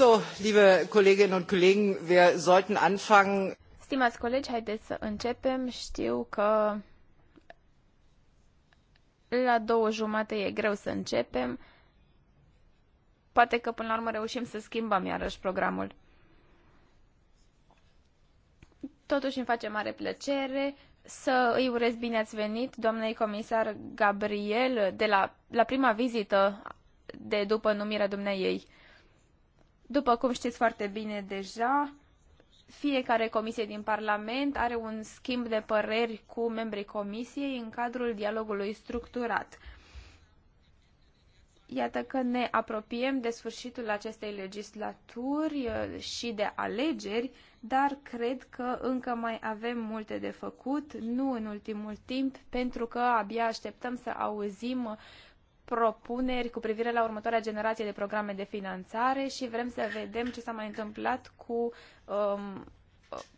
So, liebe Kolleginnen und Kollegen, wir sollten anfangen. Stimați colegi, haideți să începem. Știu că la două jumate e greu să începem. Poate că până la urmă reușim să schimbăm iarăși programul. Totuși îmi face mare plăcere să îi urez bine ați venit doamnei comisar Gabriel de la, la prima vizită de după numirea dumneai ei după cum știți foarte bine deja, fiecare comisie din Parlament are un schimb de păreri cu membrii comisiei în cadrul dialogului structurat. Iată că ne apropiem de sfârșitul acestei legislaturi uh, și de alegeri, dar cred că încă mai avem multe de făcut, nu în ultimul timp, pentru că abia așteptăm să auzim uh, propuneri cu privire la următoarea generație de programe de finanțare și vrem să vedem ce s-a mai întâmplat cu um,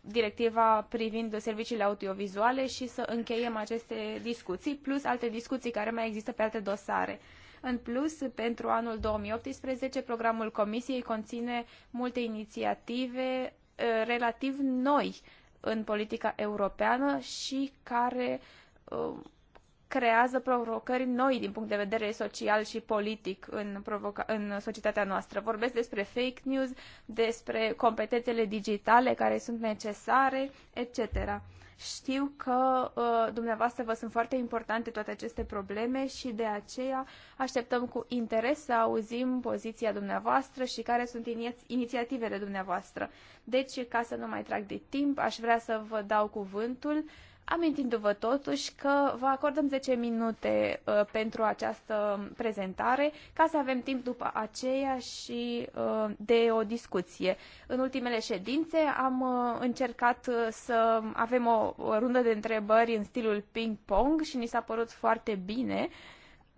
directiva privind serviciile audiovizuale și să încheiem aceste discuții, plus alte discuții care mai există pe alte dosare. În plus, pentru anul 2018, programul Comisiei conține multe inițiative uh, relativ noi în politica europeană și care uh, creează provocări noi din punct de vedere social și politic în, în societatea noastră. Vorbesc despre fake news, despre competențele digitale care sunt necesare, etc. Știu că uh, dumneavoastră vă sunt foarte importante toate aceste probleme și de aceea așteptăm cu interes să auzim poziția dumneavoastră și care sunt iniți- inițiativele dumneavoastră. Deci, ca să nu mai trag de timp, aș vrea să vă dau cuvântul uh, Amintindu-vă totuși că vă acordăm 10 minute uh, pentru această prezentare, ca să avem timp după aceea și uh, de o discuție. În ultimele ședințe am uh, încercat uh, să avem o, o rundă de întrebări în stilul ping-pong și ni s-a părut foarte bine. Uh,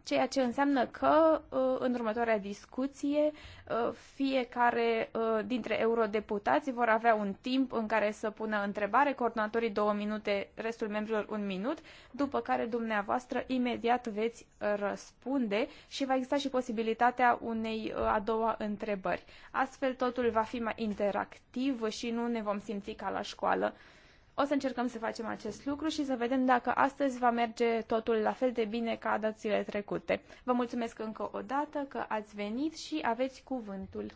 ceea ce înseamnă că uh, în următoarea discuție uh, fiecare uh, dintre eurodeputați vor avea un timp în care să pună întrebare, coordonatorii două minute, restul membrilor un minut, după care dumneavoastră imediat veți răspunde și va exista și posibilitatea unei a doua întrebări. Astfel totul va fi mai interactiv și nu ne vom simți ca la școală o să încercăm să facem acest lucru și să vedem dacă astăzi va merge totul la fel de bine ca dățile trecute. Vă mulțumesc încă o dată că ați venit și aveți cuvântul.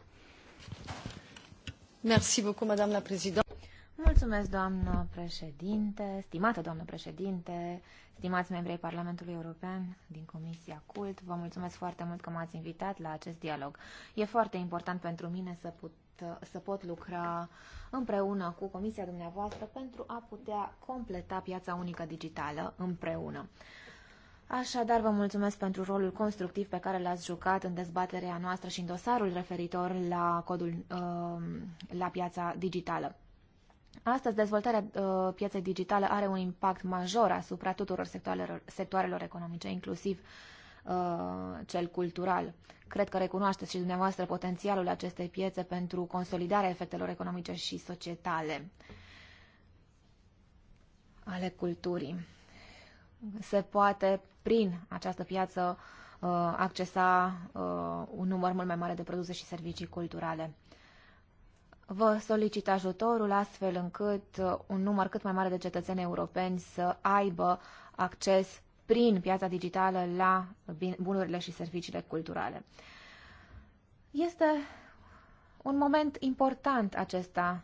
Merci beaucoup, Madame la Présidente. Mulțumesc, doamnă președinte, stimată doamnă președinte, stimați membrii Parlamentului European din Comisia CULT, vă mulțumesc foarte mult că m-ați invitat la acest dialog. E foarte important pentru mine să putem să pot lucra împreună cu comisia dumneavoastră pentru a putea completa piața unică digitală împreună. Așadar, vă mulțumesc pentru rolul constructiv pe care l-ați jucat în dezbaterea noastră și în dosarul referitor la codul uh, la piața digitală. Astăzi, dezvoltarea piaței uh, pieței digitale are un impact major asupra tuturor sectoarelor, sectoarelor economice, inclusiv uh, cel cultural. Cred că recunoașteți și dumneavoastră potențialul acestei piețe pentru consolidarea efectelor economice și societale ale culturii. Se poate, prin această piață, uh, accesa uh, un număr mult mai mare de produse și servicii culturale. Vă solicit ajutorul astfel încât uh, un număr cât mai mare de cetățeni europeni să aibă acces prin piața digitală la bunurile și serviciile culturale. Este un moment important acesta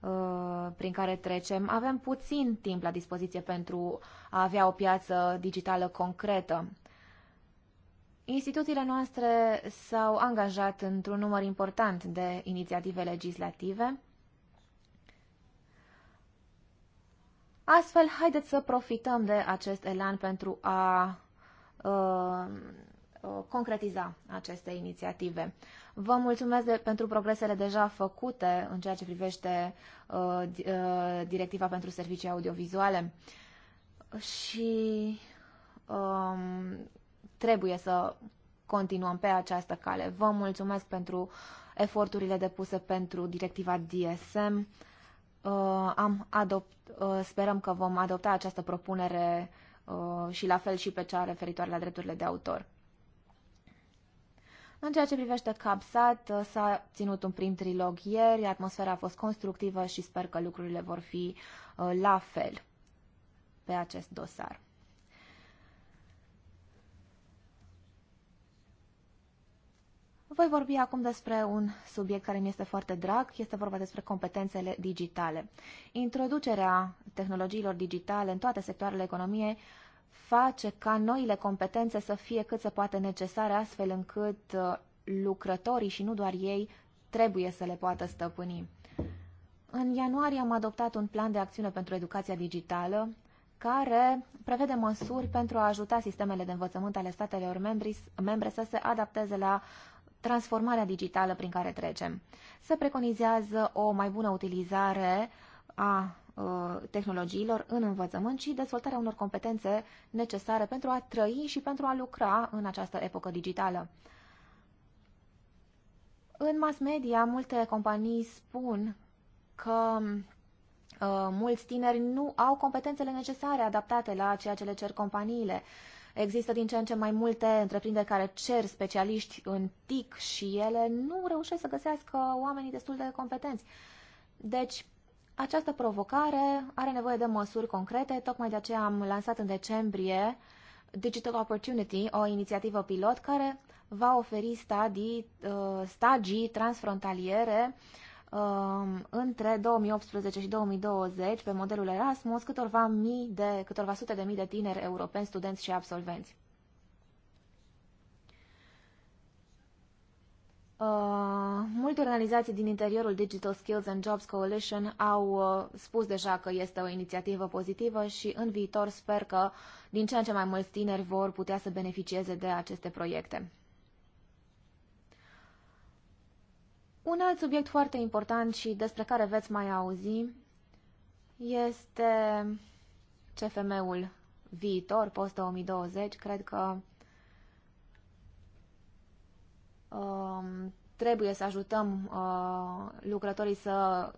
uh, prin care trecem. Avem puțin timp la dispoziție pentru a avea o piață digitală concretă. Instituțiile noastre s-au angajat într-un număr important de inițiative legislative Astfel, haideți să profităm de acest elan pentru a uh, uh, concretiza aceste inițiative. Vă mulțumesc de, pentru progresele deja făcute în ceea ce privește uh, uh, directiva pentru servicii audiovizuale și um, trebuie să continuăm pe această cale. Vă mulțumesc pentru eforturile depuse pentru directiva DSM uh, am adopt, uh, sperăm că vom adopta această propunere uh, și la fel și pe cea referitoare la drepturile de autor. În ceea ce privește CAPSAT, uh, s-a ținut un prim trilog ieri, atmosfera a fost constructivă și sper că lucrurile vor fi uh, la fel pe acest dosar. Voi vorbi acum despre un subiect care mi este foarte drag, este vorba despre competențele digitale. Introducerea tehnologiilor digitale în toate sectoarele economiei face ca noile competențe să fie cât se poate necesare, astfel încât uh, lucrătorii și nu doar ei trebuie să le poată stăpâni. În ianuarie am adoptat un plan de acțiune pentru educația digitală, care prevede măsuri pentru a ajuta sistemele de învățământ ale statelor membri, membre să se adapteze la transformarea digitală prin care trecem. Se preconizează o mai bună utilizare a uh, tehnologiilor în învățământ și dezvoltarea unor competențe necesare pentru a trăi și pentru a lucra în această epocă digitală. În mass media, multe companii spun că uh, mulți tineri nu au competențele necesare adaptate la ceea ce le cer companiile. Uh, Există din ce în ce mai multe întreprinderi care cer specialiști în TIC și ele nu reușesc să găsească oamenii destul de competenți. Deci, această provocare are nevoie de măsuri concrete, tocmai de aceea am lansat în decembrie Digital Opportunity, o inițiativă pilot care va oferi stadii, uh, stagii transfrontaliere Um, între 2018 și 2020, pe modelul Erasmus, câtorva, mii de, câtorva sute de mii de tineri europeni, studenți și absolvenți. Uh, multe organizații din interiorul Digital Skills and Jobs Coalition au uh, spus deja că este o inițiativă pozitivă și în viitor sper că din ce în ce mai mulți tineri vor putea să beneficieze de aceste proiecte. Un alt subiect foarte important și despre care veți mai auzi este CFM-ul viitor, post-2020. Cred că um, trebuie să ajutăm uh, lucrătorii să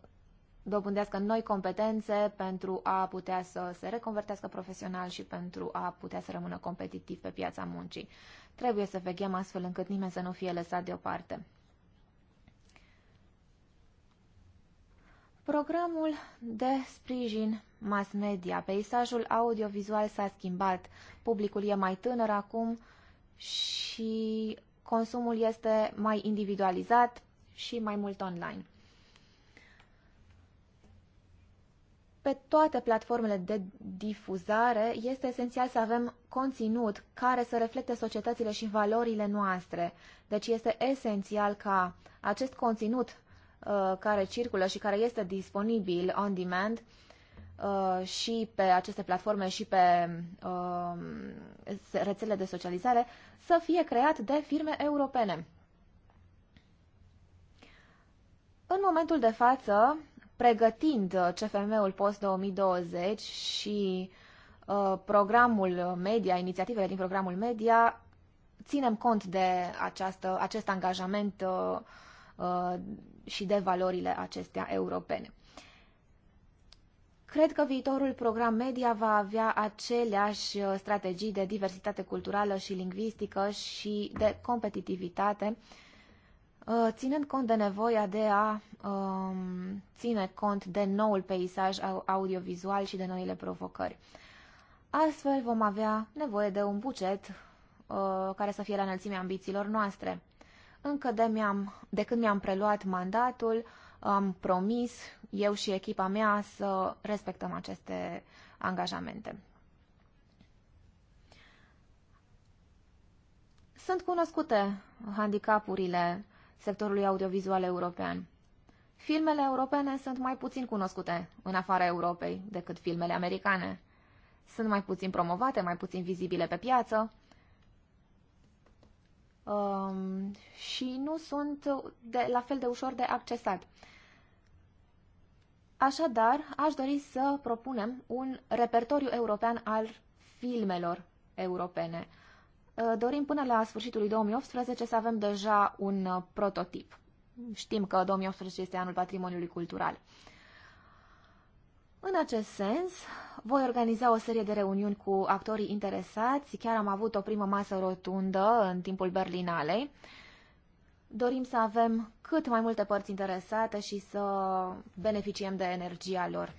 dobândească noi competențe pentru a putea să se reconvertească profesional și pentru a putea să rămână competitiv pe piața muncii. Trebuie să veghem astfel încât nimeni să nu fie lăsat deoparte. Programul de sprijin mass media, peisajul audiovizual s-a schimbat, publicul e mai tânăr acum și consumul este mai individualizat și mai mult online. Pe toate platformele de difuzare este esențial să avem conținut care să reflecte societățile și valorile noastre. Deci este esențial ca acest conținut Uh, care circulă și care este disponibil on demand uh, și pe aceste platforme și pe um, rețele de socializare să fie creat de firme europene. În momentul de față, pregătind uh, CFM-ul post-2020 și programul media, inițiativele din programul media, ținem cont de această, acest angajament și de valorile acestea europene. Cred că viitorul program media va avea aceleași uh, strategii de diversitate culturală și lingvistică și de competitivitate, uh, ținând cont de nevoia de a um, ține cont de noul peisaj audiovizual și de noile provocări. Astfel vom avea nevoie de un buget uh, care să fie la înălțimea ambițiilor noastre. Încă de, mi-am, de când mi-am preluat mandatul, am promis eu și echipa mea să respectăm aceste angajamente. Sunt cunoscute handicapurile sectorului audiovizual european. Filmele europene sunt mai puțin cunoscute în afara Europei decât filmele americane. Sunt mai puțin promovate, mai puțin vizibile pe piață um, și nu sunt de, la fel de ușor de accesat. Așadar, aș dori să propunem un repertoriu european al filmelor europene. Uh, dorim până la sfârșitul lui 2018 să avem deja un uh, prototip. Știm că 2018 este anul patrimoniului cultural. În acest sens, voi organiza o serie de reuniuni cu actorii interesați. Chiar am avut o primă masă rotundă în timpul Berlinalei. Dorim să avem cât mai multe părți interesate și să beneficiem de energia lor.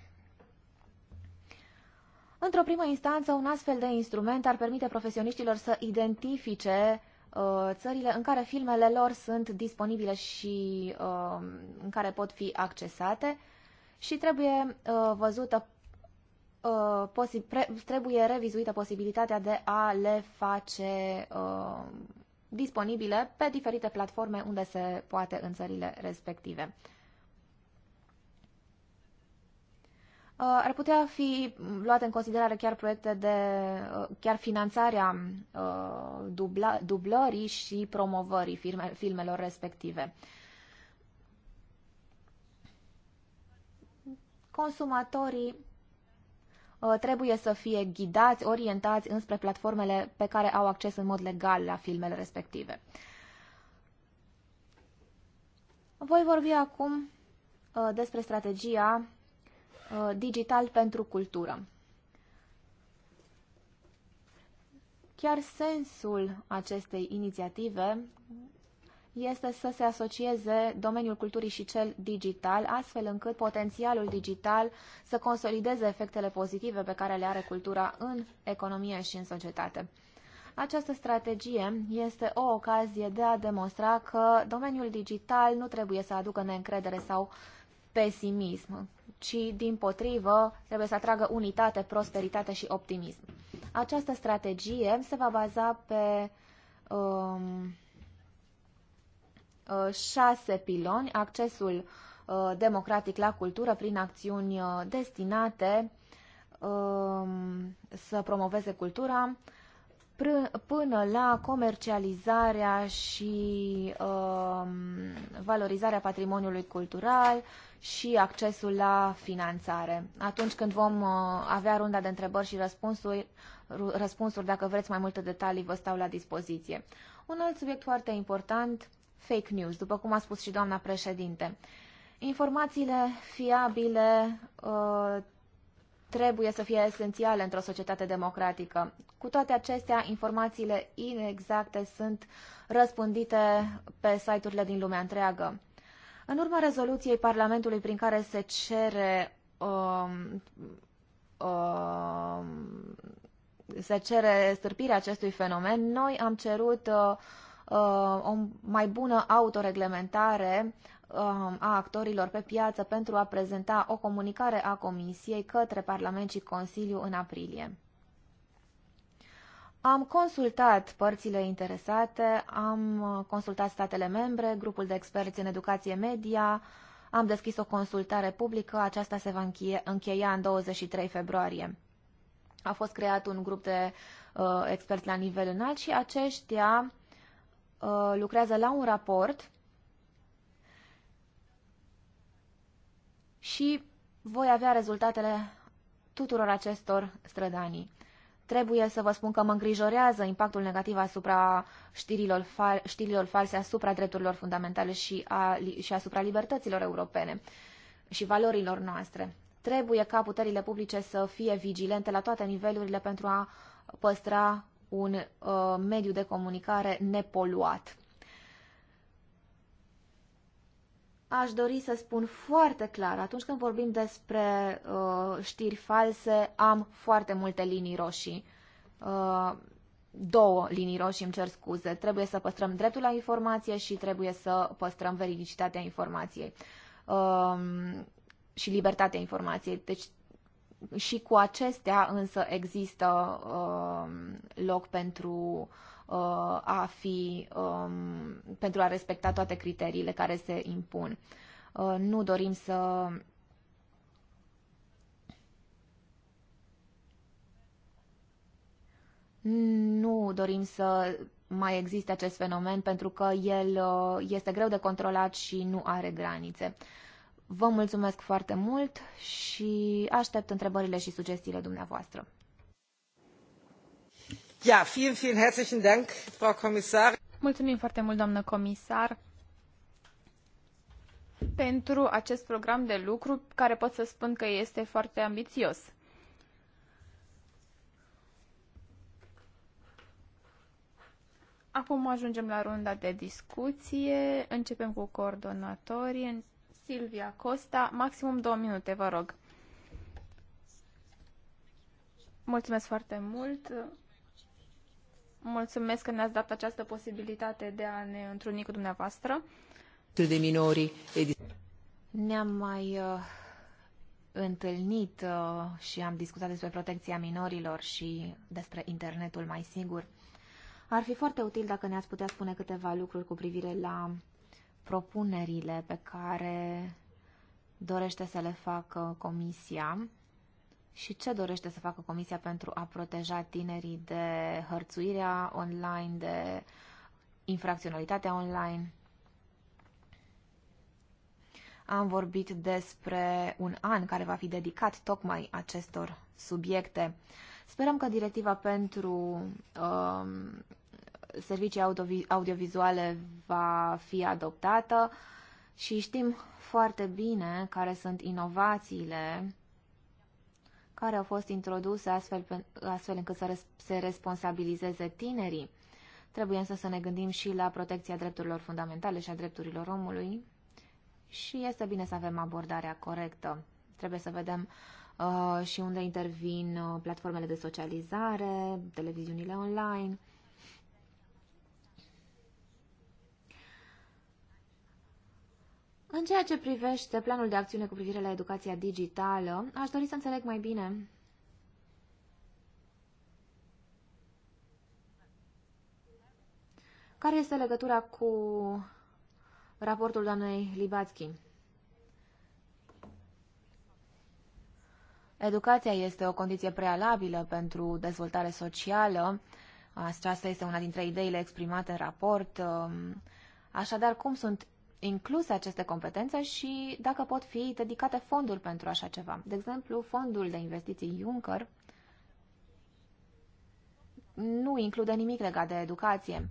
Într-o primă instanță, un astfel de instrument ar permite profesioniștilor să identifice uh, țările în care filmele lor sunt disponibile și uh, în care pot fi accesate și trebuie uh, văzută uh, pre- trebuie revizuită posibilitatea de a le face uh, disponibile pe diferite platforme unde se poate în țările respective. Uh, ar putea fi luate în considerare chiar proiecte de, uh, chiar finanțarea uh, dubla, dublării și promovării firme, filmelor respective. consumatorii uh, trebuie să fie ghidați, orientați înspre platformele pe care au acces în mod legal la filmele respective. Voi vorbi acum uh, despre strategia uh, digital pentru cultură. Chiar sensul acestei inițiative este să se asocieze domeniul culturii și cel digital, astfel încât potențialul digital să consolideze efectele pozitive pe care le are cultura în economie și în societate. Această strategie este o ocazie de a demonstra că domeniul digital nu trebuie să aducă neîncredere sau pesimism, ci, din potrivă, trebuie să atragă unitate, prosperitate și optimism. Această strategie se va baza pe um, șase piloni, accesul uh, democratic la cultură prin acțiuni uh, destinate um, să promoveze cultura, până la comercializarea și uh, valorizarea patrimoniului cultural și accesul la finanțare. Atunci când vom uh, avea runda de întrebări și răspunsuri, răspunsuri, dacă vreți mai multe detalii, vă stau la dispoziție. Un alt subiect foarte important fake news, după cum a spus și doamna președinte. Informațiile fiabile uh, trebuie să fie esențiale într-o societate democratică. Cu toate acestea, informațiile inexacte sunt răspândite pe site-urile din lumea întreagă. În urma rezoluției Parlamentului prin care se cere um, um, se cere stârpirea acestui fenomen, noi am cerut uh, Uh, o mai bună autoreglementare um, a actorilor pe piață pentru a prezenta o comunicare a Comisiei către Parlament și Consiliu în aprilie. Am consultat părțile interesate, am consultat statele membre, grupul de experți în educație media, am deschis o consultare publică, aceasta se va încheia în 23 februarie. A fost creat un grup de uh, experți la nivel înalt și aceștia Uh, lucrează la un raport și voi avea rezultatele tuturor acestor strădanii. Trebuie să vă spun că mă îngrijorează impactul negativ asupra știrilor, fal- știrilor false, asupra drepturilor fundamentale și, a, și asupra libertăților europene și valorilor noastre. Trebuie ca puterile publice să fie vigilente la toate nivelurile pentru a păstra un uh, mediu de comunicare nepoluat. Aș dori să spun foarte clar, atunci când vorbim despre uh, știri false, am foarte multe linii roșii. Uh, două linii roșii, îmi cer scuze. Trebuie să păstrăm dreptul la informație și trebuie să păstrăm veridicitatea informației uh, și libertatea informației. Deci și cu acestea însă există uh, loc pentru uh, a fi, um, pentru a respecta toate criteriile care se impun. Uh, nu dorim să nu dorim să mai existe acest fenomen pentru că el uh, este greu de controlat și nu are granițe. Uh, Vă mulțumesc foarte mult și aștept întrebările și sugestiile dumneavoastră. Ja, vielen, vielen herzlichen Dank, Frau Kommissar. Mulțumim foarte mult, doamnă comisar, pentru acest program de lucru care pot să spun că este foarte ambițios. Acum ajungem la runda de discuție. Începem cu coordonatorii. Silvia Costa, maximum două minute, vă rog. Mulțumesc foarte mult. Mulțumesc că ne-ați dat această posibilitate de a ne întruni cu dumneavoastră. De minori. Ne-am mai uh, întâlnit uh, și am discutat despre protecția minorilor și despre internetul mai sigur. Ar fi foarte util dacă ne-ați putea spune câteva lucruri cu privire la propunerile pe care dorește să le facă Comisia și ce dorește să facă Comisia pentru a proteja tinerii de hărțuirea online, de infracționalitatea online. Am vorbit despre un an care va fi dedicat tocmai acestor subiecte. Sperăm că directiva pentru um, servicii audiovizuale va fi adoptată și știm foarte bine care sunt inovațiile care au fost introduse astfel, astfel încât să se responsabilizeze tinerii. Trebuie însă să ne gândim și la protecția drepturilor fundamentale și a drepturilor omului și este bine să avem abordarea corectă. Trebuie să vedem uh, și unde intervin uh, platformele de socializare, televiziunile online În ceea ce privește planul de acțiune cu privire la educația digitală, aș dori să înțeleg mai bine care este legătura cu raportul doamnei Libatski. Educația este o condiție prealabilă pentru dezvoltare socială. Aceasta este una dintre ideile exprimate în raport. Așadar, cum sunt incluse aceste competențe și dacă pot fi dedicate fonduri pentru așa ceva. De exemplu, fondul de investiții Juncker nu include nimic legat de educație.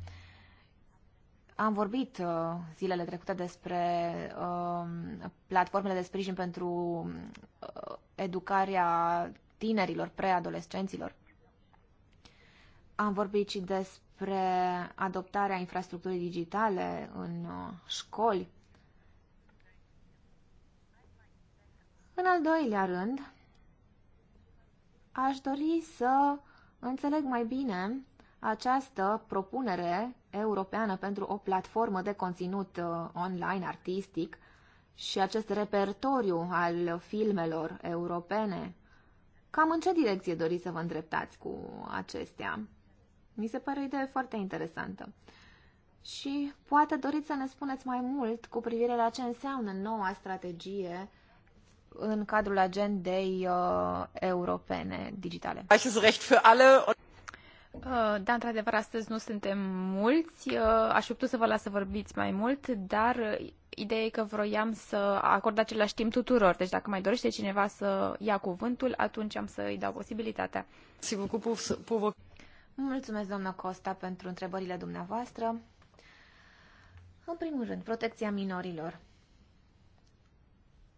Am vorbit uh, zilele trecute despre uh, platformele de sprijin pentru uh, educarea tinerilor, preadolescenților. Am vorbit și despre despre adoptarea infrastructurii digitale în uh, școli. În al doilea rând, aș dori să înțeleg mai bine această propunere europeană pentru o platformă de conținut uh, online artistic și acest repertoriu al filmelor europene. Cam în ce direcție doriți să vă îndreptați cu acestea? Mi se pare o idee foarte interesantă. Și poate doriți să ne spuneți mai mult cu privire la ce înseamnă noua strategie în cadrul agendei uh, europene digitale. Uh, da, într-adevăr, astăzi nu suntem mulți. Uh, aș fi putut să vă las să vorbiți mai mult, dar uh, ideea e că vroiam să acord același timp tuturor. Deci dacă mai dorește cineva să ia cuvântul, atunci am să îi dau posibilitatea. Mulțumesc, doamna Costa, pentru întrebările dumneavoastră. În primul rând, protecția minorilor.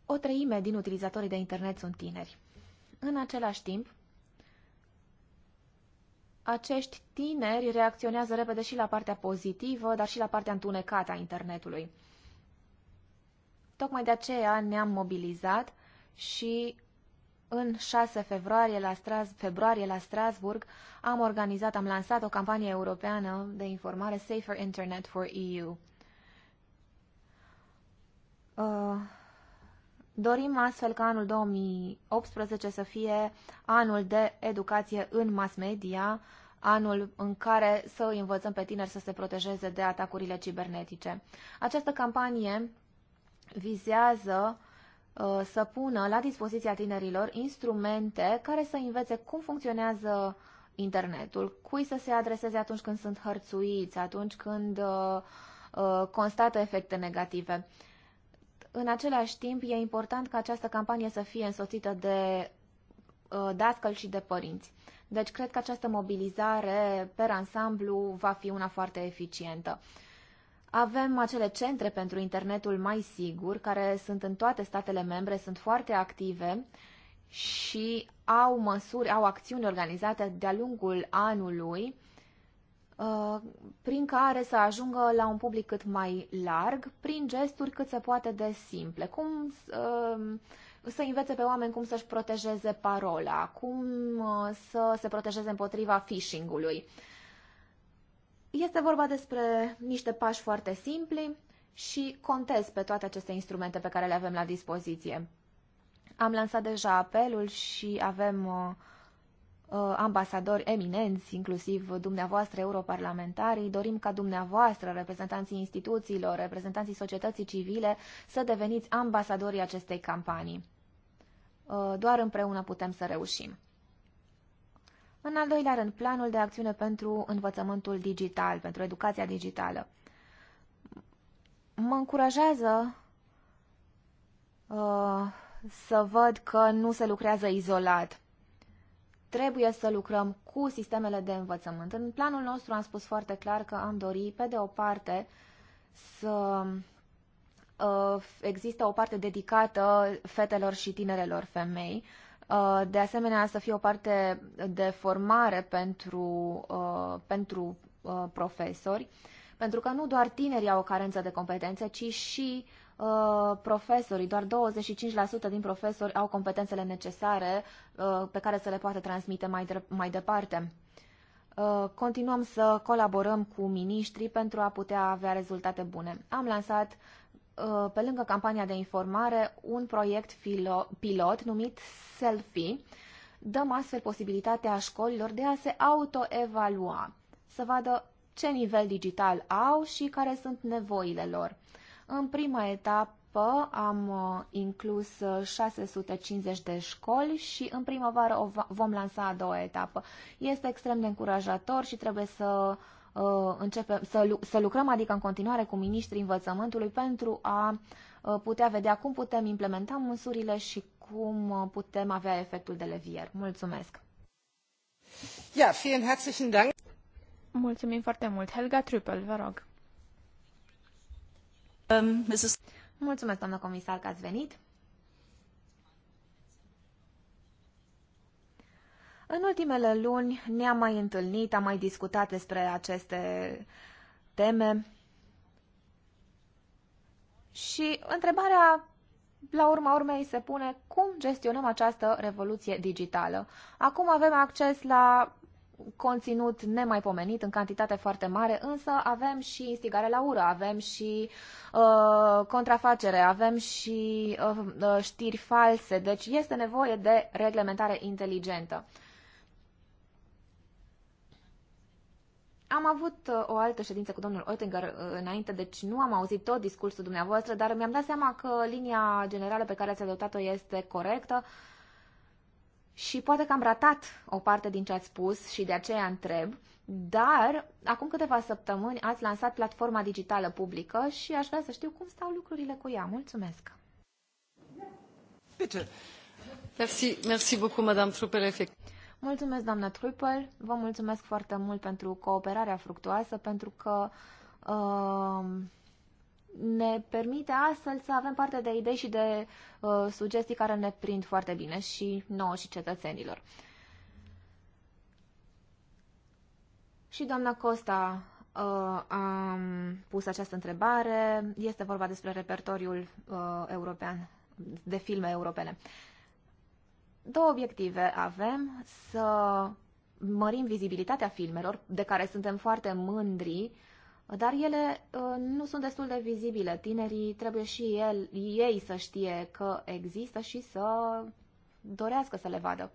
O treime din utilizatorii de internet sunt tineri. În același timp, acești tineri reacționează repede și la partea pozitivă, dar și la partea întunecată a internetului. Tocmai de aceea ne-am mobilizat și în 6 februarie la, Stras- februarie la Strasburg am organizat, am lansat o campanie europeană de informare Safer Internet for EU. Uh, dorim astfel ca anul 2018 să fie anul de educație în mass media, anul în care să îi învățăm pe tineri să se protejeze de atacurile cibernetice. Această campanie vizează uh, Uh, să pună la dispoziția tinerilor instrumente care să învețe cum funcționează internetul, cui să se adreseze atunci când sunt hărțuiți, atunci când uh, uh, constată efecte negative. În același timp, e important ca această campanie să fie însoțită de dascăl și de părinți. Deci, cred că această mobilizare, per ansamblu, va fi una foarte eficientă. Uh, avem acele centre pentru internetul mai sigur, care sunt în toate statele membre, sunt foarte active și au măsuri, au acțiuni organizate de-a lungul anului, uh, prin care să ajungă la un public cât mai larg, prin gesturi cât se poate de simple. Cum uh, să învețe pe oameni cum să-și protejeze parola, cum uh, să se protejeze împotriva phishing-ului. Este vorba despre niște pași foarte simpli și contez pe toate aceste instrumente pe care le avem la dispoziție. Am lansat deja apelul și avem uh, uh, ambasadori eminenți, inclusiv dumneavoastră, europarlamentarii. Dorim ca dumneavoastră, reprezentanții instituțiilor, reprezentanții societății civile, să deveniți ambasadorii acestei campanii. Uh, doar împreună putem să reușim. În al doilea rând, planul de acțiune pentru învățământul digital, pentru educația digitală. Mă încurajează uh, să văd că nu se lucrează izolat. Trebuie să lucrăm cu sistemele de învățământ. În planul nostru am spus foarte clar că am dorit, pe de o parte, să uh, există o parte dedicată fetelor și tinerelor femei, Uh, de asemenea să fie o parte de formare pentru, uh, pentru uh, profesori, pentru că nu doar tinerii au o carență de competențe, ci și profesorii. Doar 25% din profesori au competențele necesare pe care să le poată transmite mai, de, mai departe. Continuăm să colaborăm cu miniștrii pentru a putea avea rezultate bune. Am lansat Uh, pe lângă campania de informare, un proiect pilot numit Selfie. Dăm astfel posibilitatea școlilor de a se autoevalua, să vadă ce nivel digital au și care sunt nevoile lor. În prima etapă am uh, inclus 650 uh, de școli și în primăvară o vom lansa a doua etapă. Este extrem de încurajator și trebuie să Uh, începem, să, să lucrăm, adică în continuare cu ministrii învățământului pentru a uh, putea vedea cum putem implementa măsurile și cum uh, putem avea efectul de levier. Mulțumesc! Ja, vielen herzlichen Dank. Mulțumim foarte mult. Helga Trüppel, vă rog. Um, Mrs. Mulțumesc, doamnă comisar, că ați venit. În ultimele luni ne-am mai întâlnit, am mai discutat despre aceste teme și întrebarea la urma urmei se pune cum gestionăm această revoluție digitală. Acum avem acces la conținut nemaipomenit în cantitate foarte mare, însă avem și instigare la ură, avem și uh, contrafacere, avem și uh, uh știri false, deci este nevoie de reglementare inteligentă. Uh, Am avut uh, o altă ședință cu domnul Oettinger uh, înainte, deci nu am auzit tot discursul dumneavoastră, dar mi-am dat seama că linia generală pe care ați adoptat-o este corectă și poate că am ratat o parte din ce ați spus și de aceea întreb, dar acum câteva săptămâni ați lansat platforma digitală publică și aș vrea să știu cum stau lucrurile cu ea. Mulțumesc! Bitte. Merci, merci beaucoup, Madame Truppel. Mulțumesc, doamnă Trupel, vă mulțumesc foarte mult pentru cooperarea fructuoasă, pentru că uh, ne permite astfel să avem parte de idei și de uh, sugestii care ne prind foarte bine și nouă și cetățenilor. Și doamna Costa uh, a pus această întrebare. Este vorba despre repertoriul uh, european de filme europene. Uh, Două obiective avem, să mărim vizibilitatea filmelor, de care suntem foarte mândri, dar ele uh, nu sunt destul de vizibile. Tinerii trebuie și el, ei să știe că există și să dorească să le vadă.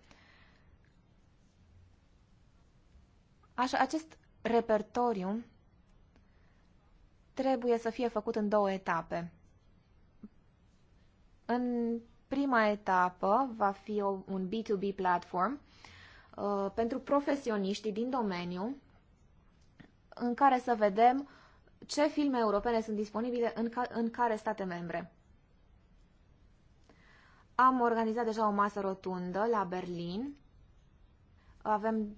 Așa, acest repertoriu trebuie să fie făcut în două etape. În Prima etapă va fi o, un B2B platform uh, pentru profesioniștii din domeniu în care să vedem ce filme europene sunt disponibile în, ca, în care state membre. Am organizat deja o masă rotundă la Berlin. Avem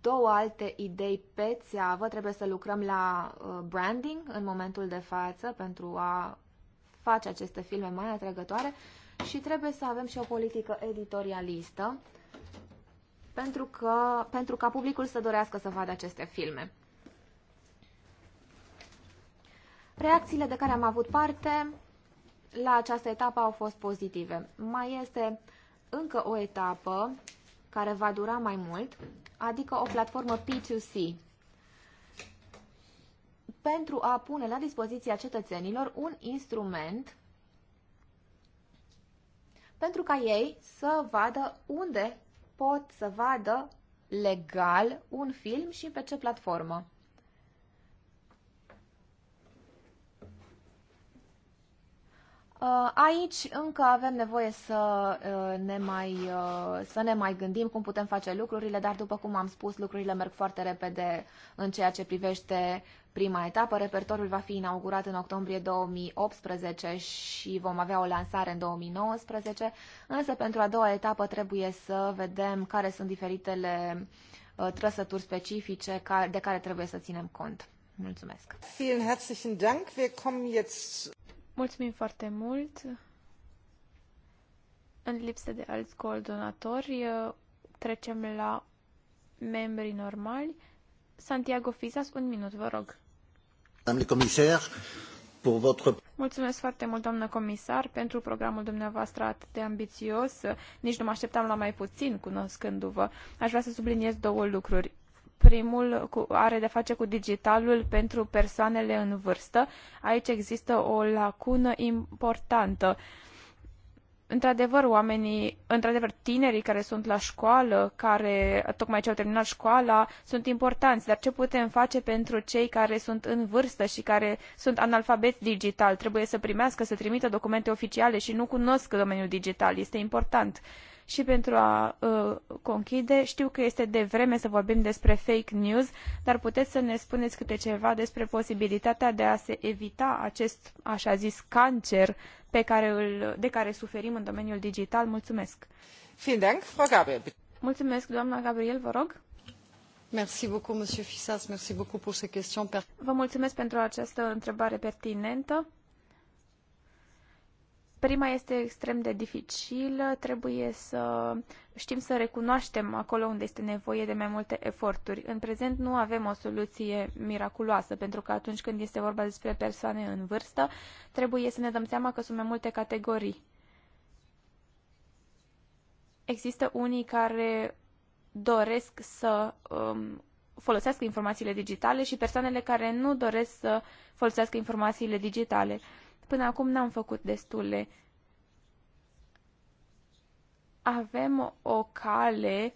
două alte idei pe țeavă. Trebuie să lucrăm la uh, branding în momentul de față pentru a face aceste filme mai atrăgătoare și trebuie să avem și o politică editorialistă pentru, că, pentru ca publicul să dorească să vadă aceste filme. Reacțiile de care am avut parte la această etapă au fost pozitive. Mai este încă o etapă care va dura mai mult, adică o platformă P2C, pentru a pune la dispoziția cetățenilor un instrument pentru ca ei să vadă unde pot să vadă legal un film și pe ce platformă. Uh, aici încă avem nevoie să uh, ne, mai, uh, să ne mai gândim cum putem face lucrurile, dar după cum am spus, lucrurile merg foarte repede în ceea ce privește prima etapă. Repertoriul va fi inaugurat în octombrie 2018 și vom avea o lansare în 2019, însă pentru a doua etapă trebuie să vedem care sunt diferitele uh, trăsături specifice de care trebuie să ținem cont. Mulțumesc! Mulțumim foarte mult! În lipsă de alți coordonatori, uh, trecem la membrii normali. Santiago Fisas, un minut, vă rog. Mulțumesc foarte mult, doamnă comisar, pentru programul dumneavoastră atât de ambițios. Nici nu mă așteptam la mai puțin, cunoscându-vă. Aș vrea să subliniez două lucruri. Primul are de face cu digitalul pentru persoanele în vârstă. Aici există o lacună importantă într-adevăr, oamenii, într-adevăr, tinerii care sunt la școală, care tocmai ce au terminat școala, sunt importanți, dar ce putem face pentru cei care sunt în vârstă și care sunt analfabeti digital? Trebuie să primească, să trimită documente oficiale și nu cunosc domeniul digital. Este important. Și pentru a uh, conchide, știu că este de vreme să vorbim despre fake news, dar puteți să ne spuneți câte ceva despre posibilitatea de a se evita acest, așa zis, cancer pe care îl, de care suferim în domeniul digital. Mulțumesc! Vielen Mulțumesc, doamna Gabriel, vă rog. Vă mulțumesc pentru această întrebare pertinentă. Prima este extrem de dificilă, trebuie să știm să recunoaștem acolo unde este nevoie de mai multe eforturi. În prezent nu avem o soluție miraculoasă, pentru că atunci când este vorba despre persoane în vârstă, trebuie să ne dăm seama că sunt mai multe categorii. Există unii care doresc să um, folosească informațiile digitale și persoanele care nu doresc să folosească informațiile digitale. Uh, Până acum n-am făcut destule. Avem o cale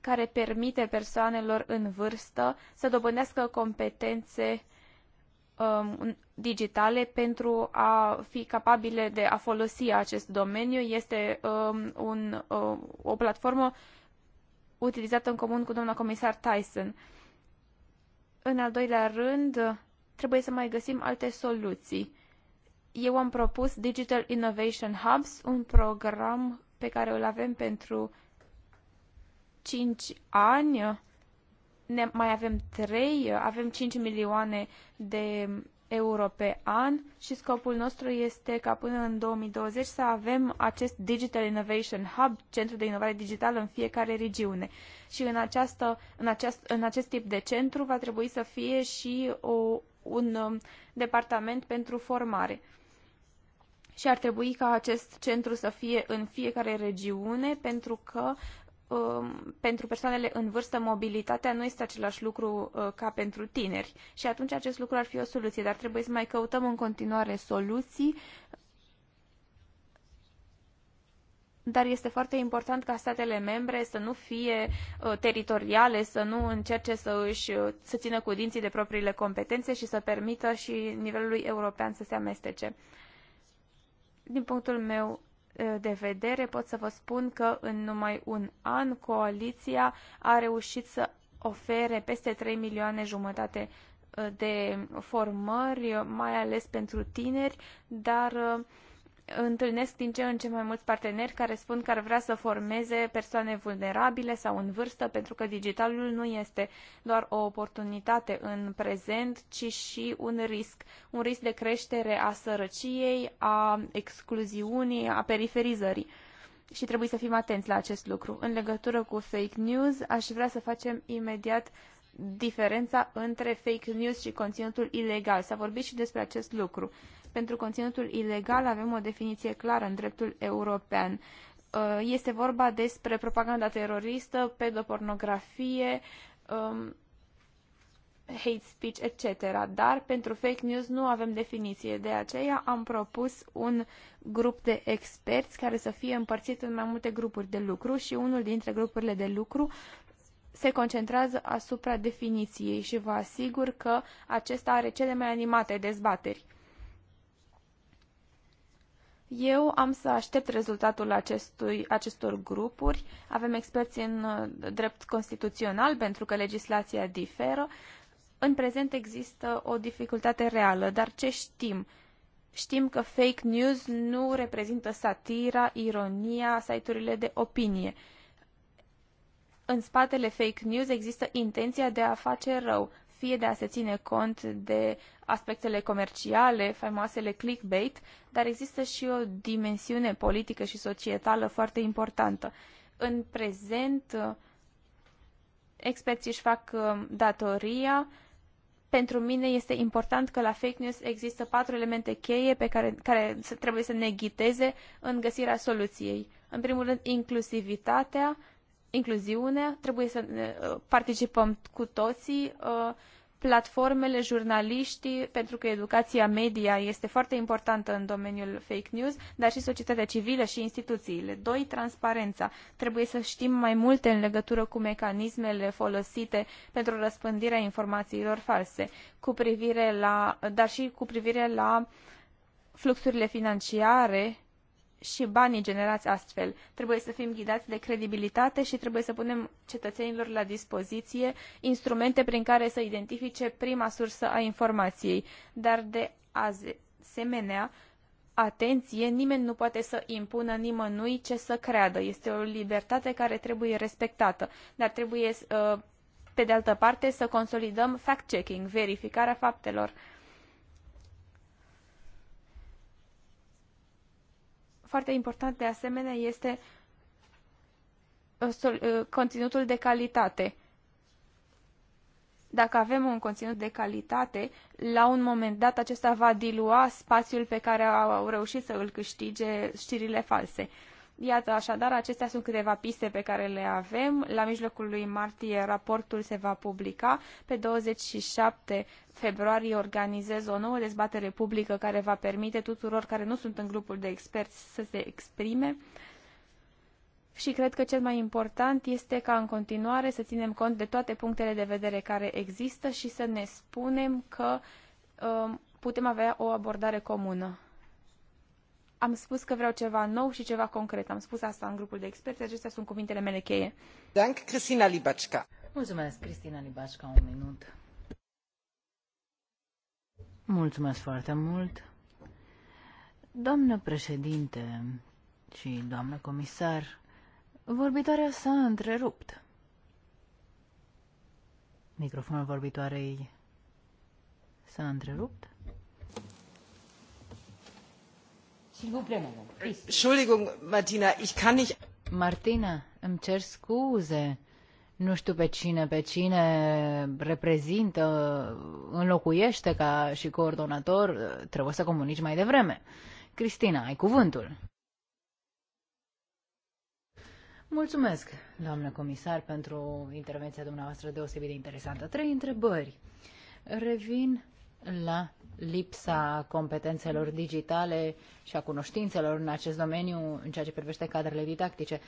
care permite persoanelor în vârstă să dobândească competențe um, digitale pentru a fi capabile de a folosi acest domeniu. Este um, un, um, o platformă utilizată în comun cu doamna comisar Tyson. În al doilea rând, trebuie să mai găsim alte soluții eu am propus Digital Innovation Hubs, un program pe care îl avem pentru 5 ani. Ne, mai avem 3, avem 5 milioane de euro pe an și scopul nostru este ca până în 2020 să avem acest Digital Innovation Hub, centru de inovare digitală în fiecare regiune. Și în, această, în, aceast, în acest tip de centru va trebui să fie și o, un um, departament pentru formare și ar trebui ca acest centru să fie în fiecare regiune pentru că um, pentru persoanele în vârstă mobilitatea nu este același lucru uh, ca pentru tineri și atunci acest lucru ar fi o soluție, dar trebuie să mai căutăm în continuare soluții dar este foarte important ca statele membre să nu fie uh, teritoriale, să nu încerce să își uh, să țină cu dinții de propriile competențe și să permită și nivelului european să se amestece. Din punctul meu de vedere, pot să vă spun că în numai un an coaliția a reușit să ofere peste 3 milioane jumătate de formări, mai ales pentru tineri, dar uh, întâlnesc din ce în ce mai mulți parteneri care spun că ar vrea să formeze persoane vulnerabile sau în vârstă, pentru că digitalul nu este doar o oportunitate în prezent, ci și un risc. Un risc de creștere a sărăciei, a excluziunii, a periferizării. Și trebuie să fim atenți la acest lucru. În legătură cu fake news, aș vrea să facem imediat diferența între fake news și conținutul ilegal. S-a vorbit și despre acest lucru. Pentru conținutul ilegal avem o definiție clară în dreptul european. Uh, este vorba despre propaganda teroristă, pedopornografie, um, hate speech, etc. Dar pentru fake news nu avem definiție. De aceea am propus un grup de experți care să fie împărțit în mai multe grupuri de lucru și unul dintre grupurile de lucru se concentrează asupra definiției și vă asigur că acesta are cele mai animate dezbateri. Eu am să aștept rezultatul acestui, acestor grupuri. Avem experți în uh, drept constituțional pentru că legislația diferă. În prezent există o dificultate reală, dar ce știm? Știm că fake news nu reprezintă satira, ironia, site-urile de opinie. În spatele fake news există intenția de a face rău fie de a se ține cont de aspectele comerciale, faimoasele clickbait, dar există și o dimensiune politică și societală foarte importantă. În prezent, experții își fac uh, datoria. Pentru mine este important că la fake news există patru elemente cheie pe care, care trebuie să ne ghiteze în găsirea soluției. În primul rând, inclusivitatea, incluziune, trebuie să ne uh, participăm cu toții, uh, platformele, jurnaliștii, pentru că educația media este foarte importantă în domeniul fake news, dar și societatea civilă și instituțiile. Doi, transparența. Trebuie să știm mai multe în legătură cu mecanismele folosite pentru răspândirea informațiilor false, cu privire la, dar și cu privire la fluxurile financiare și banii generați astfel. Trebuie să fim ghidați de credibilitate și trebuie să punem cetățenilor la dispoziție instrumente prin care să identifice prima sursă a informației. Dar de asemenea, atenție, nimeni nu poate să impună nimănui ce să creadă. Este o libertate care trebuie respectată, dar trebuie, uh, pe de altă parte, să consolidăm fact-checking, verificarea faptelor. Foarte important de asemenea este uh, uh, conținutul de calitate. Dacă avem un conținut de calitate, la un moment dat acesta va dilua spațiul pe care au reușit să îl câștige știrile false. Iată, așadar, acestea sunt câteva piste pe care le avem. La mijlocul lui martie raportul se va publica. Pe 27 februarie organizez o nouă dezbatere publică care va permite tuturor care nu sunt în grupul de experți să se exprime. Și cred că cel mai important este ca în continuare să ținem cont de toate punctele de vedere care există și să ne spunem că uh, putem avea o abordare comună. Am spus că vreau ceva nou și ceva concret. Am spus asta în grupul de experți. Acestea sunt cuvintele mele cheie. Dank, Cristina Libacca. Mulțumesc, Cristina Libacca, un minut. Mulțumesc foarte mult. Doamnă președinte și doamnă comisar, vorbitoarea s-a întrerupt. Microfonul vorbitoarei s-a întrerupt? Entschuldigung, Martina, ich kann nicht... Martina, îmi cer scuze. Nu știu pe cine, pe cine reprezintă, înlocuiește ca și coordonator, trebuie să comunici mai devreme. Cristina, ai cuvântul. Mulțumesc, doamnă comisar, pentru intervenția dumneavoastră deosebit de interesantă. Trei întrebări. Revin la lipsa competențelor digitale și a cunoștințelor în acest domeniu, în ceea ce privește cadrele didactice.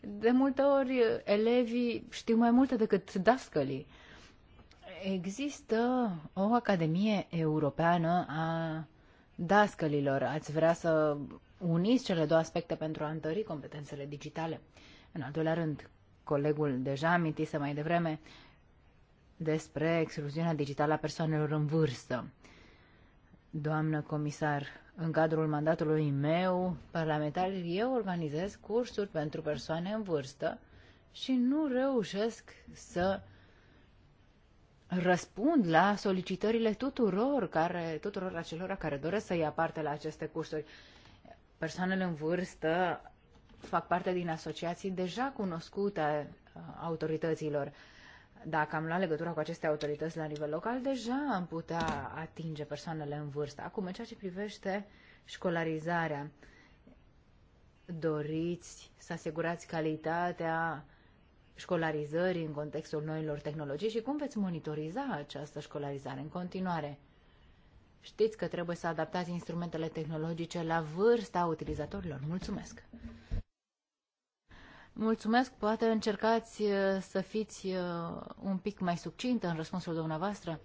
De multe ori, elevii știu mai multe decât dascălii. Există o Academie Europeană a dascălilor. Ați vrea să uniți cele două aspecte pentru a întări competențele digitale? În al doilea rând, colegul deja amintise mai devreme despre excluziunea digitală a persoanelor în vârstă. Doamnă comisar, în cadrul mandatului meu parlamentar, eu organizez cursuri pentru persoane în vârstă și nu reușesc să răspund la solicitările tuturor, care, tuturor acelora care doresc să ia parte la aceste cursuri. Persoanele în vârstă fac parte din asociații deja cunoscute uh, autorităților. Dacă am luat legătura cu aceste autorități la nivel local, deja am putea atinge persoanele în vârstă. Acum, în ceea ce privește școlarizarea, doriți să asigurați calitatea școlarizării în contextul noilor tehnologii și cum veți monitoriza această școlarizare în continuare? Știți că trebuie să adaptați instrumentele tehnologice la vârsta utilizatorilor. Mulțumesc! Mulțumesc, poate încercați uh, să fiți uh, un pic mai succintă în răspunsul dumneavoastră.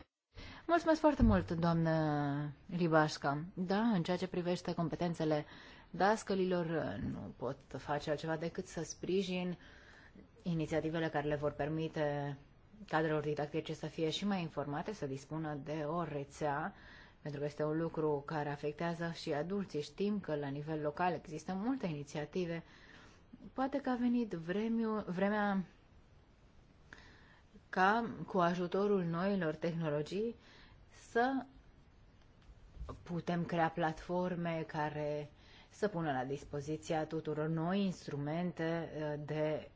Mulțumesc foarte mult, doamnă Ribașca. Da, în ceea ce privește competențele dascălilor, uh, nu pot face altceva decât să sprijin inițiativele care le vor permite cadrelor didactice să fie și mai informate, să dispună de o rețea, pentru că este un lucru care afectează și adulții. Știm că la nivel local există multe inițiative Poate că a venit vremiu, vremea ca, cu ajutorul noilor tehnologii, să putem crea platforme care să pună la dispoziția tuturor noi instrumente uh, de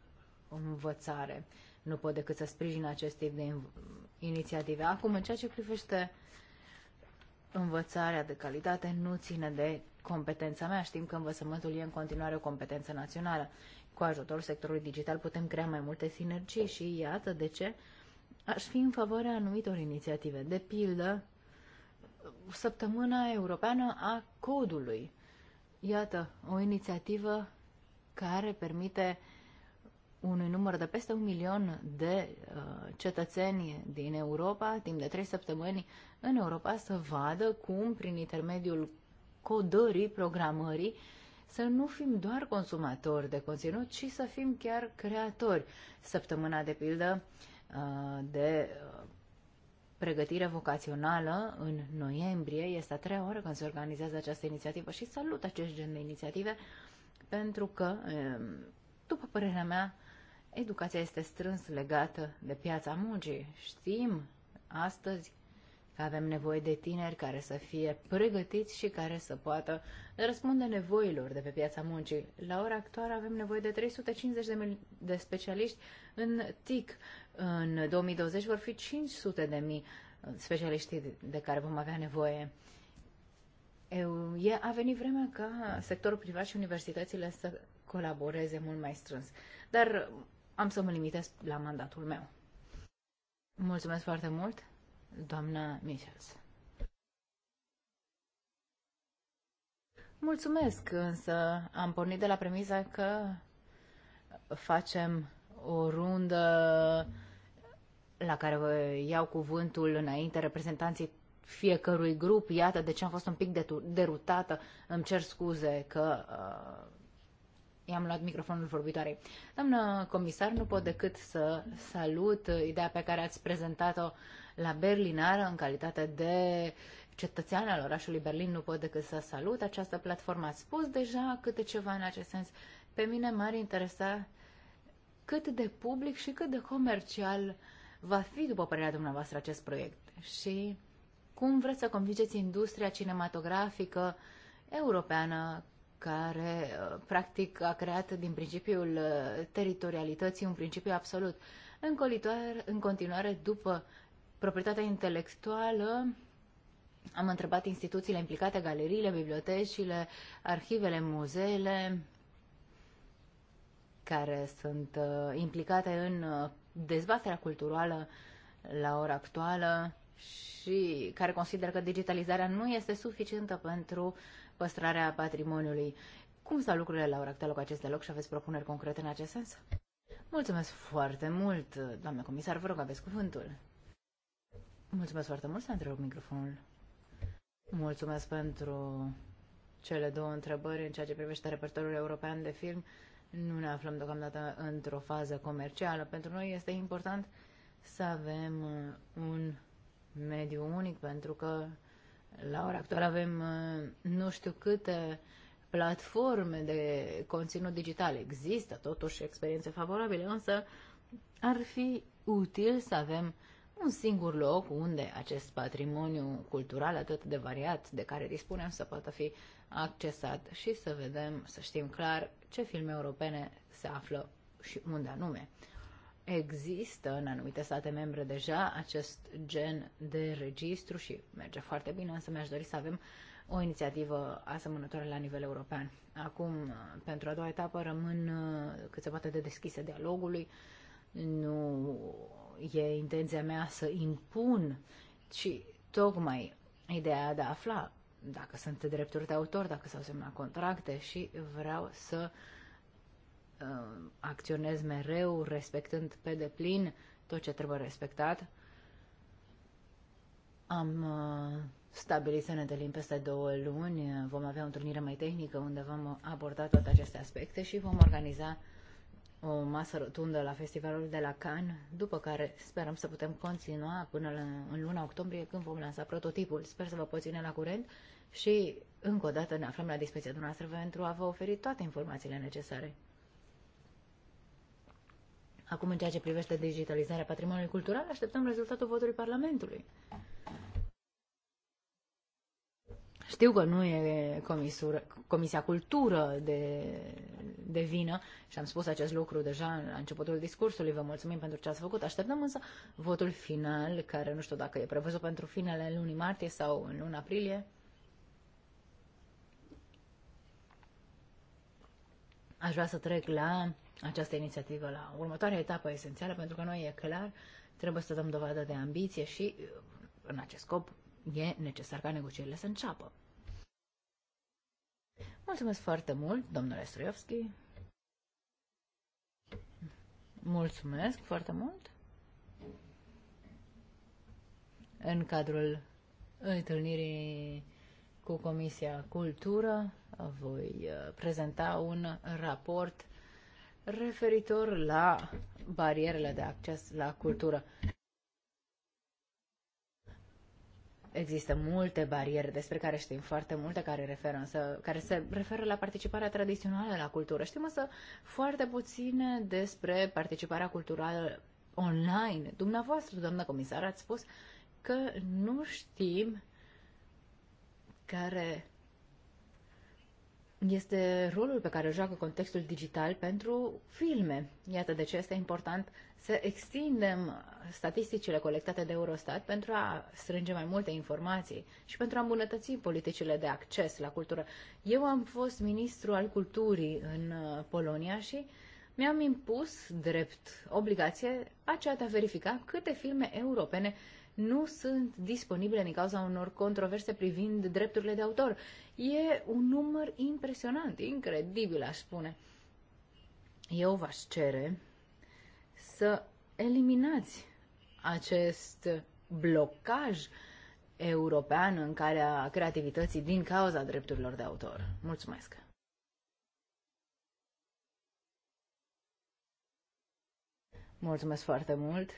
învățare. Nu pot decât să sprijin acest tip de inițiative. Acum, în ceea ce privește învățarea de calitate, nu ține de competența mea. Știm că învățământul e în continuare o competență națională. Cu ajutorul sectorului digital putem crea mai multe sinergii și iată de ce aș fi în favoarea anumitor inițiative. De pildă, Săptămâna Europeană a Codului. Iată, o inițiativă care permite unui număr de peste un milion de uh, cetățeni din Europa, timp de trei săptămâni în Europa, să vadă cum, prin intermediul codării, programării, să nu fim doar consumatori de conținut, ci să fim chiar creatori. Săptămâna, de pildă, uh, de uh, pregătire vocațională în noiembrie. Este a treia oră când se organizează această inițiativă și salut acest gen de inițiative pentru că, um, după părerea mea, educația este strâns legată de piața muncii. Știm astăzi că avem nevoie de tineri care să fie pregătiți și care să poată răspunde nevoilor de pe piața muncii. La ora actuală avem nevoie de 350 de, de specialiști în TIC. În 2020 vor fi 500 de mii specialiști de care vom avea nevoie. Eu, e, a venit vremea ca sectorul privat și universitățile să colaboreze mult mai strâns. Dar am să mă limitez la mandatul meu. Mulțumesc foarte mult! doamna Michels. Mulțumesc, însă am pornit de la premiza că facem o rundă la care vă iau cuvântul înainte reprezentanții fiecărui grup. Iată de ce am fost un pic derutată. Îmi cer scuze că uh, i-am luat microfonul vorbitoarei. Doamnă comisar, nu pot decât să salut ideea pe care ați prezentat-o uh, la Berlinară în calitate de cetățean al orașului Berlin. Nu pot decât să salut această platformă. Ați spus deja câte ceva în acest sens. Pe mine m-ar interesa cât de public și cât de comercial va fi, după părerea dumneavoastră, acest proiect. Și cum vreți să convingeți industria cinematografică europeană care uh, practic a creat din principiul uh, teritorialității un principiu absolut. În, în continuare, după Proprietatea intelectuală, am întrebat instituțiile implicate, galeriile, bibliotecile, arhivele, muzeele, care sunt uh, implicate în uh, dezbaterea culturală la ora actuală și care consideră că digitalizarea nu este suficientă pentru păstrarea patrimoniului. Cum stau lucrurile la ora actuală cu acest loc și aveți propuneri concrete în acest sens? Mulțumesc foarte mult, doamnă comisar, vă rog, aveți cuvântul. Mulțumesc foarte mult, să întrerup microfonul. Mulțumesc pentru cele două întrebări în ceea ce privește repertoriul european de film. Nu ne aflăm deocamdată într-o fază comercială. Pentru noi este important să avem uh, un mediu unic, pentru că la ora actuală avem uh, nu știu câte platforme de conținut digital. Există totuși experiențe favorabile, însă ar fi util să avem un singur loc unde acest patrimoniu cultural atât de variat de care dispunem să poată fi accesat și să vedem, să știm clar ce filme europene se află și unde anume. Există în anumite state membre deja acest gen de registru și merge foarte bine, însă mi-aș dori să avem o inițiativă asemănătoare la nivel european. Acum, pentru a doua etapă, rămân uh, cât se poate de deschise dialogului, nu e intenția mea să impun, ci tocmai ideea de a afla dacă sunt drepturi de autor, dacă s-au semnat contracte și vreau să uh, acționez mereu respectând pe deplin tot ce trebuie respectat. Am uh, stabilit să ne întâlnim peste două luni, uh, vom avea o întâlnire mai tehnică unde vom aborda toate aceste aspecte și vom organiza o masă rotundă la festivalul de la Cannes, după care sperăm să putem continua până la, în luna octombrie când vom lansa prototipul. Sper să vă poți ține la curent și încă o dată ne aflăm la dispoziția dumneavoastră pentru a vă oferi toate informațiile necesare. Acum, în ceea ce privește digitalizarea patrimoniului cultural, așteptăm rezultatul votului Parlamentului. Știu că nu e comisură, Comisia Cultură de, de vină și am spus acest lucru deja la începutul discursului. Vă mulțumim pentru ce ați făcut. Așteptăm însă votul final, care nu știu dacă e prevăzut pentru finele lunii martie sau în luna aprilie. Aș vrea să trec la această inițiativă, la următoarea etapă esențială, pentru că noi e clar, trebuie să dăm dovadă de ambiție și, în acest scop, e necesar ca negocierile să înceapă. Mulțumesc foarte mult, domnule Struiovski. Mulțumesc foarte mult. În cadrul întâlnirii cu Comisia Cultură voi uh, prezenta un raport referitor la barierele de acces la cultură. Există multe bariere despre care știm foarte multe, care, referă, însă, care se referă la participarea tradițională la cultură. Știm însă foarte puține despre participarea culturală online. Dumneavoastră, doamnă comisar, ați spus că nu știm care este rolul pe care îl joacă contextul digital pentru filme. Iată de ce este important să extindem statisticile colectate de Eurostat pentru a strânge mai multe informații și pentru a îmbunătăți politicile de acces la cultură. Eu am fost ministru al culturii în uh, Polonia și mi-am impus drept obligație aceea de a verifica câte filme europene nu sunt disponibile din cauza unor controverse privind drepturile de autor. E un număr impresionant, incredibil, aș spune. Eu v-aș cere să eliminați acest blocaj european în care a creativității din cauza drepturilor de autor. Mulțumesc! Mulțumesc foarte mult!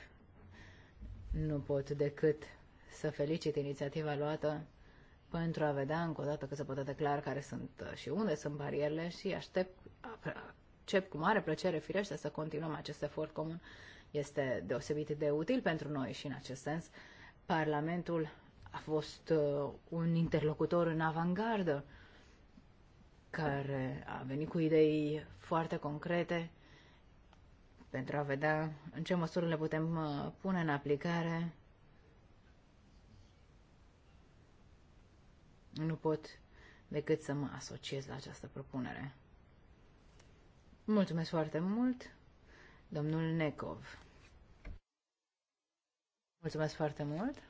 Nu pot decât să felicit inițiativa luată pentru a vedea încă o dată că se poate declara care sunt uh, și unde sunt barierele și aștept, accept cu mare plăcere, firește, să continuăm acest efort comun. Este deosebit de util pentru noi și în acest sens Parlamentul a fost uh, un interlocutor în avangardă care a venit cu idei foarte concrete pentru a vedea în ce măsură le putem uh, pune în aplicare. Nu pot decât să mă asociez la această propunere. Mulțumesc foarte mult, domnul Necov. Mulțumesc foarte mult.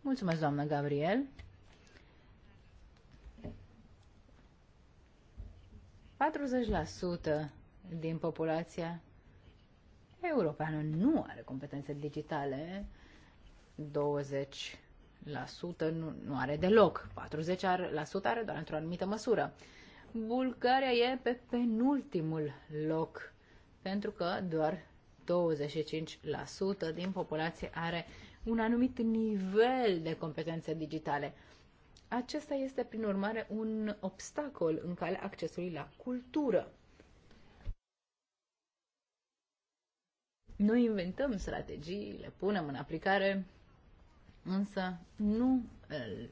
Mulțumesc, doamnă Gabriel. Patruzeci la sută din populația europeană nu are competențe digitale, 20% nu, nu are deloc, 40% are doar într-o anumită măsură. Bulgaria e pe penultimul loc, pentru că doar 25% din populație are un anumit nivel de competențe digitale. Acesta este, prin urmare, un obstacol în calea accesului la cultură. Noi inventăm strategii, le punem în aplicare, însă nu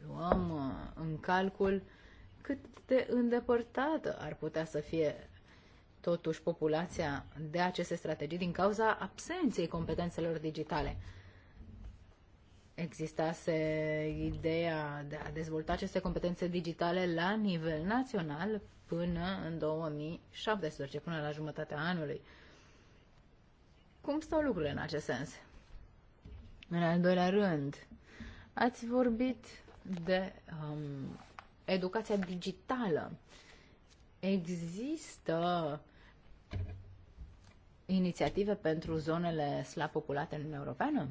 luăm uh, în calcul cât de îndepărtată ar putea să fie totuși populația de aceste strategii din cauza absenței competențelor digitale. Existase ideea de a dezvolta aceste competențe digitale la nivel național până în 2017, până la jumătatea anului. Cum stau lucrurile în acest sens? În al doilea rând, ați vorbit de um, educația digitală. Există inițiative pentru zonele slab populate în Uniunea Europeană?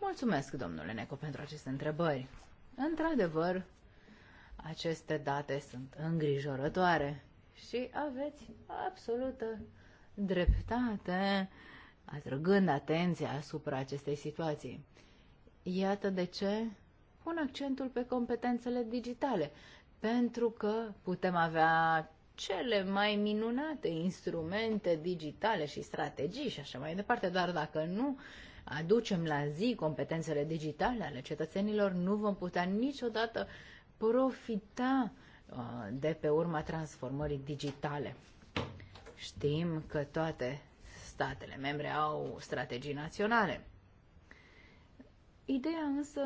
Mulțumesc, domnule Neco, pentru aceste întrebări. Într-adevăr, aceste date sunt îngrijorătoare și aveți absolută dreptate atrăgând atenția asupra acestei situații. Iată de ce pun accentul pe competențele digitale, pentru că putem avea cele mai minunate instrumente digitale și strategii și așa mai departe, dar dacă nu aducem la zi competențele digitale ale cetățenilor, nu vom putea niciodată profita uh, de pe urma transformării digitale. Știm că toate statele membre au strategii naționale. Ideea însă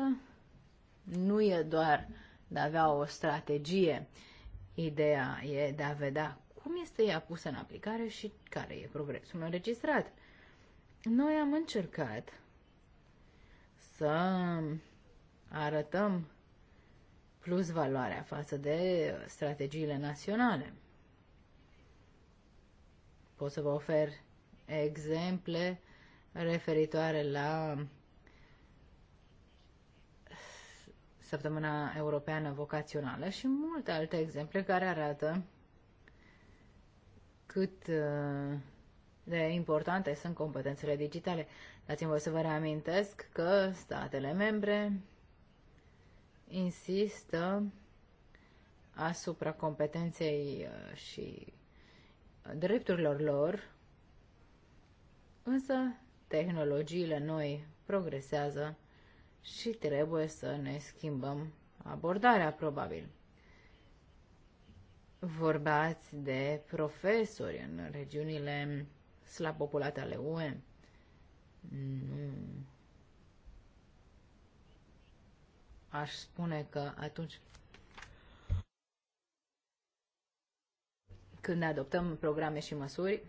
nu e doar de a avea o strategie. Ideea e de a vedea cum este ea pusă în aplicare și care e progresul înregistrat. Noi am încercat să arătăm plus valoarea față de strategiile naționale. Pot să vă ofer exemple referitoare la Săptămâna Europeană Vocațională și multe alte exemple care arată cât uh, de importante sunt competențele digitale. Dați-mi voi să vă reamintesc că statele membre insistă asupra competenței uh, și drepturilor lor Însă, tehnologiile noi progresează și trebuie să ne schimbăm abordarea, probabil. Vorbeați de profesori în regiunile slab populate ale UE. Nu. Aș spune că atunci când ne adoptăm programe și măsuri,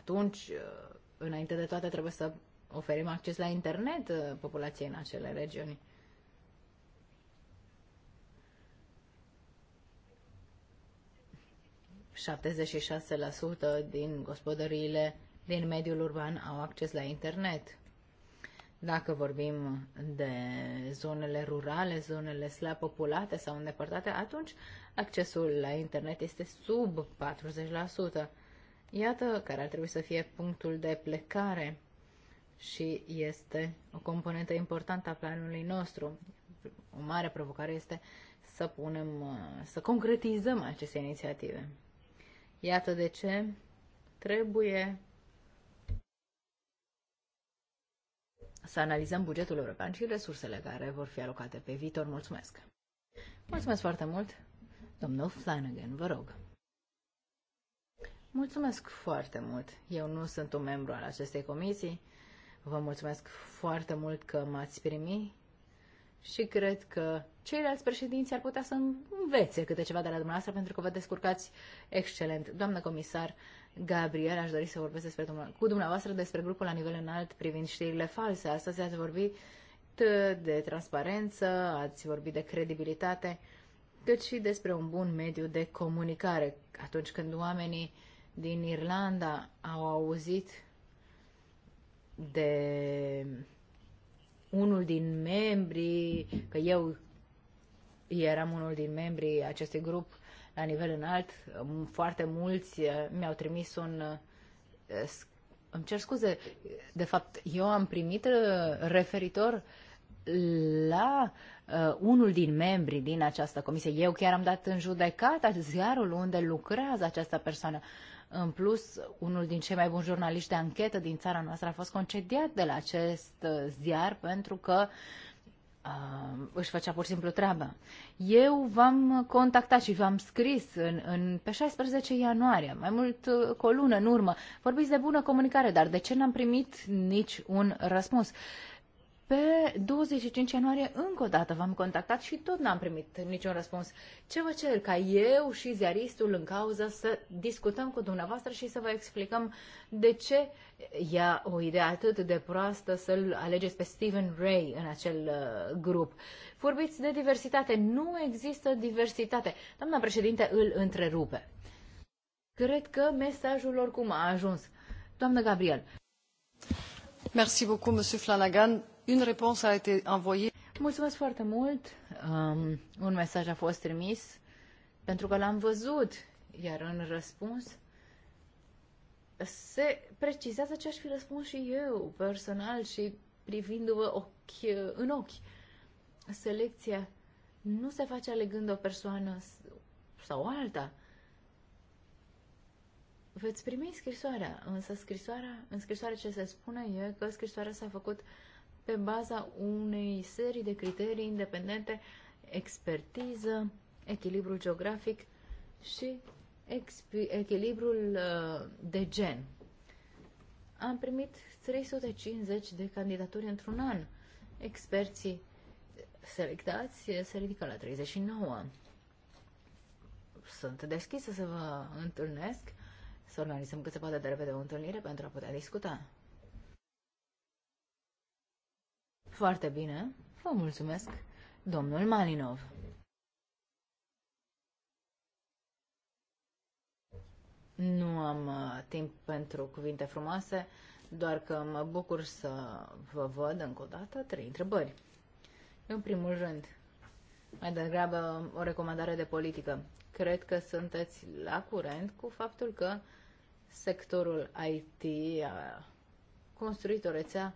atunci, uh, înainte de toate, trebuie să oferim acces la internet uh, populației în acele regiuni. ...76% din gospodăriile din mediul urban au acces la internet. Dacă vorbim de zonele rurale, zonele slab populate sau îndepărtate, atunci accesul la internet este sub 40%. Iată care ar trebui să fie punctul de plecare și este o componentă importantă a planului nostru. O mare provocare este să punem, să concretizăm aceste inițiative. Iată de ce trebuie să analizăm bugetul european și resursele care vor fi alocate pe viitor. Mulțumesc! Mulțumesc foarte mult! Domnul Flanagan, vă rog! Mulțumesc foarte mult. Eu nu sunt un membru al acestei comisii. Vă mulțumesc foarte mult că m-ați primit și cred că ceilalți președinți ar putea să învețe câte ceva de la dumneavoastră pentru că vă descurcați excelent. Doamnă comisar Gabriel, aș dori să vorbesc despre dumneavoastră, cu dumneavoastră despre grupul la nivel înalt privind știrile false. Astăzi ați vorbit de transparență, ați vorbit de credibilitate, cât și despre un bun mediu de comunicare atunci când oamenii din Irlanda au auzit de unul din membrii, că eu eram unul din membrii acestui grup la nivel înalt, foarte mulți eh, mi-au trimis un eh, îmi cer scuze, de fapt eu am primit eh, referitor la uh, unul din membrii din această comisie. Eu chiar am dat în judecată ziarul unde lucrează această persoană. În plus, unul din cei mai buni jurnaliști de anchetă din țara noastră a fost concediat de la acest uh, ziar pentru că uh, își făcea pur și simplu treaba. Eu v-am contactat și v-am scris în, în, pe 16 ianuarie, mai mult uh, cu o lună în urmă. Vorbiți de bună comunicare, dar de ce n-am primit nici un răspuns? Uh, pe 25 ianuarie încă o dată v-am contactat și tot n-am primit niciun răspuns. Ce vă cer ca eu și ziaristul în cauză să discutăm cu dumneavoastră și să vă explicăm de ce ia o idee atât de proastă să-l alegeți pe Stephen Ray în acel uh, grup. Vorbiți de diversitate. Nu există diversitate. Doamna președinte îl întrerupe. Cred că mesajul oricum a ajuns. Doamnă Gabriel. Merci beaucoup, Monsieur Flanagan une réponse a été envoyée. Mulțumesc foarte mult. Um, un mesaj a fost trimis pentru că l-am văzut, iar în răspuns se precizează ce aș fi răspuns și eu, personal și privindu-vă ochi, în ochi. Selecția nu se face alegând o persoană sau alta. Veți primi scrisoarea, însă scrisoarea, în scrisoarea ce se spune e că scrisoarea s-a făcut uh, pe baza unei serii de criterii independente, expertiză, echilibru geografic și echilibrul uh, de gen. Am primit 350 de candidaturi într-un an. Experții selectați se ridică la 39. Sunt deschisă să vă întâlnesc, să organizăm cât se poate de repede o întâlnire pentru a putea discuta. Foarte bine. Vă mulțumesc, domnul Malinov. Nu am uh, timp pentru cuvinte frumoase, doar că mă bucur să vă văd încă o dată trei întrebări. În primul rând, mai degrabă o recomandare de politică. Cred că sunteți la curent cu faptul că sectorul IT a construit o rețea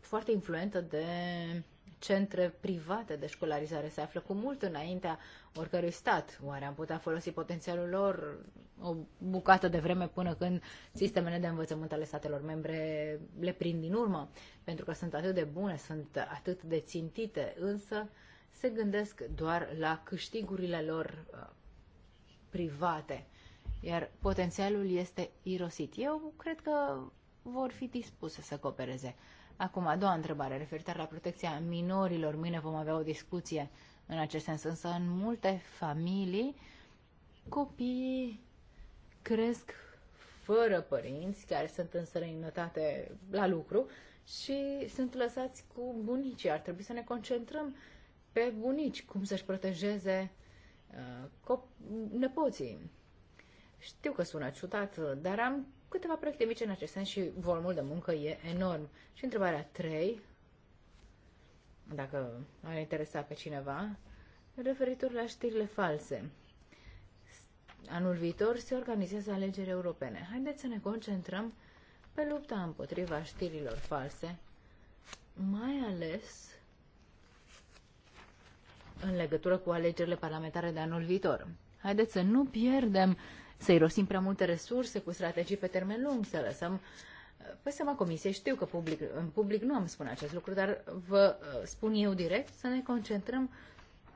foarte influentă de centre private de școlarizare. Se află cu mult înaintea oricărui stat. Oare am putea folosi potențialul lor o bucată de vreme până când sistemele de învățământ ale statelor membre le prind din urmă? Pentru că sunt atât de bune, sunt atât de țintite, însă se gândesc doar la câștigurile lor uh, private. Iar potențialul este irosit. Eu cred că vor fi dispuse să coopereze. Acum, a doua întrebare, referitor la protecția minorilor. Mâine vom avea o discuție în acest sens, însă în multe familii copiii cresc fără părinți, care sunt în străinătate la lucru și sunt lăsați cu bunicii. Ar trebui să ne concentrăm pe bunici, cum să-și protejeze uh, nepoții. Știu că sună ciudat, dar am câteva proiecte mici în acest sens și volumul de muncă e enorm. Și întrebarea 3, dacă ar interesa pe cineva, referitor la știrile false. Anul viitor se organizează alegeri europene. Haideți să ne concentrăm pe lupta împotriva știrilor false, mai ales în legătură cu alegerile parlamentare de anul viitor. Haideți să nu pierdem uh, să irosim prea multe resurse cu strategii pe termen lung, să lăsăm pe păi seama comisiei. Știu că public, în public nu am spune acest lucru, dar vă uh, spun eu direct să ne concentrăm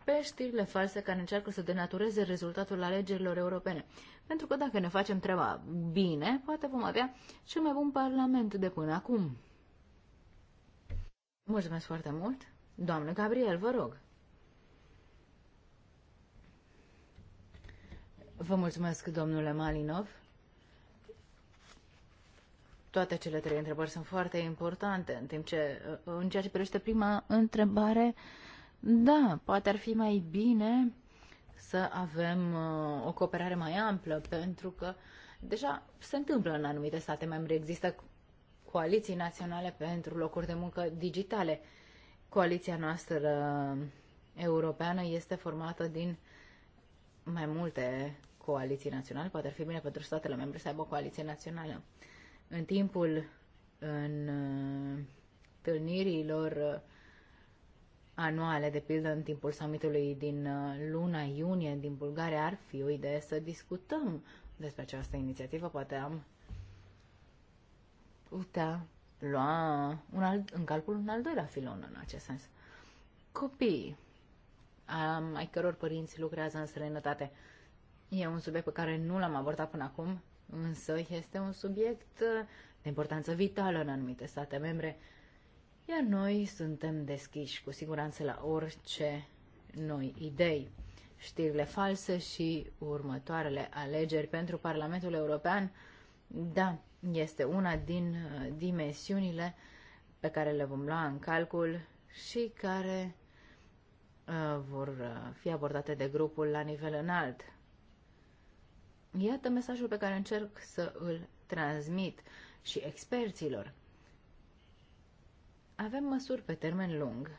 pe știrile false care încearcă să denatureze rezultatul alegerilor europene. Pentru că dacă ne facem treaba bine, poate vom avea cel mai bun parlament de până acum. Mulțumesc foarte mult. Doamnă Gabriel, vă rog. Vă mulțumesc, domnule Malinov. Toate cele trei întrebări sunt foarte importante, în timp ce, uh, în ceea ce privește prima întrebare, da, poate ar fi mai bine să avem uh, o cooperare mai amplă, pentru că deja se întâmplă în anumite state membre. Există coaliții naționale pentru locuri de muncă digitale. Coaliția noastră europeană este formată din mai multe coaliții naționale, poate ar fi bine pentru statele membre să aibă o coaliție națională. În timpul în uh, întâlnirilor uh, anuale, de pildă în timpul summitului din uh, luna iunie din Bulgaria, ar fi o idee să discutăm despre această inițiativă. Poate am putea lua un alt, în calcul un al doilea filon în acest sens. Copiii, ai căror părinți lucrează în străinătate, E un subiect pe care nu l-am abordat până acum, însă este un subiect uh, de importanță vitală în anumite state membre, iar noi suntem deschiși cu siguranță la orice noi idei. Știrile false și următoarele alegeri pentru Parlamentul European, da, este una din uh, dimensiunile pe care le vom lua în calcul și care uh, vor uh, fi abordate de grupul la nivel înalt. Iată mesajul pe care încerc să îl transmit și experților. Avem măsuri pe termen lung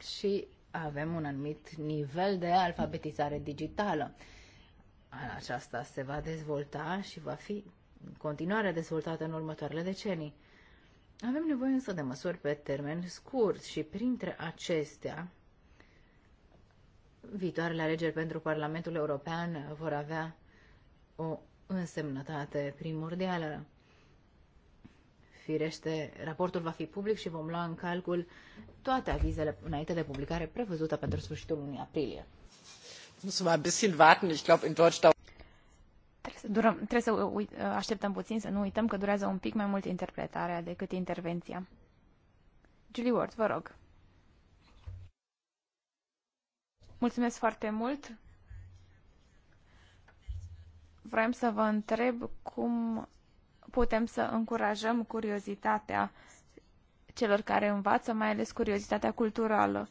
și avem un anumit nivel de alfabetizare digitală. Aceasta se va dezvolta și va fi în continuare dezvoltată în următoarele decenii. Avem nevoie însă de măsuri pe termen scurt și printre acestea viitoarele alegeri pentru Parlamentul European vor avea o însemnătate primordială. Firește, raportul va fi public și vom lua în calcul toate avizele înainte de publicare prevăzută pentru sfârșitul lunii aprilie. Trebuie să, așteptăm puțin, să nu uităm că durează un pic mai mult interpretarea decât intervenția. Julie Ward, vă rog. Mulțumesc foarte mult. Vreau să vă întreb cum putem să încurajăm curiozitatea celor care învață, mai ales curiozitatea culturală.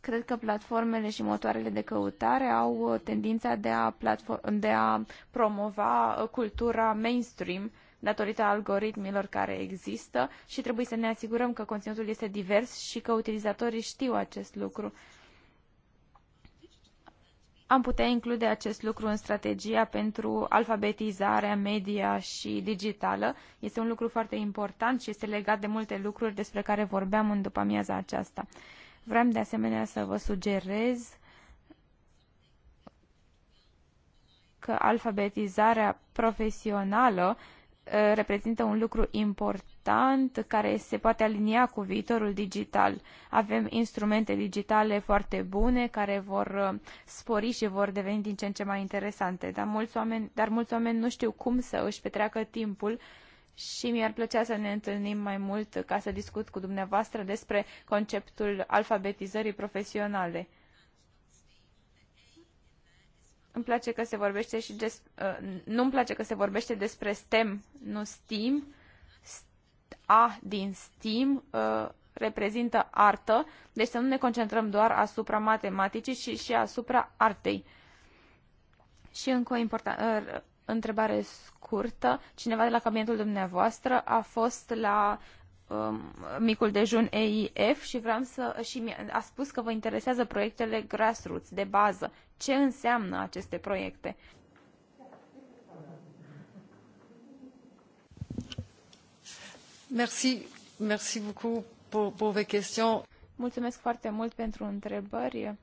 Cred că platformele și motoarele de căutare au uh, tendința de a, de a promova uh, cultura mainstream datorită algoritmilor care există și trebuie să ne asigurăm că conținutul este divers și că utilizatorii știu acest lucru am putea include acest lucru în strategia pentru alfabetizarea media și digitală. Este un lucru foarte important și este legat de multe lucruri despre care vorbeam în după amiaza aceasta. Vreau de asemenea să vă sugerez că alfabetizarea profesională eh, reprezintă un lucru important important care se poate alinia cu viitorul digital. Avem instrumente digitale foarte bune care vor uh, spori și vor deveni din ce în ce mai interesante, dar mulți oameni, dar mulți oameni nu știu cum să își petreacă timpul și mi-ar plăcea să ne întâlnim mai mult ca să discut cu dumneavoastră despre conceptul alfabetizării profesionale. Îmi place că se vorbește și des, uh, nu-mi place că se vorbește despre STEM, nu STEAM, a din STEAM uh, reprezintă artă, deci să nu ne concentrăm doar asupra matematicii, ci și asupra artei. Și încă o important, uh, întrebare scurtă. Cineva de la cabinetul dumneavoastră a fost la um, micul dejun EIF și vreau să și a spus că vă interesează proiectele grassroots de bază. Ce înseamnă aceste proiecte? Mulțumesc foarte mult pentru întrebări.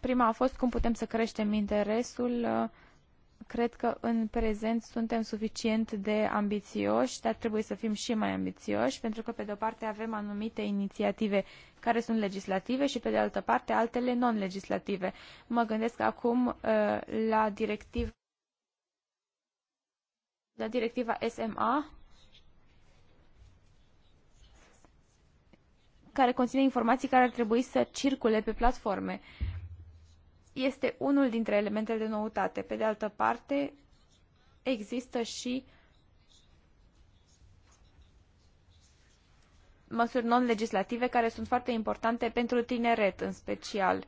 Prima a fost cum putem să creștem interesul. Cred că în prezent suntem suficient de ambițioși, dar trebuie să fim și mai ambițioși, pentru că pe de-o parte avem anumite inițiative care sunt legislative și pe de altă parte altele non-legislative. Mă gândesc acum uh, la directiv la directiva SMA, care conține informații care ar trebui să circule pe platforme. Este unul dintre elementele de noutate. Pe de altă parte, există și măsuri non legislative care sunt foarte importante pentru tineret în special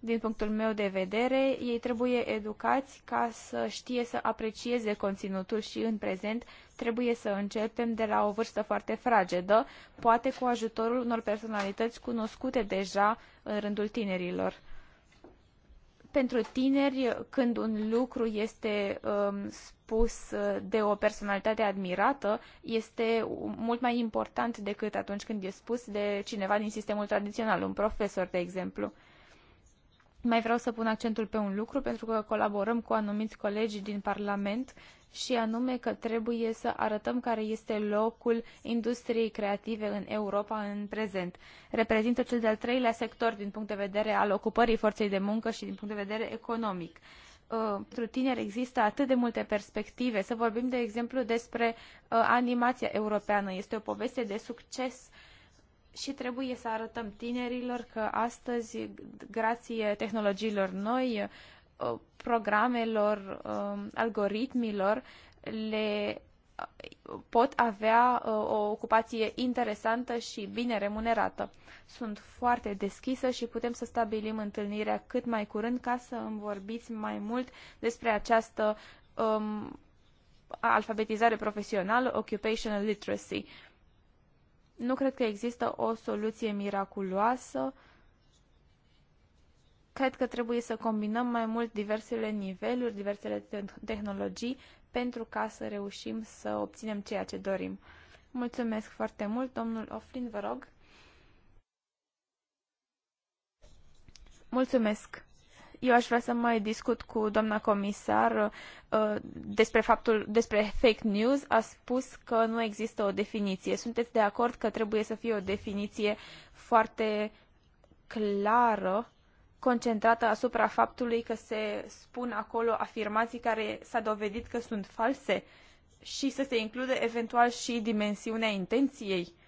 din punctul meu de vedere, ei trebuie educați ca să știe să aprecieze conținutul și în prezent trebuie să începem de la o vârstă foarte fragedă, poate cu ajutorul unor personalități cunoscute deja în rândul tinerilor. Pentru tineri, când un lucru este um, spus uh, de o personalitate admirată, este mult mai important decât atunci când e spus de cineva din sistemul tradițional, un profesor, de exemplu mai vreau să pun accentul pe un lucru, pentru că colaborăm cu anumiți colegi din Parlament și anume că trebuie să arătăm care este locul industriei creative în Europa în prezent. Reprezintă cel de-al treilea sector din punct de vedere al ocupării forței de muncă și din punct de vedere economic. Pentru uh, tineri există atât de multe perspective. Să vorbim, de exemplu, despre uh, animația europeană. Este o poveste de succes uh, și trebuie să arătăm tinerilor că astăzi, grație tehnologiilor noi, uh, programelor, um, algoritmilor, le uh, pot avea uh, o ocupație interesantă și bine remunerată. Sunt foarte deschisă și putem să stabilim întâlnirea cât mai curând ca să îmi vorbiți mai mult despre această um, alfabetizare profesională, occupational literacy. Uh, nu cred că există o soluție miraculoasă. Cred că trebuie să combinăm mai mult diversele niveluri, diversele tehnologii pentru ca să reușim să obținem ceea ce dorim. Mulțumesc foarte mult, domnul Oflin, vă rog. Mulțumesc. Eu aș vrea să mai discut cu doamna comisar uh, despre faptul despre fake news. A spus că nu există o definiție. Sunteți de acord că trebuie să fie o definiție foarte clară, concentrată asupra faptului că se spun acolo afirmații care s-a dovedit că sunt false și să se includă eventual și dimensiunea intenției? Uh,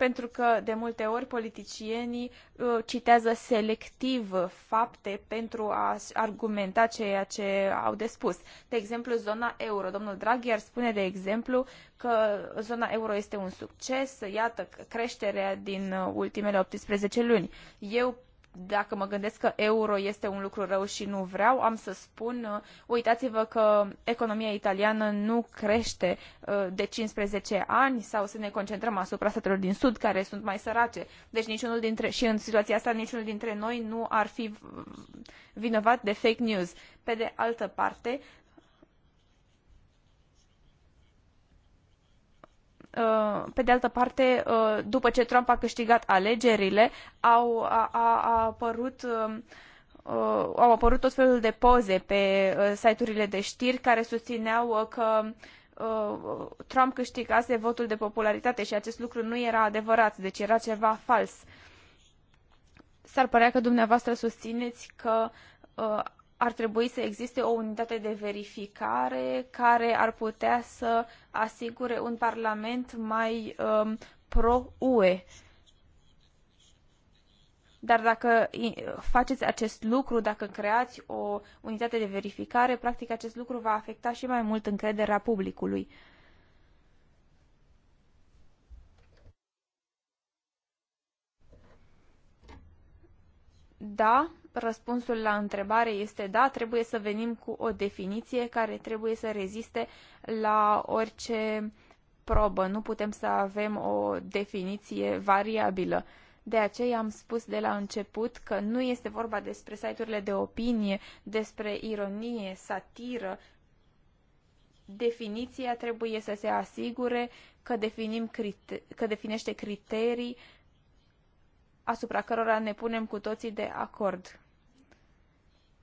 pentru că de multe ori politicienii uh, citează selectiv fapte pentru a argumenta ceea ce au de spus. De exemplu, zona euro. Domnul Draghi ar spune, de exemplu, că zona euro este un succes, iată creșterea din uh, ultimele 18 luni. Eu dacă mă gândesc că euro este un lucru rău și nu vreau, am să spun, uh, uitați-vă că economia italiană nu crește uh, de 15 ani sau să ne concentrăm asupra statelor din sud care sunt mai sărace. Deci niciunul dintre, și în situația asta niciunul dintre noi nu ar fi vinovat de fake news. Pe de altă parte, Uh, pe de altă parte, uh, după ce Trump a câștigat alegerile, au, a, a apărut um, uh, au apărut tot felul de poze pe site-urile de știri care susțineau că Trump câștigase votul de popularitate și acest lucru nu era adevărat, deci era ceva fals. S-ar părea că dumneavoastră susțineți că ar trebui să existe o unitate de verificare care ar putea să asigure un parlament mai um, pro-UE. Dar dacă faceți acest lucru, dacă creați o unitate de verificare, practic acest lucru va afecta și mai mult încrederea publicului. Da, Răspunsul la întrebare este da, trebuie să venim cu o definiție care trebuie să reziste la orice probă. Nu putem să avem o definiție variabilă. De aceea am spus de la început că nu este vorba despre site-urile de opinie, despre ironie, satiră. Definiția trebuie să se asigure că, definim crite- că definește criterii asupra cărora ne punem cu toții de acord.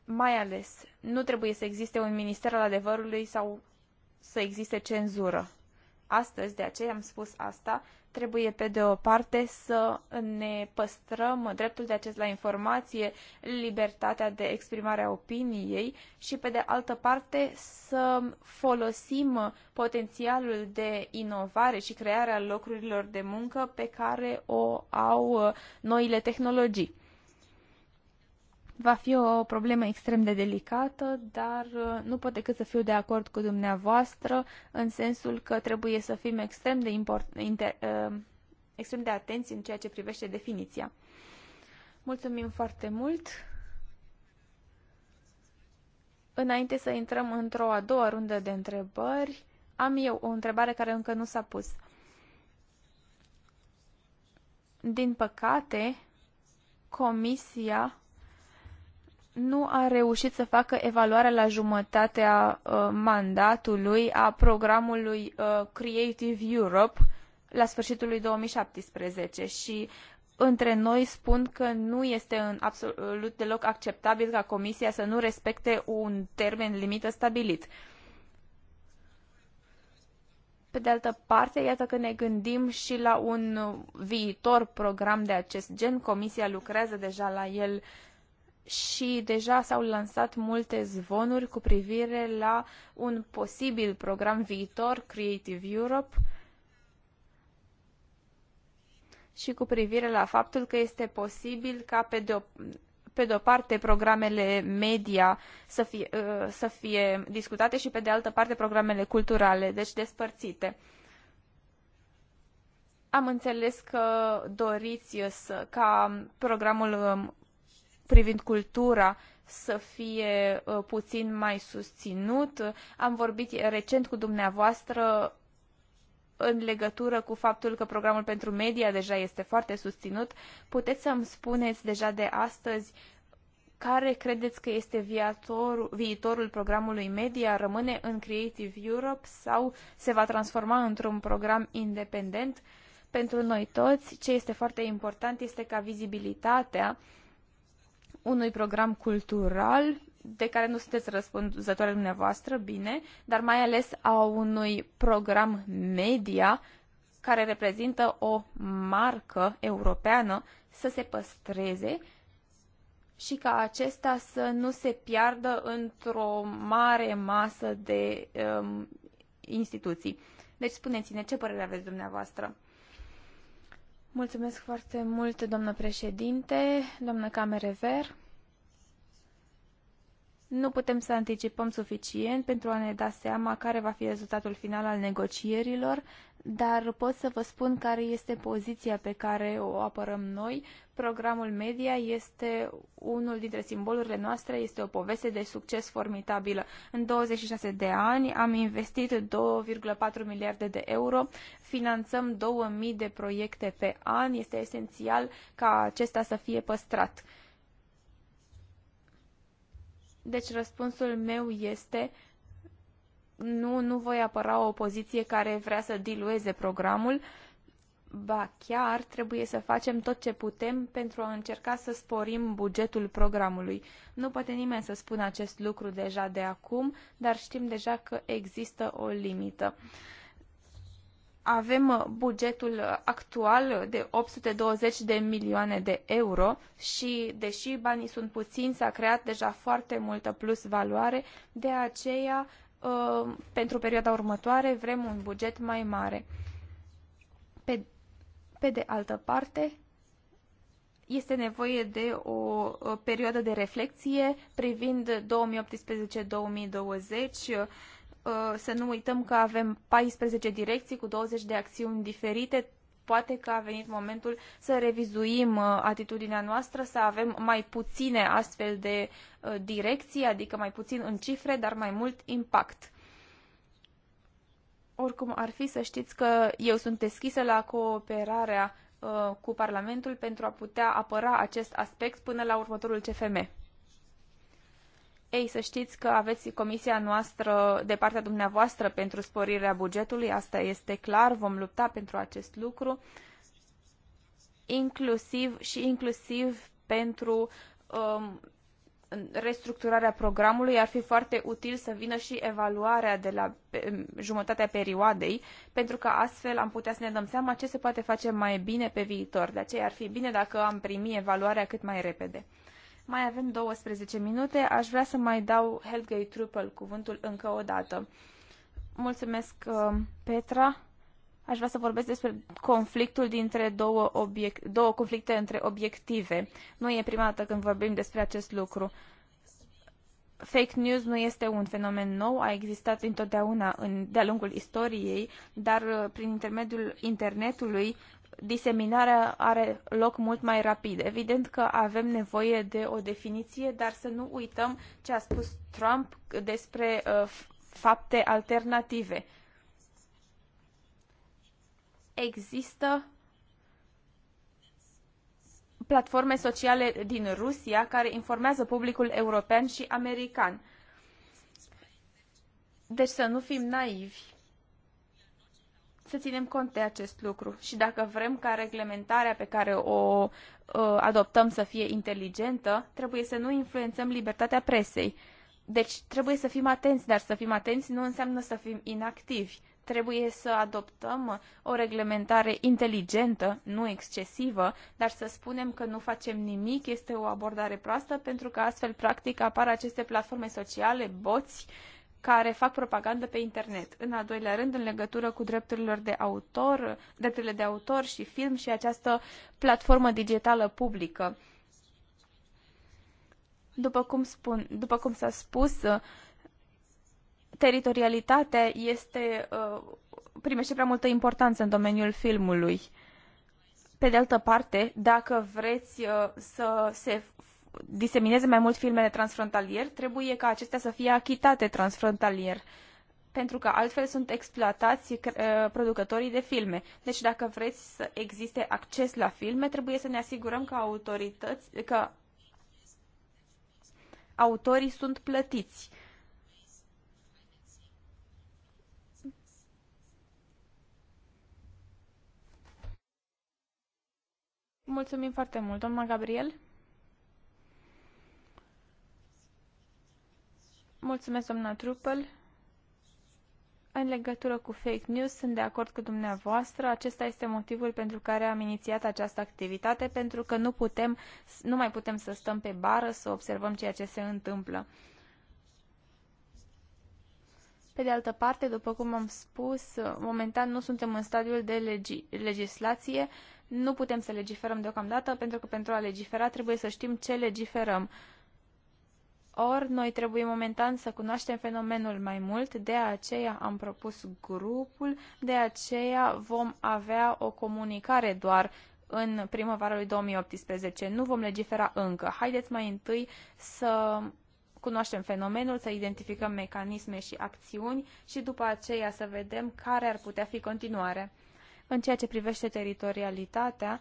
Mai ales, nu trebuie să existe un minister al adevărului sau să existe cenzură astăzi, de aceea am spus asta, trebuie pe de o parte să ne păstrăm dreptul de acces la informație, libertatea de exprimare a opiniei și pe de altă parte să folosim potențialul de inovare și crearea locurilor de muncă pe care o au noile tehnologii. Va fi o problemă extrem de delicată, dar uh, nu pot decât să fiu de acord cu dumneavoastră în sensul că trebuie să fim extrem de, import, inter, uh, extrem de atenți în ceea ce privește definiția. Mulțumim foarte mult! Înainte să intrăm într-o a doua rundă de întrebări, am eu o întrebare care încă nu s-a pus. Din păcate, Comisia nu a reușit să facă evaluarea la jumătatea uh, mandatului a programului uh, Creative Europe la sfârșitul lui 2017 și între noi spun că nu este în absolut deloc acceptabil ca Comisia să nu respecte un termen limită stabilit. Pe de altă parte, iată că ne gândim și la un viitor program de acest gen. Comisia lucrează deja la el uh, și deja s-au lansat multe zvonuri cu privire la un posibil program viitor Creative Europe și cu privire la faptul că este posibil ca pe de o, pe de o parte programele media să fie, ă, să fie discutate și pe de altă parte programele culturale, deci despărțite. Am înțeles că doriți să, ca programul privind cultura să fie uh, puțin mai susținut. Am vorbit recent cu dumneavoastră în legătură cu faptul că programul pentru media deja este foarte susținut. Puteți să-mi spuneți deja de astăzi care credeți că este viatorul, viitorul programului media? Rămâne în Creative Europe sau se va transforma într-un program independent? Pentru noi toți, ce este foarte important este ca vizibilitatea uh, unui program cultural de care nu sunteți răspunzătoare dumneavoastră, bine, dar mai ales a unui program media care reprezintă o marcă europeană să se păstreze și ca acesta să nu se piardă într-o mare masă de um, instituții. Deci spuneți-ne ce părere aveți dumneavoastră. Mulțumesc foarte mult, doamnă președinte, doamnă Camerever. Nu putem să anticipăm suficient pentru a ne da seama care va fi rezultatul final al negocierilor, dar pot să vă spun care este poziția pe care o apărăm noi. Programul media este unul dintre simbolurile noastre, este o poveste de succes formidabilă. În 26 de ani am investit 2,4 miliarde de euro, finanțăm 2000 de proiecte pe an, este esențial ca acesta să fie păstrat. Deci răspunsul meu este nu, nu voi apăra o opoziție care vrea să dilueze programul, ba chiar trebuie să facem tot ce putem pentru a încerca să sporim bugetul programului. Nu poate nimeni să spună acest lucru deja de acum, dar știm deja că există o limită. Uh, avem uh, bugetul uh, actual de 820 de milioane de euro și, deși banii sunt puțini, s-a creat deja foarte multă plus valoare, de aceea, uh, pentru perioada următoare, vrem un buget mai mare. Pe, pe de altă parte, este nevoie de o perioadă de reflexie privind 2018-2020, Uh, să nu uităm că avem 14 direcții cu 20 de acțiuni diferite. Poate că a venit momentul să revizuim uh, atitudinea noastră, să avem mai puține astfel de uh, direcții, adică mai puțin în cifre, dar mai mult impact. Oricum ar fi să știți că eu sunt deschisă la cooperarea cu Parlamentul pentru a putea apăra acest aspect până la următorul CFM. Ei, să știți că aveți comisia noastră de partea dumneavoastră pentru sporirea bugetului, asta este clar, vom lupta pentru acest lucru, inclusiv și inclusiv pentru um, restructurarea programului ar fi foarte util să vină și evaluarea de la jumătatea perioadei, pentru că astfel am putea să ne dăm seama ce se poate face mai bine pe viitor. De aceea ar fi bine dacă am primi evaluarea cât mai repede. Mai avem 12 minute. Aș vrea să mai dau Helgei Truppel cuvântul încă o dată. Mulțumesc, uh, Petra. Aș vrea să vorbesc despre conflictul dintre două, obiect, două conflicte între obiective. Nu e prima dată când vorbim despre acest lucru. Fake news nu este un fenomen nou, a existat întotdeauna în, de-a lungul istoriei, dar uh, prin intermediul internetului diseminarea are loc mult mai rapid. Evident că avem nevoie de o definiție, dar să nu uităm ce a spus Trump despre uh, fapte alternative. Există platforme sociale din Rusia care informează publicul european și american. Deci să nu fim naivi să ținem cont de acest lucru și dacă vrem ca reglementarea pe care o uh, adoptăm să fie inteligentă, trebuie să nu influențăm libertatea presei. Deci trebuie să fim atenți, dar să fim atenți nu înseamnă să fim inactivi. Trebuie să adoptăm o reglementare inteligentă, nu excesivă, dar să spunem că nu facem nimic este o abordare proastă pentru că astfel practic apar aceste platforme sociale, boți, uh, care fac propagandă pe internet. În al doilea rând, în legătură cu drepturile de autor, drepturile de autor și film și această platformă digitală publică. După cum, spun, după cum s-a spus, teritorialitatea este, uh, primește prea multă importanță în domeniul filmului. Pe de altă parte, dacă vreți uh, să se disemineze mai mult filmele transfrontalier, trebuie ca acestea să fie achitate transfrontalier pentru că altfel sunt exploatați ă, producătorii de filme. Deci dacă vreți să existe acces la filme, trebuie să ne asigurăm că autorități, că autorii sunt plătiți. Mulțumim foarte mult, doamna Gabriel. Mulțumesc, doamna Trupel. În legătură cu fake news, sunt de acord cu dumneavoastră. Acesta este motivul pentru care am inițiat această activitate, pentru că nu, putem, nu mai putem să stăm pe bară să observăm ceea ce se întâmplă. Pe de altă parte, după cum am spus, momentan nu suntem în stadiul de legi- legislație, nu putem să legiferăm deocamdată, pentru că pentru a legifera trebuie să știm ce legiferăm. Uh, ori noi trebuie momentan să cunoaștem fenomenul mai mult, de aceea am propus grupul, de aceea vom avea o comunicare doar în primăvara lui 2018. Nu vom legifera încă. Haideți mai întâi să cunoaștem fenomenul, să identificăm mecanisme și acțiuni și după aceea să vedem care ar putea fi continuare. În ceea ce privește teritorialitatea,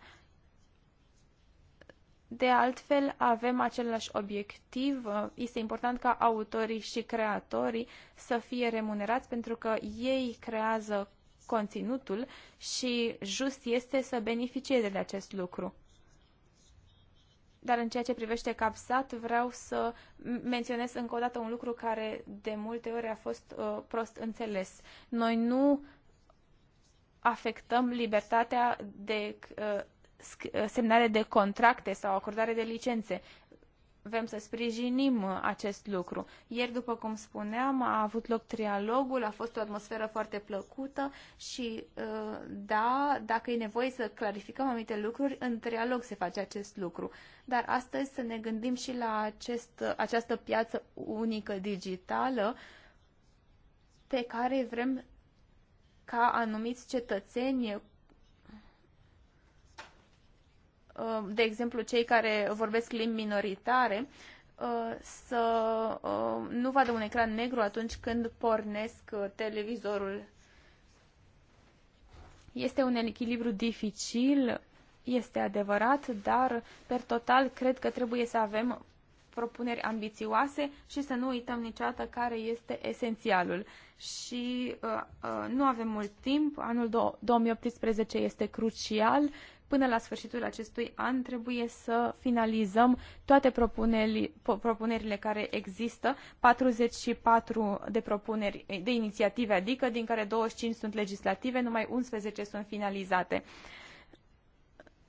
de altfel, avem același obiectiv. Este important ca autorii și creatorii să fie remunerați pentru că ei creează conținutul și just este să beneficieze de acest lucru. Dar în ceea ce privește capsat, vreau să menționez încă o dată un lucru care de multe ori a fost uh, prost înțeles. Noi nu afectăm libertatea de uh, semnare de contracte sau acordare de licențe. Vrem să sprijinim acest lucru. Ieri, după cum spuneam, a avut loc trialogul, a fost o atmosferă foarte plăcută și, uh, da, dacă e nevoie să clarificăm anumite lucruri, în trialog se face acest lucru. Dar astăzi să ne gândim și la acest, această piață unică digitală pe care vrem ca anumiți cetățeni Uh, de exemplu, cei care vorbesc limbi minoritare, uh, să uh, nu vadă un ecran negru atunci când pornesc televizorul. Este un echilibru dificil, este adevărat, dar, per total, cred că trebuie să avem propuneri ambițioase și să nu uităm niciodată care este esențialul. Și uh, uh, nu avem mult timp, anul 2018 este crucial Până la sfârșitul acestui an trebuie să finalizăm toate propunerile care există, 44 de propuneri de inițiative, adică din care 25 sunt legislative, numai 11 sunt finalizate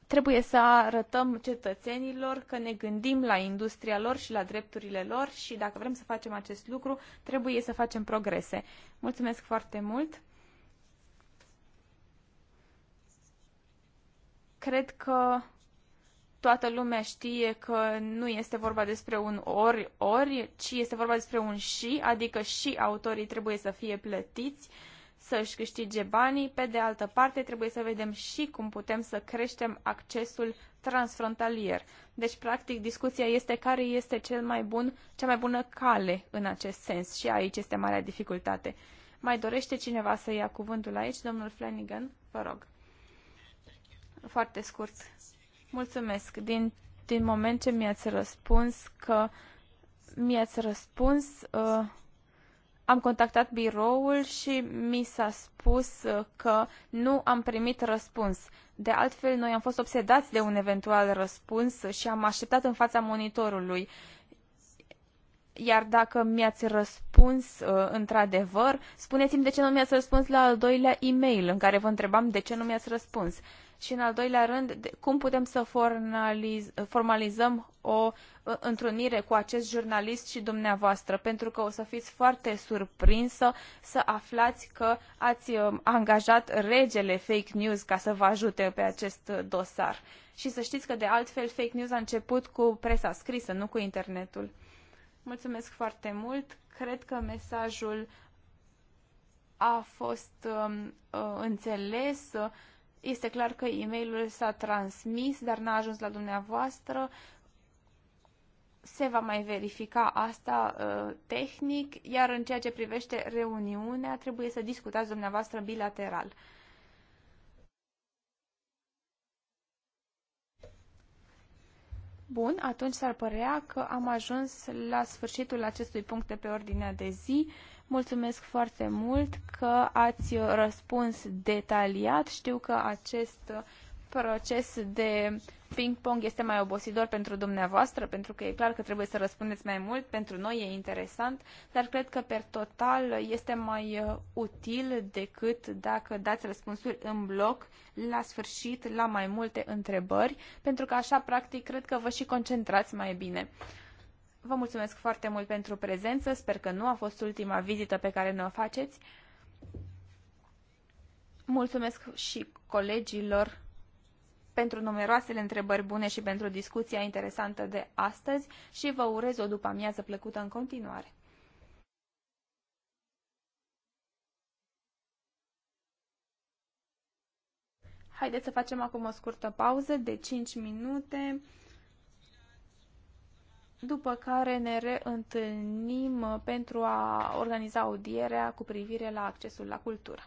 trebuie să arătăm cetățenilor că ne gândim la industria lor și la drepturile lor și dacă vrem să facem acest lucru, trebuie să facem progrese. Mulțumesc foarte mult! Cred că toată lumea știe că nu este vorba despre un ori-ori, ci este vorba despre un și, adică și autorii trebuie să fie plătiți, să-și câștige banii. Pe de altă parte, trebuie să vedem și cum putem să creștem accesul transfrontalier. Deci, practic, discuția este care este cel mai bun, cea mai bună cale în acest sens și aici este marea dificultate. Mai dorește cineva să ia cuvântul aici? Domnul Flanagan, vă rog. Foarte scurt. Mulțumesc. Din, din moment ce mi-ați răspuns că mi-ați răspuns, uh, am contactat biroul și mi s-a spus uh, că nu am primit răspuns. De altfel, noi am fost obsedați de un eventual răspuns și am așteptat în fața monitorului. Iar dacă mi-ați răspuns uh, într-adevăr, spuneți-mi de ce nu mi-ați răspuns la al doilea e-mail în care vă întrebam de ce nu mi-ați răspuns. Uh, și în al doilea rând, cum putem să formalizăm o ă, întrunire cu acest jurnalist și dumneavoastră, pentru că o să fiți foarte surprinsă să aflați că ați ă, angajat regele fake news ca să vă ajute pe acest dosar. Și să știți că de altfel fake news a început cu presa scrisă, nu cu internetul. Mulțumesc foarte mult. Cred că mesajul a fost uh, uh, înțeles. Uh, este clar că e-mailul s-a transmis, dar n-a ajuns la dumneavoastră. Se va mai verifica asta uh, tehnic, iar în ceea ce privește reuniunea, trebuie să discutați dumneavoastră bilateral. Bun, atunci s-ar părea că am ajuns la sfârșitul acestui punct de pe ordinea de zi. Mulțumesc foarte mult că ați răspuns detaliat. Știu că acest proces de ping-pong este mai obositor pentru dumneavoastră, pentru că e clar că trebuie să răspundeți mai mult, pentru noi e interesant, dar cred că per total este mai util decât dacă dați răspunsuri în bloc la sfârșit la mai multe întrebări, pentru că așa practic cred că vă și concentrați mai bine. Vă mulțumesc foarte mult pentru prezență. Sper că nu a fost ultima vizită pe care ne o faceți. Mulțumesc și colegilor pentru numeroasele întrebări bune și pentru discuția interesantă de astăzi și vă urez o după amiază plăcută în continuare. Haideți să facem acum o scurtă pauză de 5 minute după care ne reîntâlnim pentru a organiza audierea cu privire la accesul la cultură.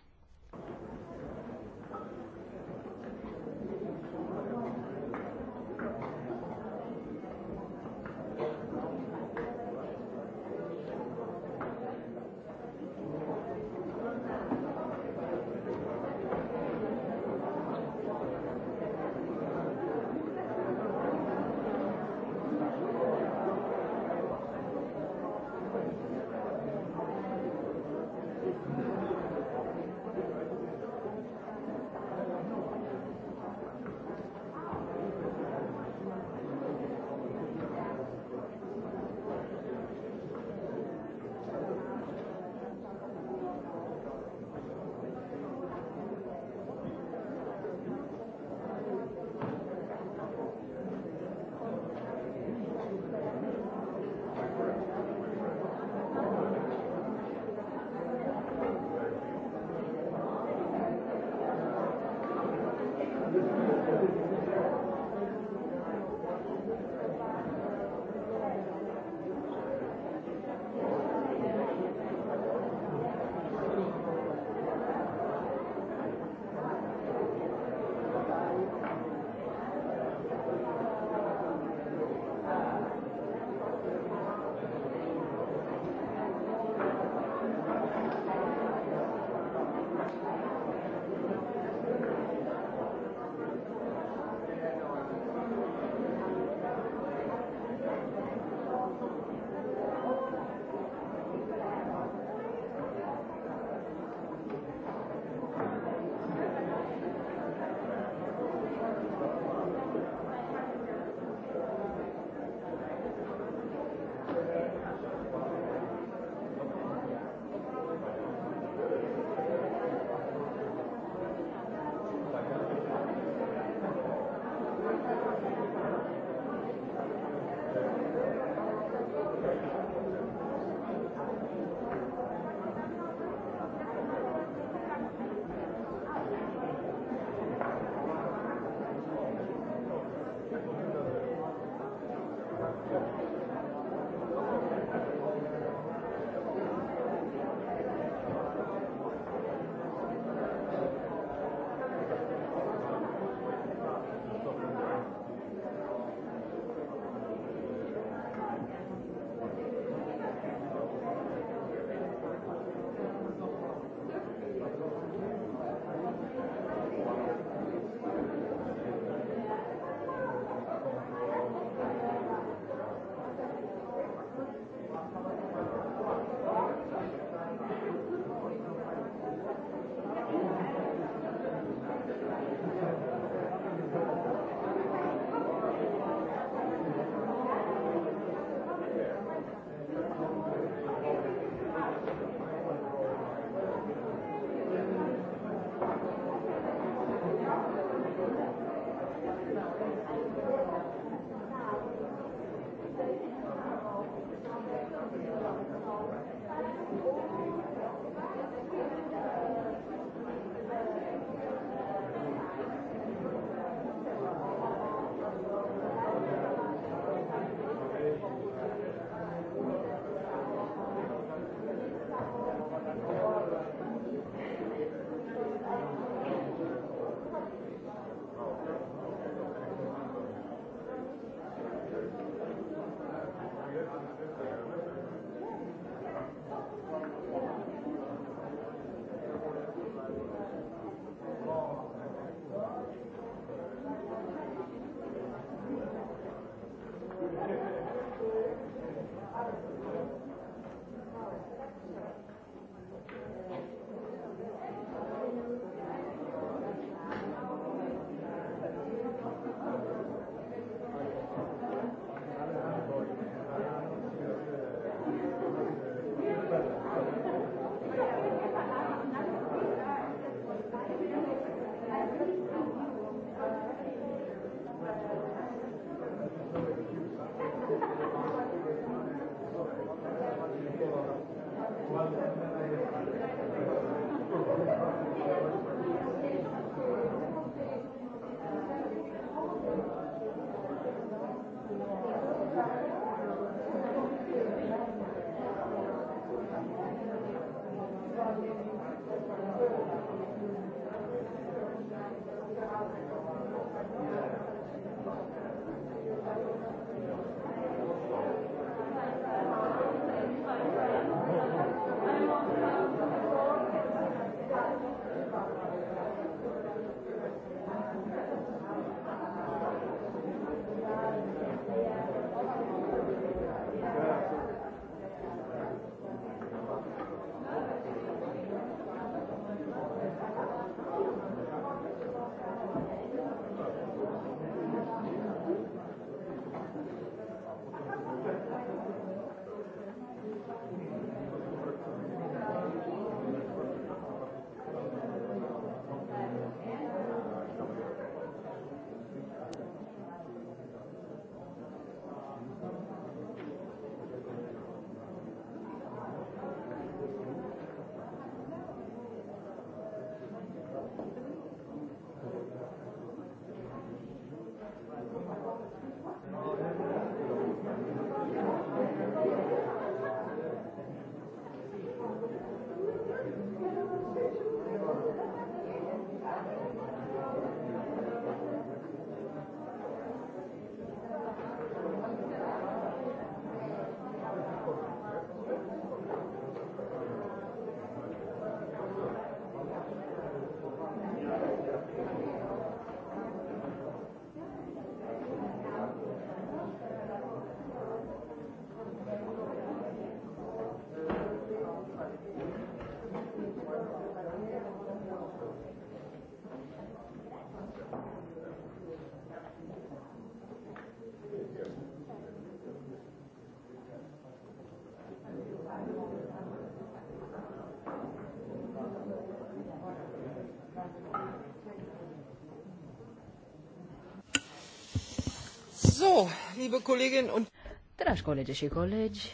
So, liebe Kolleginnen und Dragi colegi și colegi,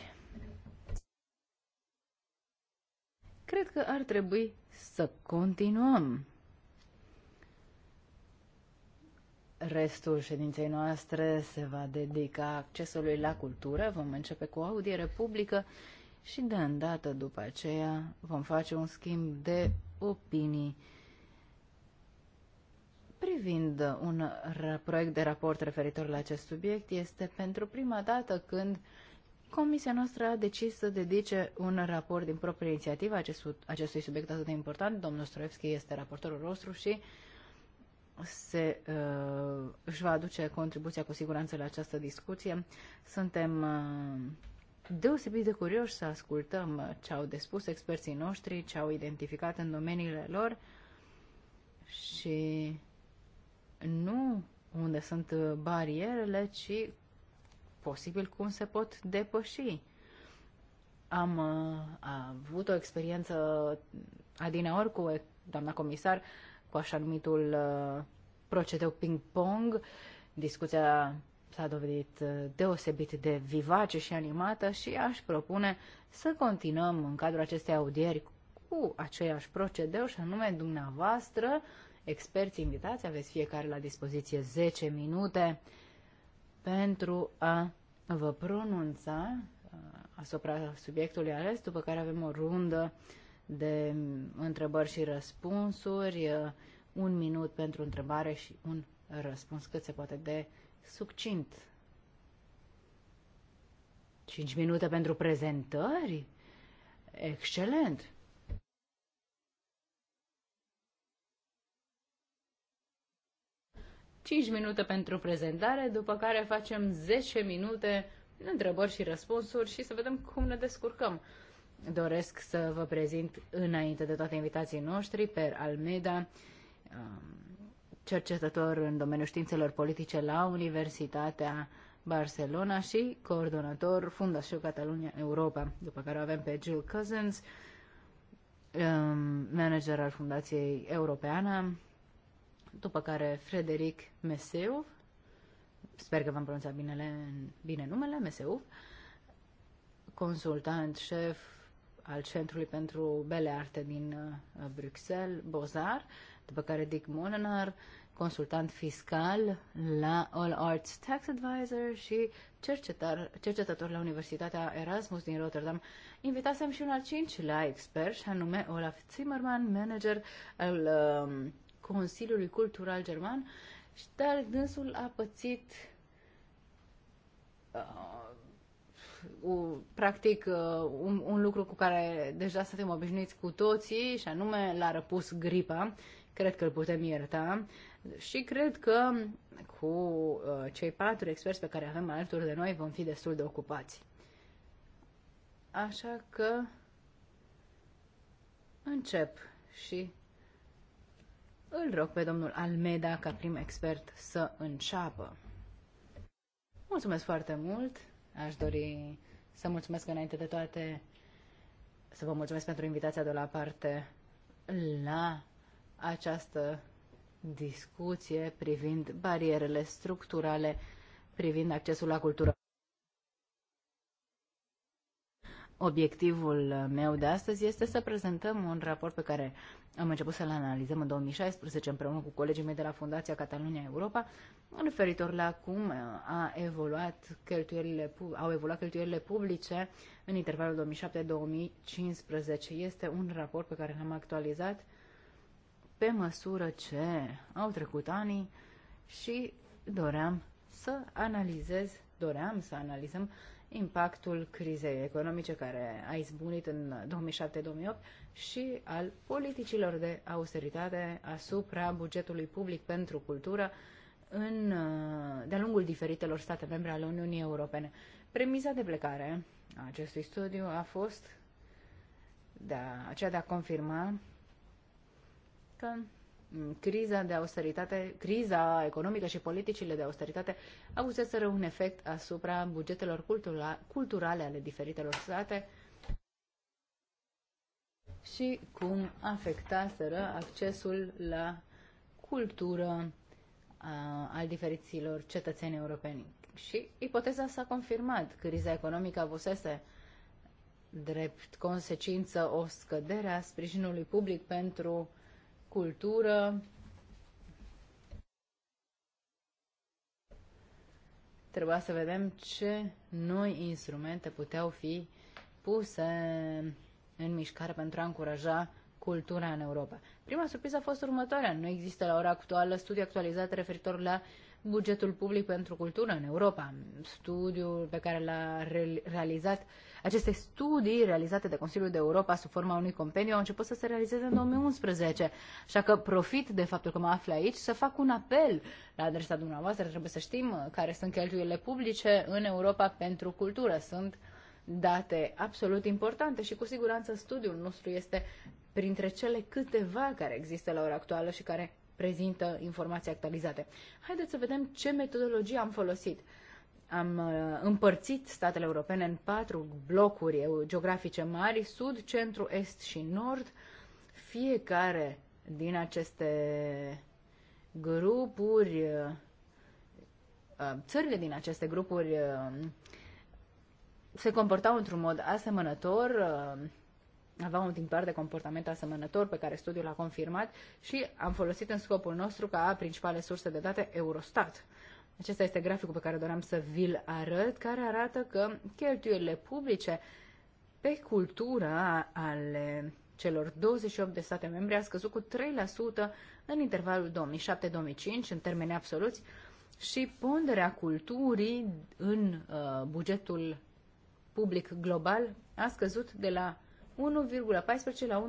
cred că ar trebui să continuăm. Restul ședinței noastre se va dedica accesului la cultură. Vom începe cu audiere publică și de îndată după aceea vom face un schimb de opinii privind un proiect de raport referitor la acest subiect este pentru prima dată când Comisia noastră a decis să dedice un raport din proprie inițiativă acestui, acestui subiect atât de important. Domnul Stroevski este raportorul nostru și se, uh, își va aduce contribuția cu siguranță la această discuție. Suntem uh, deosebit de curioși să ascultăm uh, ce au de spus experții noștri, ce au identificat în domeniile lor și nu unde sunt uh, barierele, ci posibil cum se pot depăși. Am a uh, avut o experiență adineori cu doamna comisar cu așa numitul uh, procedeu ping-pong. Discuția s-a dovedit deosebit de vivace și animată și aș propune să continuăm în cadrul acestei audieri cu aceeași procedeu și anume dumneavoastră uh, experți invitați. Aveți fiecare la dispoziție 10 minute pentru a vă pronunța uh, asupra subiectului ales, după care avem o rundă de întrebări și răspunsuri, uh, un minut pentru întrebare și un răspuns cât se poate de succint. 5 minute pentru prezentări? Excelent! 5 minute pentru prezentare, după care facem 10 minute întrebări și răspunsuri și să vedem cum ne descurcăm. Doresc să vă prezint înainte de toate invitații noștri per Almeda, um, cercetător în domeniul științelor politice la Universitatea Barcelona și coordonator Fundașul Catalunia Europa, după care avem pe Jill Cousins, um, manager al Fundației Europeană, după care Frederic Meseu, sper că v-am pronunțat binele, bine numele, Meseu, consultant șef al Centrului pentru Bele Arte din uh, Bruxelles, Bozar, după care Dick Monenar, consultant fiscal la All Arts Tax Advisor și cercetar, cercetător la Universitatea Erasmus din Rotterdam. Invitasem și un al cincilea expert, și anume Olaf Zimmerman, manager al um, Consiliului Cultural German, dar dânsul a pățit uh, o, practic uh, un, un lucru cu care deja suntem obișnuiți cu toții și anume l-a răpus gripa. Cred că îl putem ierta și cred că cu uh, cei patru experți pe care avem alături de noi vom fi destul de ocupați. Așa că încep și îl rog pe domnul Almeda, ca prim expert, să înceapă. Mulțumesc foarte mult. Aș dori să mulțumesc înainte de toate, să vă mulțumesc pentru invitația de la parte la această discuție privind barierele structurale, privind accesul la cultură. Obiectivul meu de astăzi este să prezentăm un raport pe care am început să-l analizăm în 2016 împreună cu colegii mei de la Fundația Catalunia Europa, referitor la cum a evoluat cheltuielile, au evoluat cheltuielile publice în intervalul 2007-2015. Este un raport pe care l-am actualizat pe măsură ce au trecut anii și doream să analizez, doream să analizăm impactul crizei economice care a izbunit în 2007-2008 și al politicilor de austeritate asupra bugetului public pentru cultură în, de-a lungul diferitelor state membre ale Uniunii Europene. Premisa de plecare a acestui studiu a fost de a, aceea de a confirma că criza de austeritate, criza economică și politicile de austeritate avuseseră un efect asupra bugetelor cultura, culturale ale diferitelor state și cum afectaseră accesul la cultură a, al diferiților cetățeni europeni. Și ipoteza s-a confirmat. Criza economică avusese drept consecință o scădere a sprijinului public pentru uh, cultură. Trebuia să vedem ce noi instrumente puteau fi puse în mișcare pentru a încuraja cultura în Europa. Prima surpriză a fost următoarea. Nu există la ora actuală studii actualizate referitor la uh, bugetul public pentru cultură în Europa. Studiul pe care l-a realizat, aceste studii realizate de Consiliul de Europa sub forma unui compendiu au început să se realizeze în 2011. Așa că profit de faptul că mă aflu aici să fac un apel la adresa dumneavoastră. Trebuie să știm care sunt cheltuielile publice în Europa pentru cultură. Sunt date absolut importante și cu siguranță studiul nostru este printre cele câteva care există la ora actuală și care prezintă informații actualizate. Haideți să vedem ce metodologie am folosit. Am uh, împărțit statele europene în patru blocuri geografice mari, sud, centru, est și nord. Fiecare din aceste grupuri, uh, uh, țările din aceste grupuri se comportau într-un mod asemănător, avea un tipar de comportament asemănător pe care studiul l-a confirmat și am folosit în scopul nostru ca principale surse de date Eurostat. Acesta este graficul pe care doream să vi-l arăt, care arată că cheltuielile publice pe cultură ale celor 28 de state membre a scăzut cu 3% în intervalul 2007-2005 în termeni absoluți și ponderea culturii în uh, bugetul public global a scăzut de la 1,14 la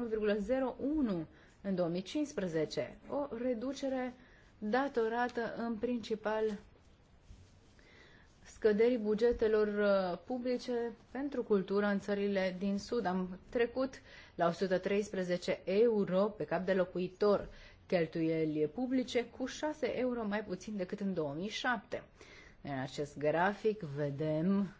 1,01 în 2015, o reducere datorată în principal scăderii bugetelor uh, publice pentru cultură în țările din Sud. Am trecut la 113 euro pe cap de locuitor cheltuieli publice cu 6 euro mai puțin decât în 2007. În acest grafic vedem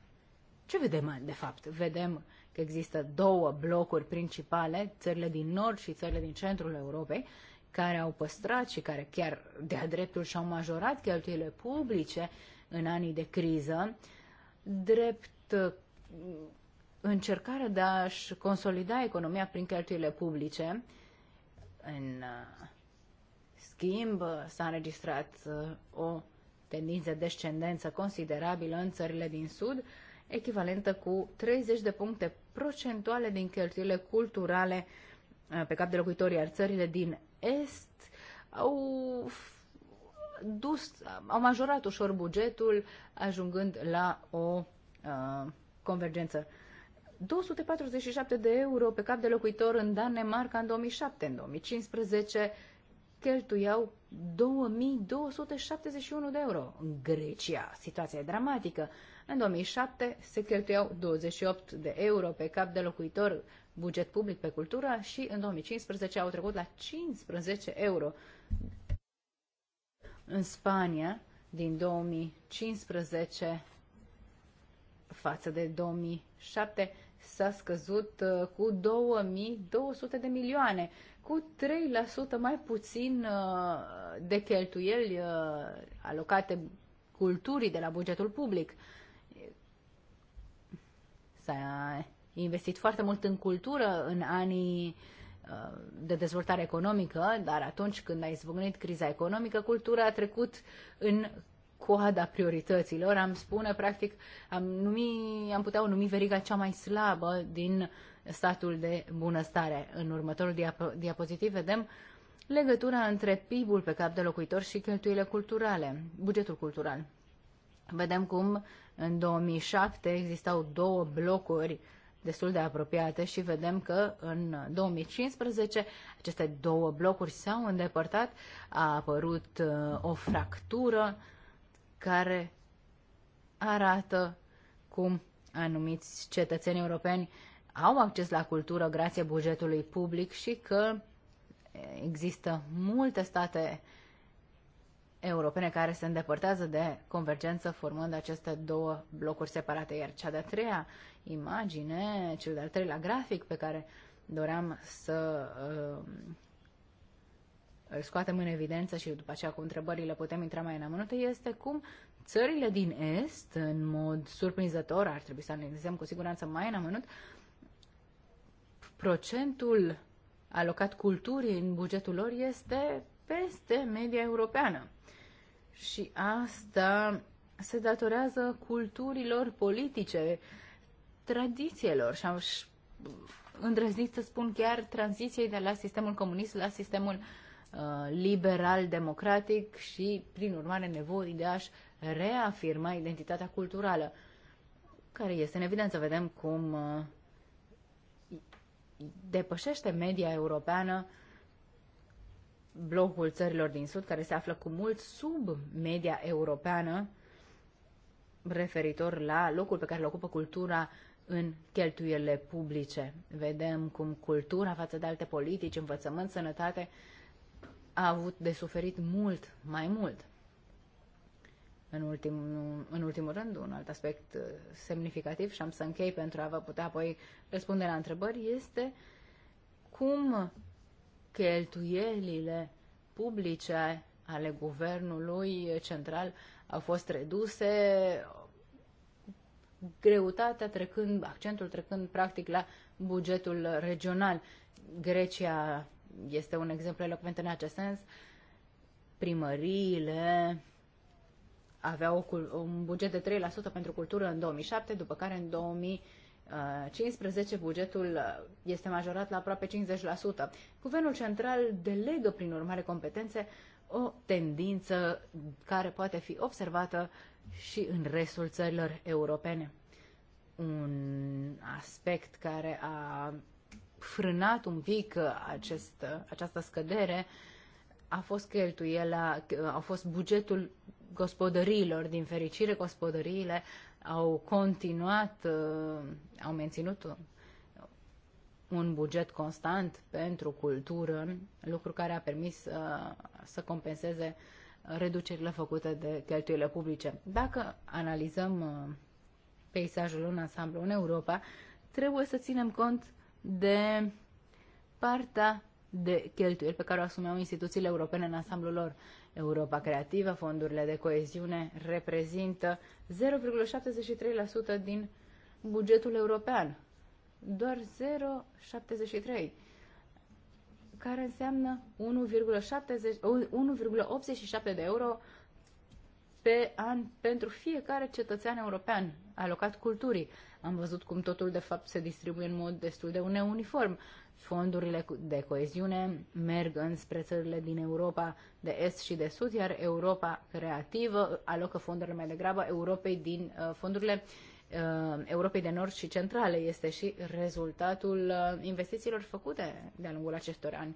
ce vedem de fapt? Vedem că există două blocuri principale, țările din nord și țările din centrul Europei, care au păstrat și care chiar de-a dreptul și-au majorat cheltuielile publice în anii de criză, drept uh, încercarea de a-și consolida economia prin cheltuielile publice. În uh, schimb, s-a înregistrat uh, o tendință descendență considerabilă în țările din Sud, echivalentă cu 30 de puncte procentuale din cheltuielile culturale uh, pe cap de locuitorii, al țările din Est au dus, au majorat ușor bugetul, ajungând la o uh, convergență. 247 de euro pe cap de locuitor în Danemarca în 2007, în 2015 cheltuiau 2271 de euro. În Grecia, situația e dramatică. În 2007 se cheltuiau 28 de euro pe cap de locuitor buget public pe cultură și în 2015 au trecut la 15 euro. În Spania, din 2015 față de 2007, s-a scăzut uh, cu 2200 de milioane cu 3% mai puțin uh, de cheltuieli uh, alocate culturii de la bugetul public. S-a investit foarte mult în cultură în anii uh, de dezvoltare economică, dar atunci când a izbucnit criza economică, cultura a trecut în coada priorităților, am spune, practic, am, numi, am putea o numi veriga cea mai slabă din statul de bunăstare. În următorul diap- diapozitiv vedem legătura între PIB-ul pe cap de locuitor și cheltuielile culturale, bugetul cultural. Vedem cum în 2007 existau două blocuri destul de apropiate și vedem că în 2015 aceste două blocuri s-au îndepărtat, a apărut uh, o fractură care arată cum anumiți cetățeni europeni au acces la cultură grație bugetului public și că există multe state europene care se îndepărtează de convergență formând aceste două blocuri separate. Iar cea de-a treia imagine, cel de-al treilea grafic pe care doream să uh, îl scoatem în evidență și după aceea cu întrebările putem intra mai în amănunte, este cum țările din Est, în mod surprinzător, ar trebui să analizăm cu siguranță mai în amănunt, procentul alocat culturii în bugetul lor este peste media europeană. Și asta se datorează culturilor politice, tradițiilor și am îndrăznit să spun chiar tranziției de la sistemul comunist la sistemul uh, liberal-democratic și, prin urmare, nevoii de a-și reafirma identitatea culturală, care este în evidență. Vedem cum uh, depășește media europeană blocul țărilor din Sud, care se află cu mult sub media europeană referitor la locul pe care îl ocupă cultura în cheltuielile publice. Vedem cum cultura față de alte politici, învățământ, sănătate, a avut de suferit mult mai mult. În ultimul, în ultimul rând, un alt aspect uh, semnificativ și am să închei pentru a vă putea apoi răspunde la întrebări, este cum cheltuielile publice ale guvernului central au fost reduse, greutatea trecând, accentul trecând practic la bugetul regional. Grecia este un exemplu elocvent în acest sens. Primăriile avea o, un buget de 3% pentru cultură în 2007, după care în 2015 bugetul uh, este majorat la aproape 50%. Guvernul central delegă, prin urmare, competențe o tendință care poate fi observată și în restul țărilor europene. Un aspect care a frânat un pic uh, acest, uh, această scădere a fost cheltuiela, a fost bugetul gospodăriilor. Din fericire, gospodăriile au continuat, uh, au menținut un buget constant pentru cultură, lucru care a permis uh, să compenseze reducerile făcute de cheltuielile publice. Dacă analizăm uh, peisajul în ansamblu în Europa, trebuie să ținem cont de partea de cheltuieli pe care o asumeau instituțiile europene în ansamblul lor. Europa Creativă, fondurile de coeziune reprezintă 0,73% din bugetul european. Doar 0,73% care înseamnă 1,87 de euro pe an pentru fiecare cetățean european alocat culturii. Am văzut cum totul de fapt se distribuie în mod destul de uneuniform fondurile de coeziune merg înspre țările din Europa de Est și de Sud, iar Europa creativă alocă fondurile mai degrabă Europei din uh, fondurile uh, Europei de Nord și Centrale. Este și rezultatul uh, investițiilor făcute de-a lungul acestor ani.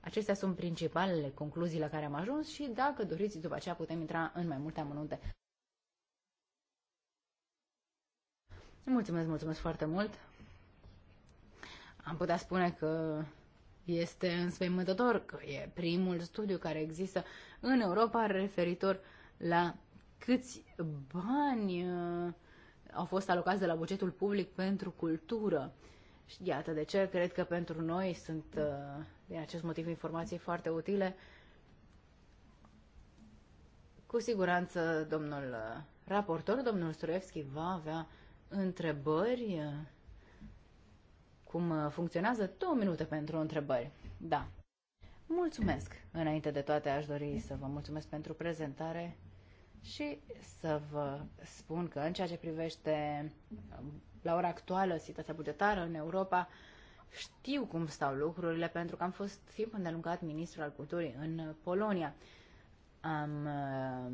Acestea sunt principalele concluzii la care am ajuns și dacă doriți, după aceea putem intra în mai multe amănunte. Mulțumesc, mulțumesc foarte mult! am putea spune că este înspăimântător că e primul studiu care există în Europa referitor la câți bani uh, au fost alocați de la bugetul public pentru cultură. Și iată de ce cred că pentru noi sunt, uh, din acest motiv, informații foarte utile. Cu siguranță, domnul uh, raportor, domnul Struevski, va avea întrebări cum uh, funcționează, două minute pentru întrebări. Da. Mulțumesc! Înainte de toate aș dori să vă mulțumesc pentru prezentare și să vă spun că în ceea ce privește uh, la ora actuală situația bugetară în Europa, știu cum stau lucrurile pentru că am fost timp îndelungat ministru al culturii în Polonia. Am uh,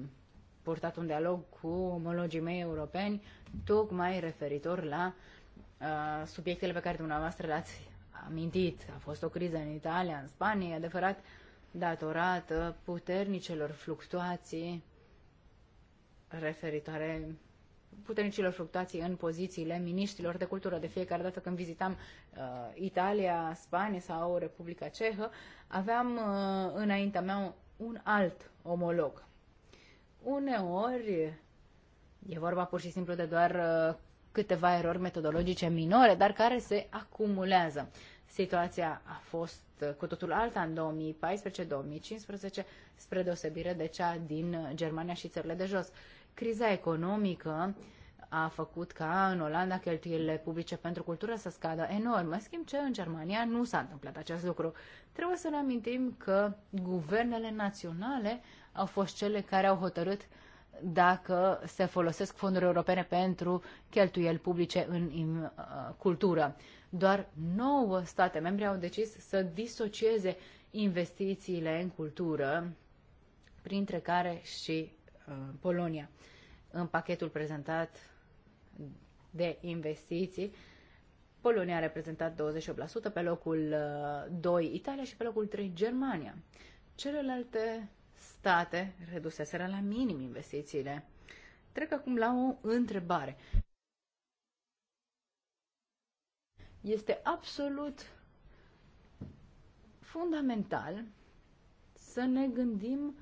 purtat un dialog cu omologii mei europeni tocmai referitor la uh, Uh, subiectele pe care dumneavoastră le-ați amintit. A fost o criză în Italia, în Spania, adevărat, datorată puternicelor fluctuații referitoare puternicilor fluctuații în pozițiile miniștilor de cultură. De fiecare dată când vizitam uh, Italia, Spania sau Republica Cehă, aveam uh, înaintea mea un alt omolog. Uneori e vorba pur și simplu de doar uh, câteva erori metodologice minore, dar care se acumulează. Situația a fost uh, cu totul alta în 2014-2015, spre deosebire de cea din Germania și țările de jos. Criza economică a făcut ca în Olanda cheltuielile publice pentru cultură să scadă enorm, în schimb ce în Germania nu s-a întâmplat acest lucru. Trebuie să ne amintim că guvernele naționale au fost cele care au hotărât uh, dacă se folosesc fonduri europene pentru cheltuieli publice în, în uh, cultură. Doar nouă state membre au decis să disocieze investițiile în cultură, printre care și uh, Polonia. În pachetul prezentat de investiții, Polonia a reprezentat 28%, pe locul uh, 2 Italia și pe locul 3 Germania. Celelalte state reduseseră la minim investițiile. Trec acum la o întrebare. Este absolut fundamental să ne gândim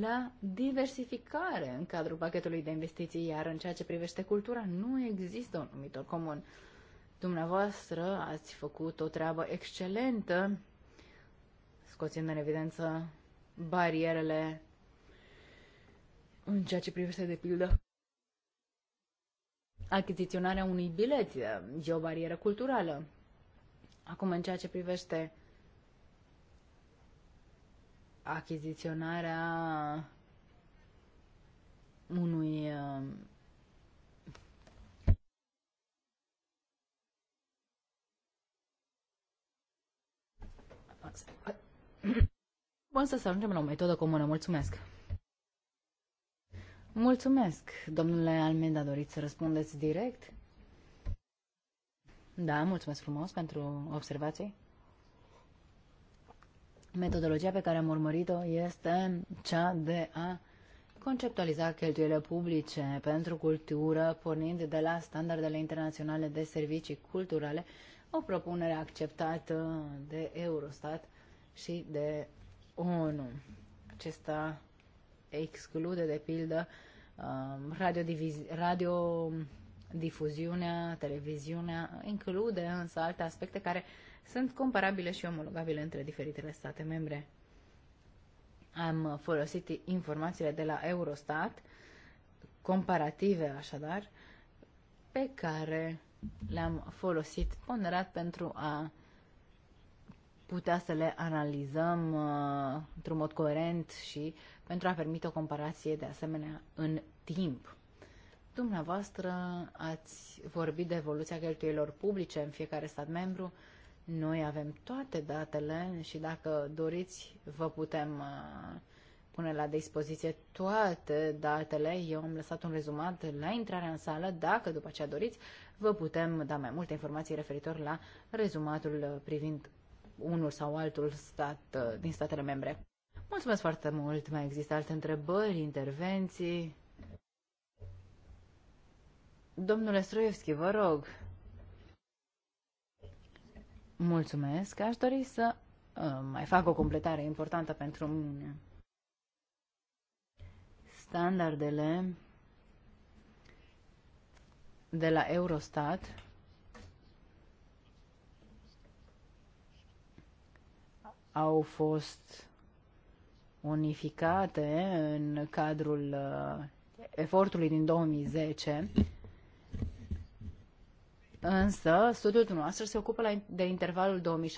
la diversificare în cadrul pachetului de investiții, iar în ceea ce privește cultura nu există un numitor comun. Dumneavoastră ați făcut o treabă excelentă, scoțând în evidență barierele în ceea ce privește, de pildă, achiziționarea unui bilet. E o barieră culturală. Acum, în ceea ce privește achiziționarea unui um, însă să ajungem la o metodă comună. Mulțumesc! Mulțumesc, domnule Almeda, doriți să răspundeți direct? Da, mulțumesc frumos pentru observații. Metodologia pe care am urmărit-o este cea de a conceptualiza cheltuielile publice pentru cultură, pornind de la standardele internaționale de servicii culturale, o propunere acceptată de Eurostat și de ONU. Acesta exclude, de pildă, um, radio difuziunea, televiziunea, include însă alte aspecte care sunt comparabile și omologabile între diferitele state membre. Am folosit informațiile de la Eurostat, comparative așadar, pe care le-am folosit ponderat pentru a putea să le analizăm uh, într-un mod coerent și pentru a permite o comparație de asemenea în timp. Dumneavoastră ați vorbit de evoluția cheltuielor publice în fiecare stat membru. Noi avem toate datele și dacă doriți, vă putem uh, pune la dispoziție toate datele. Eu am lăsat un rezumat la intrarea în sală. Dacă după aceea doriți, vă putem da mai multe informații referitor la rezumatul privind unul sau altul stat uh, din statele membre. Mulțumesc foarte mult. Mai există alte întrebări, intervenții? Domnule Stroievski, vă rog. Mulțumesc. Aș dori să uh, mai fac o completare importantă pentru mine. Standardele de la Eurostat au fost unificate în cadrul uh, efortului din 2010, însă studiul dumneavoastră se ocupă de intervalul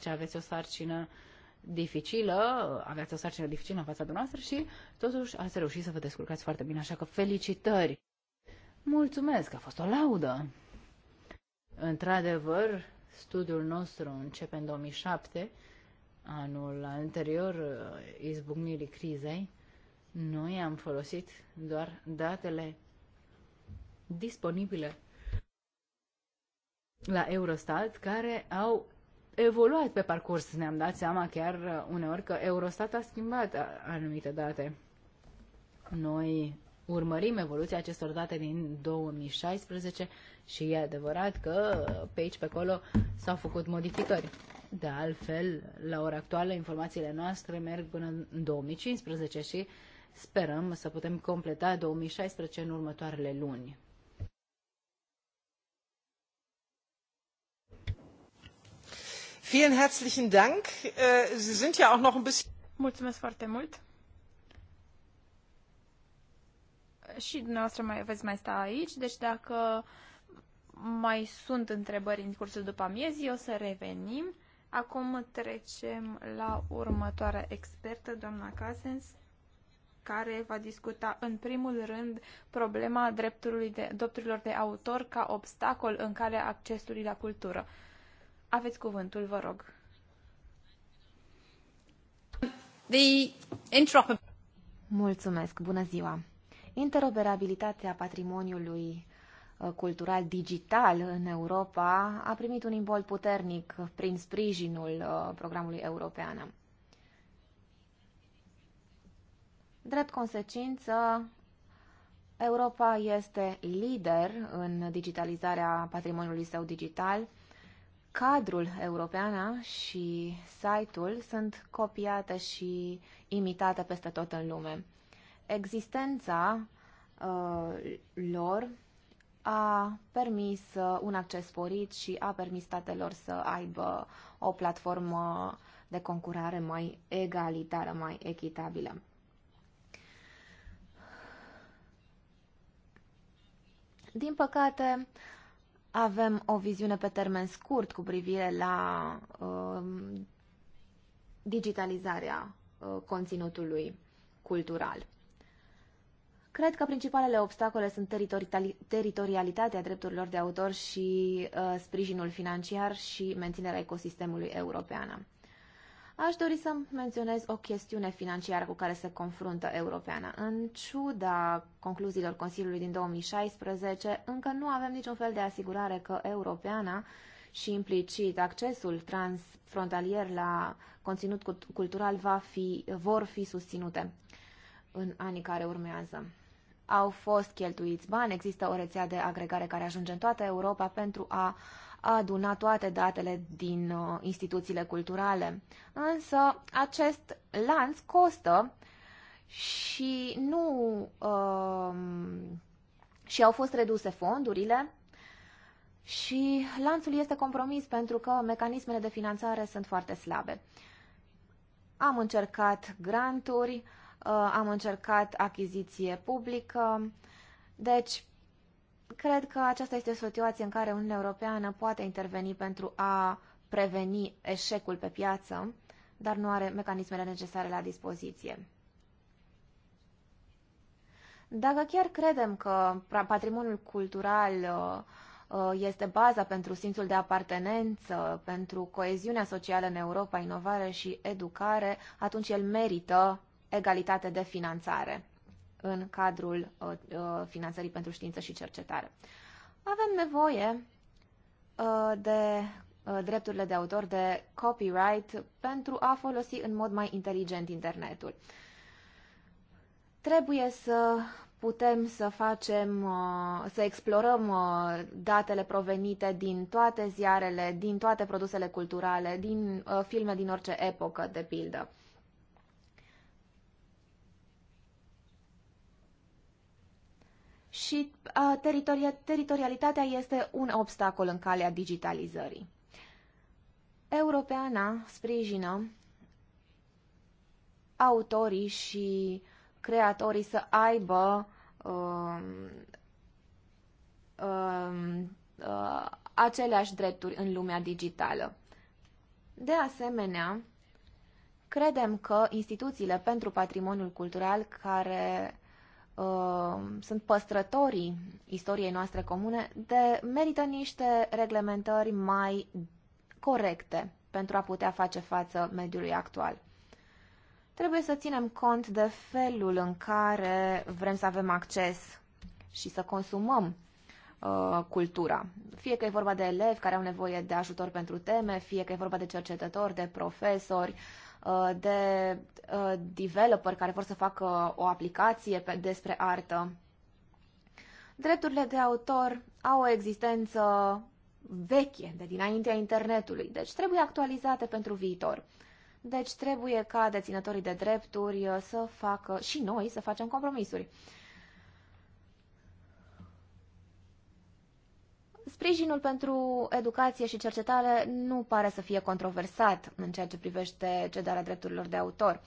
2007-2015. Aveți o sarcină dificilă, aveați o sarcină dificilă în fața dumneavoastră și totuși ați reușit să vă descurcați foarte bine, așa că felicitări! Mulțumesc, a fost o laudă! Într-adevăr, studiul nostru începe în 2007 anul anterior uh, izbucnirii crizei, noi am folosit doar datele disponibile la Eurostat, care au evoluat pe parcurs. Ne-am dat seama chiar uh, uneori că Eurostat a schimbat uh, anumite date. Noi urmărim evoluția acestor date din 2016 și e adevărat că pe aici, pe acolo s-au făcut modificări. De altfel, la ora actuală, informațiile noastre merg până în 2015 și sperăm să putem completa 2016 în următoarele luni. Vielen herzlichen Dank. Äh, Sie sind ja auch noch ein bisschen. Mulțumesc foarte mult. Și dumneavoastră mai veți mai sta aici, deci dacă mai sunt întrebări în cursul după amiezii, o să revenim. Acum trecem la următoarea expertă, doamna Casens, care va discuta în primul rând problema drepturilor de, drepturilor de autor ca obstacol în calea accesului la cultură. Aveți cuvântul, vă rog. The Mulțumesc, bună ziua! Interoperabilitatea patrimoniului cultural digital în Europa a primit un impol puternic prin sprijinul uh, programului european. Drept consecință, Europa este lider în digitalizarea patrimoniului său digital. Cadrul european și site-ul sunt copiate și imitate peste tot în lume. Existența uh, lor a permis uh, un acces sporit și a permis statelor să aibă o platformă de concurare mai egalitară, mai echitabilă. Din păcate, avem o viziune pe termen scurt cu privire la uh, digitalizarea uh, conținutului cultural. Cred că principalele obstacole sunt teritorialitatea drepturilor de autor și uh, sprijinul financiar și menținerea ecosistemului european. Aș dori să menționez o chestiune financiară cu care se confruntă Europeana. În ciuda concluziilor Consiliului din 2016, încă nu avem niciun fel de asigurare că Europeana și implicit accesul transfrontalier la conținut cultural va fi, vor fi susținute în anii care urmează au fost cheltuiți bani, există o rețea de agregare care ajunge în toată Europa pentru a aduna toate datele din uh, instituțiile culturale. Însă acest lanț costă și nu uh, și au fost reduse fondurile și lanțul este compromis pentru că mecanismele de finanțare sunt foarte slabe. Am încercat granturi, uh, Uh, am încercat achiziție publică. Deci, cred că aceasta este o situație în care Uniunea Europeană poate interveni pentru a preveni eșecul pe piață, dar nu are mecanismele necesare la dispoziție. Dacă chiar credem că patrimoniul cultural uh, uh, este baza pentru simțul de apartenență, pentru coeziunea socială în Europa, inovare și educare, atunci el merită egalitate de finanțare în cadrul uh, uh, finanțării pentru știință și cercetare. Avem nevoie uh, de uh, drepturile de autor, de copyright, pentru a folosi în mod mai inteligent internetul. Trebuie să putem să facem, uh, să explorăm uh, datele provenite din toate ziarele, din toate produsele culturale, din filme din orice epocă, de pildă. și teritoria, teritorialitatea este un obstacol în calea digitalizării. Europeana sprijină autorii și creatorii să aibă um, um, uh, aceleași drepturi în lumea digitală. De asemenea, credem că instituțiile pentru patrimoniul cultural care Uh, sunt păstrătorii istoriei noastre comune, de merită niște reglementări mai corecte pentru a putea face față mediului actual. Trebuie să ținem cont de felul în care vrem să avem acces și să consumăm uh, cultura. Fie că e vorba de elevi care au nevoie de ajutor pentru teme, fie că e vorba de cercetători, de profesori, Uh, de uh, developer care vor să facă o aplicație despre artă. Drepturile de autor au o existență veche, de dinaintea internetului, deci trebuie actualizate pentru viitor. Deci trebuie ca deținătorii de drepturi uh, să facă, și noi, să facem compromisuri. Sprijinul pentru educație și cercetare nu pare să fie controversat în ceea ce privește cedarea drepturilor de autor.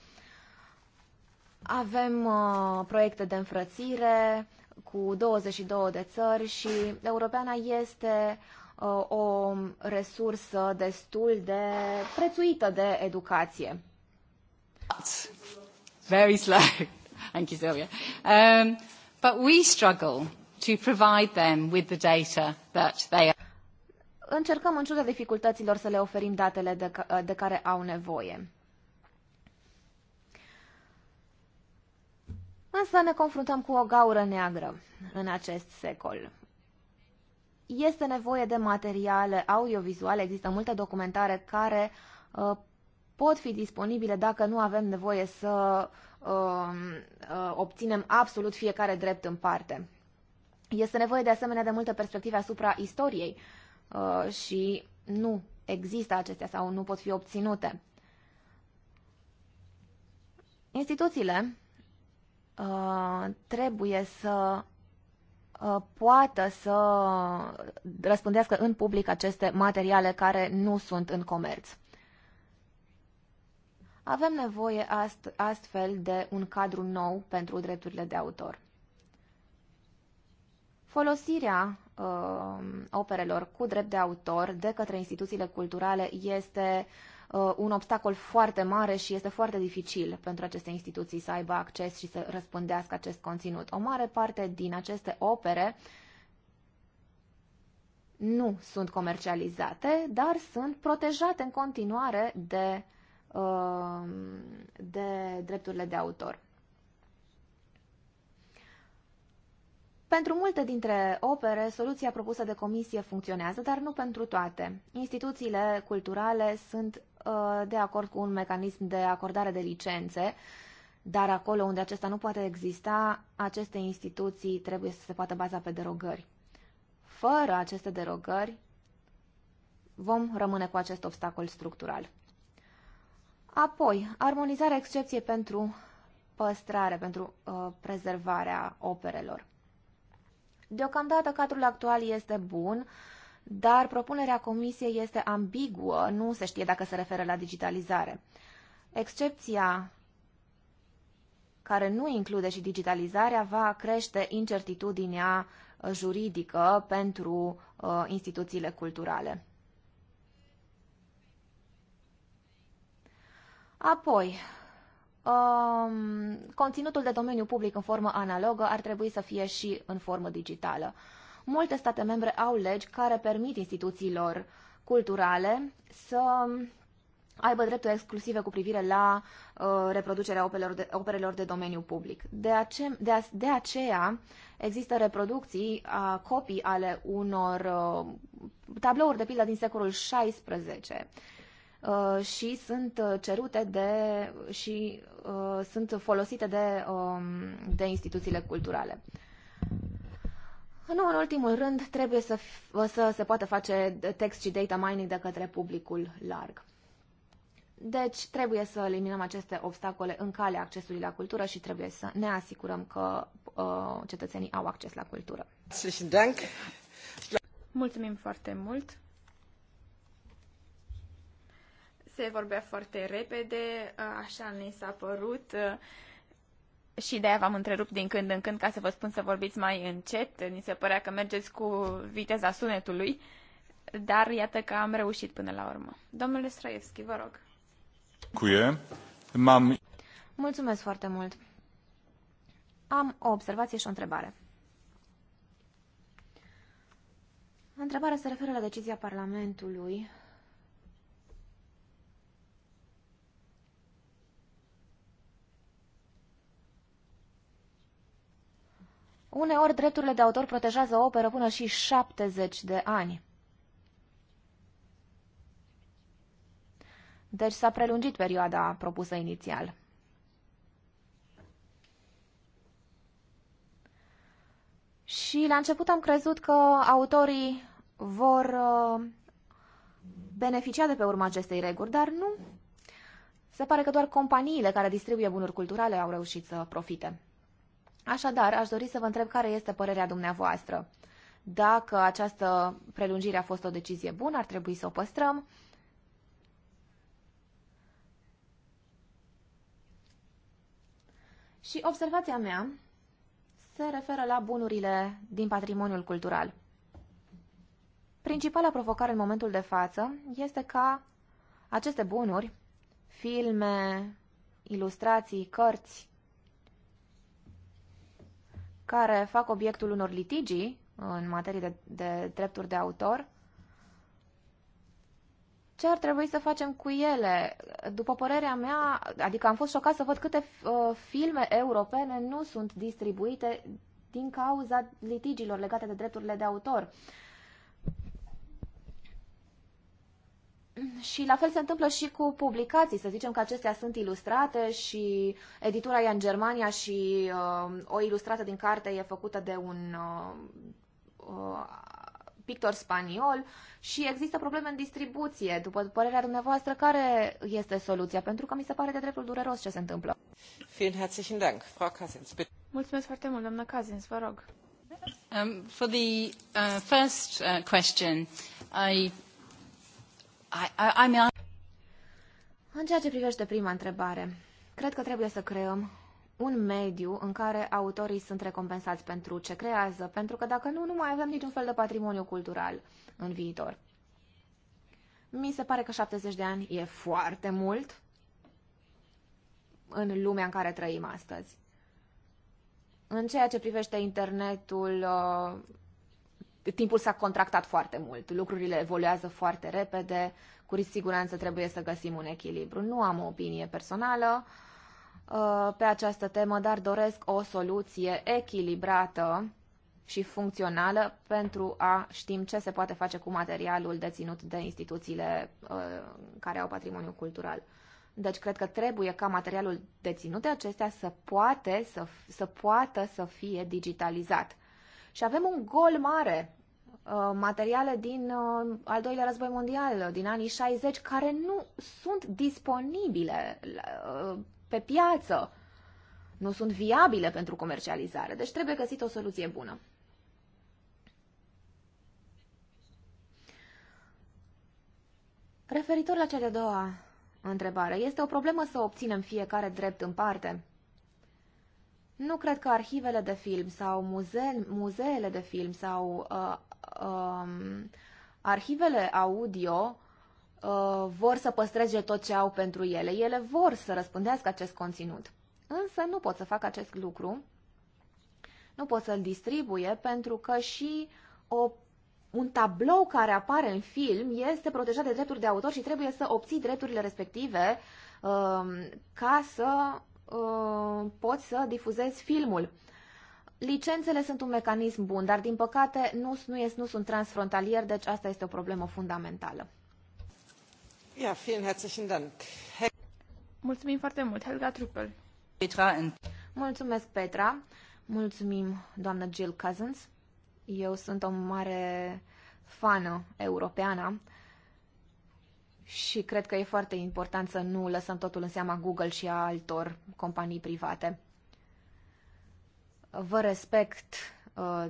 Avem uh, proiecte de înfrățire cu 22 de țări și europeana este uh, o resursă destul de prețuită de educație. Very slow. Thank you, Sylvia. Um, but we struggle to provide them with the data that they are. Încercăm în ciuda dificultăților să le oferim datele de, de care au nevoie. Însă ne confruntăm cu o gaură neagră în acest secol. Este nevoie de materiale audiovizuale, există multe documentare care uh, pot fi disponibile dacă nu avem nevoie să uh, uh, obținem absolut fiecare drept în parte. Este nevoie de asemenea de multă perspectivă asupra istoriei uh, și nu există acestea sau nu pot fi obținute. Instituțiile uh, trebuie să uh, poată să răspundească în public aceste materiale care nu sunt în comerț. Avem nevoie ast- astfel de un cadru nou pentru drepturile de autor. Folosirea uh, operelor cu drept de autor de către instituțiile culturale este uh, un obstacol foarte mare și este foarte dificil pentru aceste instituții să aibă acces și să răspândească acest conținut. O mare parte din aceste opere nu sunt comercializate, dar sunt protejate în continuare de, um, de drepturile de autor. Pentru multe dintre opere, soluția propusă de comisie funcționează, dar nu pentru toate. Instituțiile culturale sunt uh, de acord cu un mecanism de acordare de licențe, dar acolo unde acesta nu poate exista, aceste instituții trebuie să se poată baza pe derogări. Fără aceste derogări, vom rămâne cu acest obstacol structural. Apoi, armonizarea excepției pentru păstrare, pentru uh, prezervarea operelor. Deocamdată cadrul actual este bun, dar propunerea comisiei este ambiguă, nu se știe dacă se referă la digitalizare. Excepția care nu include și digitalizarea va crește incertitudinea juridică pentru uh, instituțiile culturale. Apoi, um, conținutul de domeniu public în formă analogă ar trebui să fie și în formă digitală. Multe state membre au legi care permit instituțiilor culturale să aibă drepturi exclusive cu privire la uh, reproducerea operelor de, operelor de domeniu public. De, ace- de, a- de aceea există reproducții a uh, copii ale unor uh, tablouri de pildă din secolul XVI Uh, și sunt uh, cerute de și uh, sunt folosite de, um, de instituțiile culturale. Nu în ultimul rând, trebuie să, să se poată face text și data mining de către publicul larg. Deci trebuie să eliminăm aceste obstacole în calea accesului la cultură și trebuie să ne asigurăm că uh, cetățenii au acces la cultură. Mulțumim foarte mult! se vorbea foarte repede, așa ne s-a părut și de-aia v-am întrerupt din când în când ca să vă spun să vorbiți mai încet. Ni se părea că mergeți cu viteza sunetului, dar iată că am reușit până la urmă. Domnule Straievski, vă rog. Cuie, m-am... Mulțumesc foarte mult. Am o observație și o întrebare. Întrebarea se referă la decizia Parlamentului Uneori, drepturile de autor protejează o operă până și 70 de ani. Deci s-a prelungit perioada propusă inițial. Și la început am crezut că autorii vor uh, beneficia de pe urma acestei reguli, dar nu. Se pare că doar companiile care distribuie bunuri culturale au reușit să profite. Așadar, aș dori să vă întreb care este părerea dumneavoastră. Dacă această prelungire a fost o decizie bună, ar trebui să o păstrăm. Și observația mea se referă la bunurile din patrimoniul cultural. Principala provocare în momentul de față este ca aceste bunuri, filme, ilustrații, cărți, care fac obiectul unor litigii în materie de, de drepturi de autor, ce ar trebui să facem cu ele? După părerea mea, adică am fost șocat să văd câte uh, filme europene nu sunt distribuite din cauza litigiilor legate de drepturile de autor. Uh, Și la fel se întâmplă și cu publicații. Să zicem că acestea sunt ilustrate și editura e în Germania și uh, o ilustrată din carte e făcută de un uh, uh, pictor spaniol și există probleme în distribuție. După părerea dumneavoastră, care este soluția? Pentru că mi se pare de dreptul dureros ce se întâmplă. Vielen herzlichen Dank. Frau Cousins, Mulțumesc foarte mult, doamna Cousins, vă rog. Um, for the uh, first uh, question, I I, I, În ceea ce privește prima întrebare, cred că trebuie să creăm un mediu în care autorii sunt recompensați pentru ce creează, pentru că dacă nu, nu mai avem niciun fel de patrimoniu cultural în viitor. Mi se pare că 70 de ani e foarte mult în lumea în care trăim astăzi. În ceea ce privește internetul, uh, timpul s-a contractat foarte mult, lucrurile evoluează foarte repede, cu siguranță trebuie să găsim un echilibru. Nu am o opinie personală uh, pe această temă, dar doresc o soluție echilibrată și funcțională pentru a știm ce se poate face cu materialul deținut de instituțiile uh, care au patrimoniu cultural. Deci cred că trebuie ca materialul deținut de acestea să, poate, să, să poată să fie digitalizat. Și avem un gol mare Uh, materiale din uh, al doilea război mondial, din anii 60, care nu sunt disponibile uh, pe piață, nu sunt viabile pentru comercializare. Deci trebuie găsit o soluție bună. Referitor la cea de-a doua întrebare, este o problemă să obținem fiecare drept în parte? Nu cred că arhivele de film sau muze- muzeele de film sau uh, um, arhivele audio uh, vor să păstreze tot ce au pentru ele. Ele vor să răspândească acest conținut. Însă nu pot să fac acest lucru, nu pot să-l distribuie, pentru că și o, un tablou care apare în film este protejat de drepturi de autor și trebuie să obții drepturile respective uh, ca să uh, poți să difuzezi filmul. Licențele sunt un mecanism bun, dar din păcate nu, nu, nu sunt transfrontalier, deci asta este o problemă fundamentală. Ja, vielen herzlichen Dank. Mulțumim foarte mult, Helga Truppel. Petra. Mulțumesc, Petra. Mulțumim, doamnă Jill Cousins. Eu sunt o mare fană europeană și cred că e foarte important să nu lăsăm totul în seama Google și a altor companii private vă respect uh,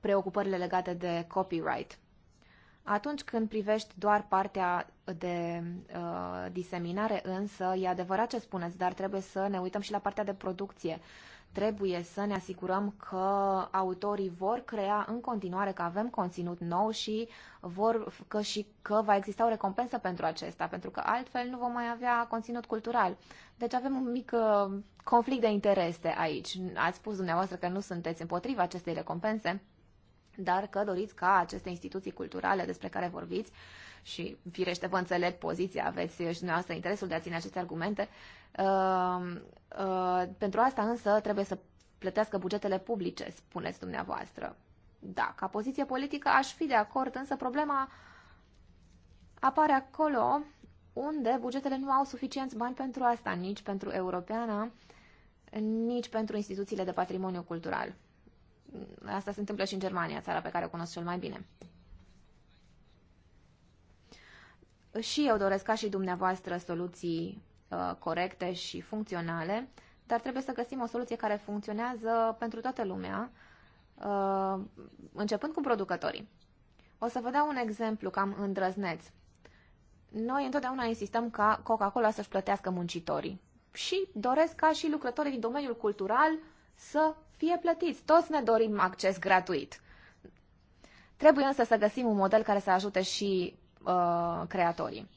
preocupările legate de copyright. Atunci când privești doar partea de uh, diseminare, însă, e adevărat ce spuneți, dar trebuie să ne uităm și la partea de producție. Trebuie să ne asigurăm că autorii vor crea în continuare că avem conținut nou și vor că și că va exista o recompensă pentru acesta, pentru că altfel nu vom mai avea conținut cultural. Deci avem o mică uh, conflict de interese aici. Ați spus dumneavoastră că nu sunteți împotriva acestei recompense, dar că doriți ca aceste instituții culturale despre care vorbiți și firește vă înțeleg poziția, aveți și dumneavoastră interesul de a ține aceste argumente. Uh, uh, pentru asta însă trebuie să plătească bugetele publice, spuneți dumneavoastră. Da, ca poziție politică aș fi de acord, însă problema apare acolo unde bugetele nu au suficienți bani pentru asta, nici pentru europeană, nici pentru instituțiile de patrimoniu cultural. Asta se întâmplă și în Germania, țara pe care o cunosc cel mai bine. Și eu doresc ca și dumneavoastră soluții uh, corecte și funcționale, dar trebuie să găsim o soluție care funcționează pentru toată lumea, uh, începând cu producătorii. O să vă dau un exemplu cam îndrăzneț. Noi întotdeauna insistăm ca Coca-Cola să-și plătească muncitorii și doresc ca și lucrătorii din domeniul cultural să fie plătiți. Toți ne dorim acces gratuit. Trebuie însă să găsim un model care să ajute și uh, creatorii.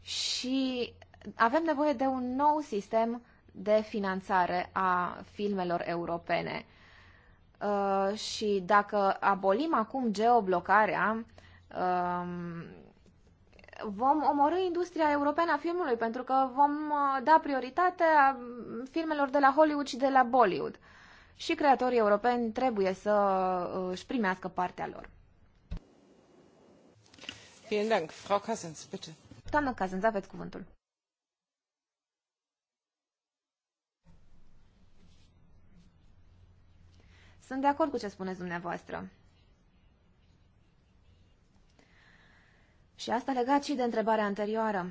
Și avem nevoie de un nou sistem de finanțare a filmelor europene. Uh, și dacă abolim acum geoblocarea, uh, vom omorâ industria europeană a filmului pentru că vom uh, da prioritate a filmelor de la Hollywood și de la Bollywood. Și creatorii europeni trebuie să uh, își primească partea lor. Vielen Dank. Frau Cousins, bitte. Doamna Cousins, aveți cuvântul. Sunt de acord cu ce spuneți dumneavoastră. Și asta legat și de întrebarea anterioară.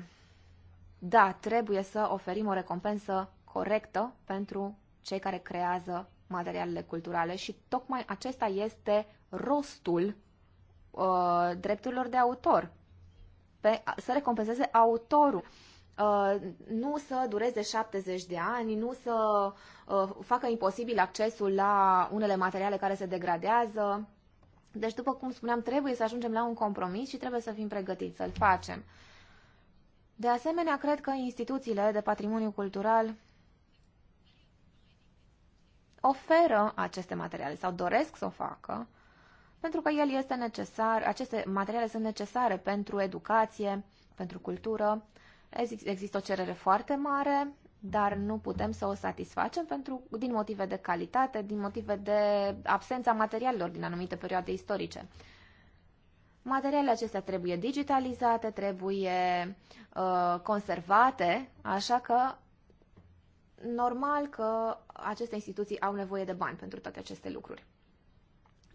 Da, trebuie să oferim o recompensă corectă pentru cei care creează materialele culturale și tocmai acesta este rostul uh, drepturilor de autor. Pe, să recompenseze autorul. Uh, nu să dureze 70 de ani, nu să uh, facă imposibil accesul la unele materiale care se degradează. Deci, după cum spuneam, trebuie să ajungem la un compromis și trebuie să fim pregătiți să-l facem. De asemenea, cred că instituțiile de patrimoniu cultural oferă aceste materiale sau doresc să o facă, pentru că el este necesar, aceste materiale sunt necesare pentru educație, pentru cultură. Există o cerere foarte mare dar nu putem să o satisfacem pentru, din motive de calitate, din motive de absența materialelor din anumite perioade istorice. Materialele acestea trebuie digitalizate, trebuie uh, conservate, așa că normal că aceste instituții au nevoie de bani pentru toate aceste lucruri.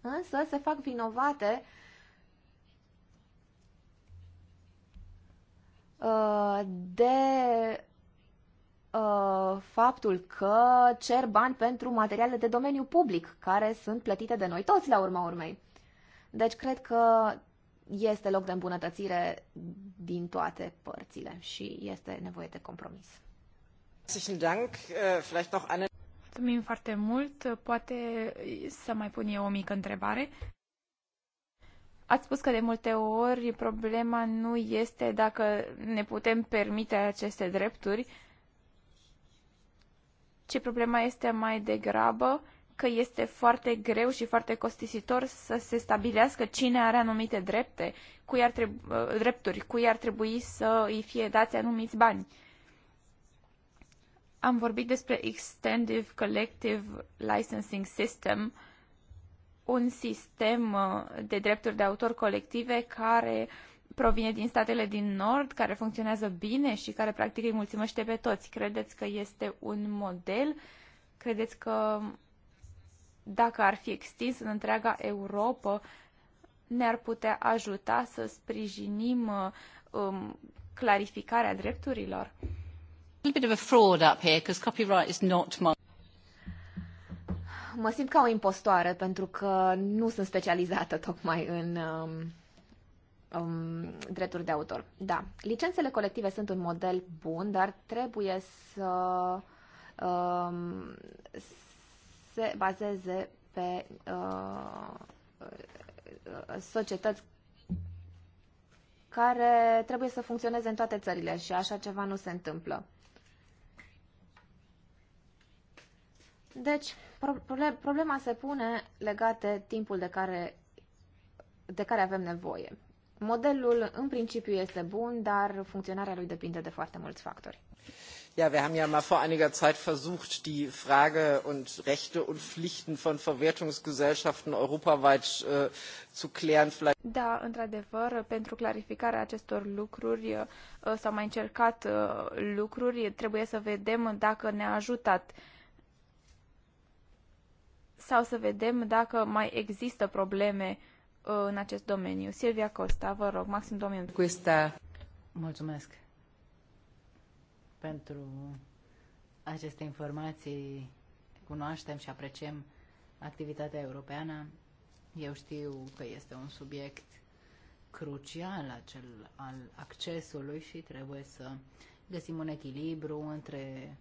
Însă se fac vinovate uh, de Uh, faptul că cer bani pentru materiale de domeniu public, care sunt plătite de noi toți la urma urmei. Deci cred că este loc de îmbunătățire din toate părțile și este nevoie de compromis. Äh, Mulțumim foarte mult. Poate să mai pun eu o mică întrebare. Ați spus că de multe ori problema nu este dacă ne putem permite aceste drepturi, ci problema este mai degrabă că este foarte greu și foarte costisitor să se stabilească cine are anumite drepte, cui ar treb ă, drepturi, cui ar trebui să îi fie dați anumiți bani. Am vorbit despre Extended Collective Licensing System, un sistem ă, de drepturi de autor colective care uh, provine din statele din Nord, care funcționează bine și care practic îi mulțumește pe toți. Credeți că este un model? Credeți că dacă ar fi extins în întreaga Europa, ne-ar putea ajuta să sprijinim um, clarificarea drepturilor? Mă simt ca o impostoare pentru că nu sunt specializată tocmai în um, um, drepturi de autor. Da, licențele colective sunt un model bun, dar trebuie să um, se bazeze pe uh, societăți care trebuie să funcționeze în toate țările și așa ceva nu se întâmplă. Deci, problema se pune legată timpul de care, de care avem nevoie. Modelul, în principiu, este bun, dar funcționarea lui depinde de foarte mulți factori. Ja, wir haben ja mal vor einiger Zeit versucht, die Frage und Rechte und Pflichten von Verwertungsgesellschaften europaweit äh, zu klären. Vielleicht da, într-adevăr, pentru clarificarea acestor lucruri uh, s-au mai încercat uh, lucruri. Trebuie să vedem dacă ne-a ajutat sau să vedem dacă mai există probleme uh, Uh, în acest domeniu. Silvia Costa, vă rog, maxim două minute. Costa. Mulțumesc pentru aceste informații. Cunoaștem și apreciem activitatea europeană. Eu știu că este un subiect crucial acel al accesului și trebuie să găsim un echilibru între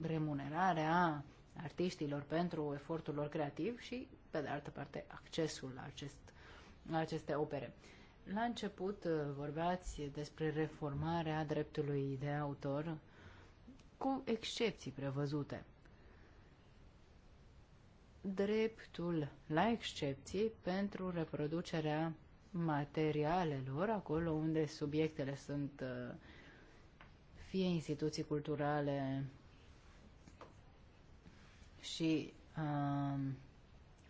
remunerarea artiștilor pentru efortul lor creativ și, pe de altă parte, accesul la acest la aceste opere. La început uh, vorbeați despre reformarea dreptului de autor cu excepții prevăzute. Dreptul la excepții pentru reproducerea materialelor, acolo unde subiectele sunt uh, fie instituții culturale și uh,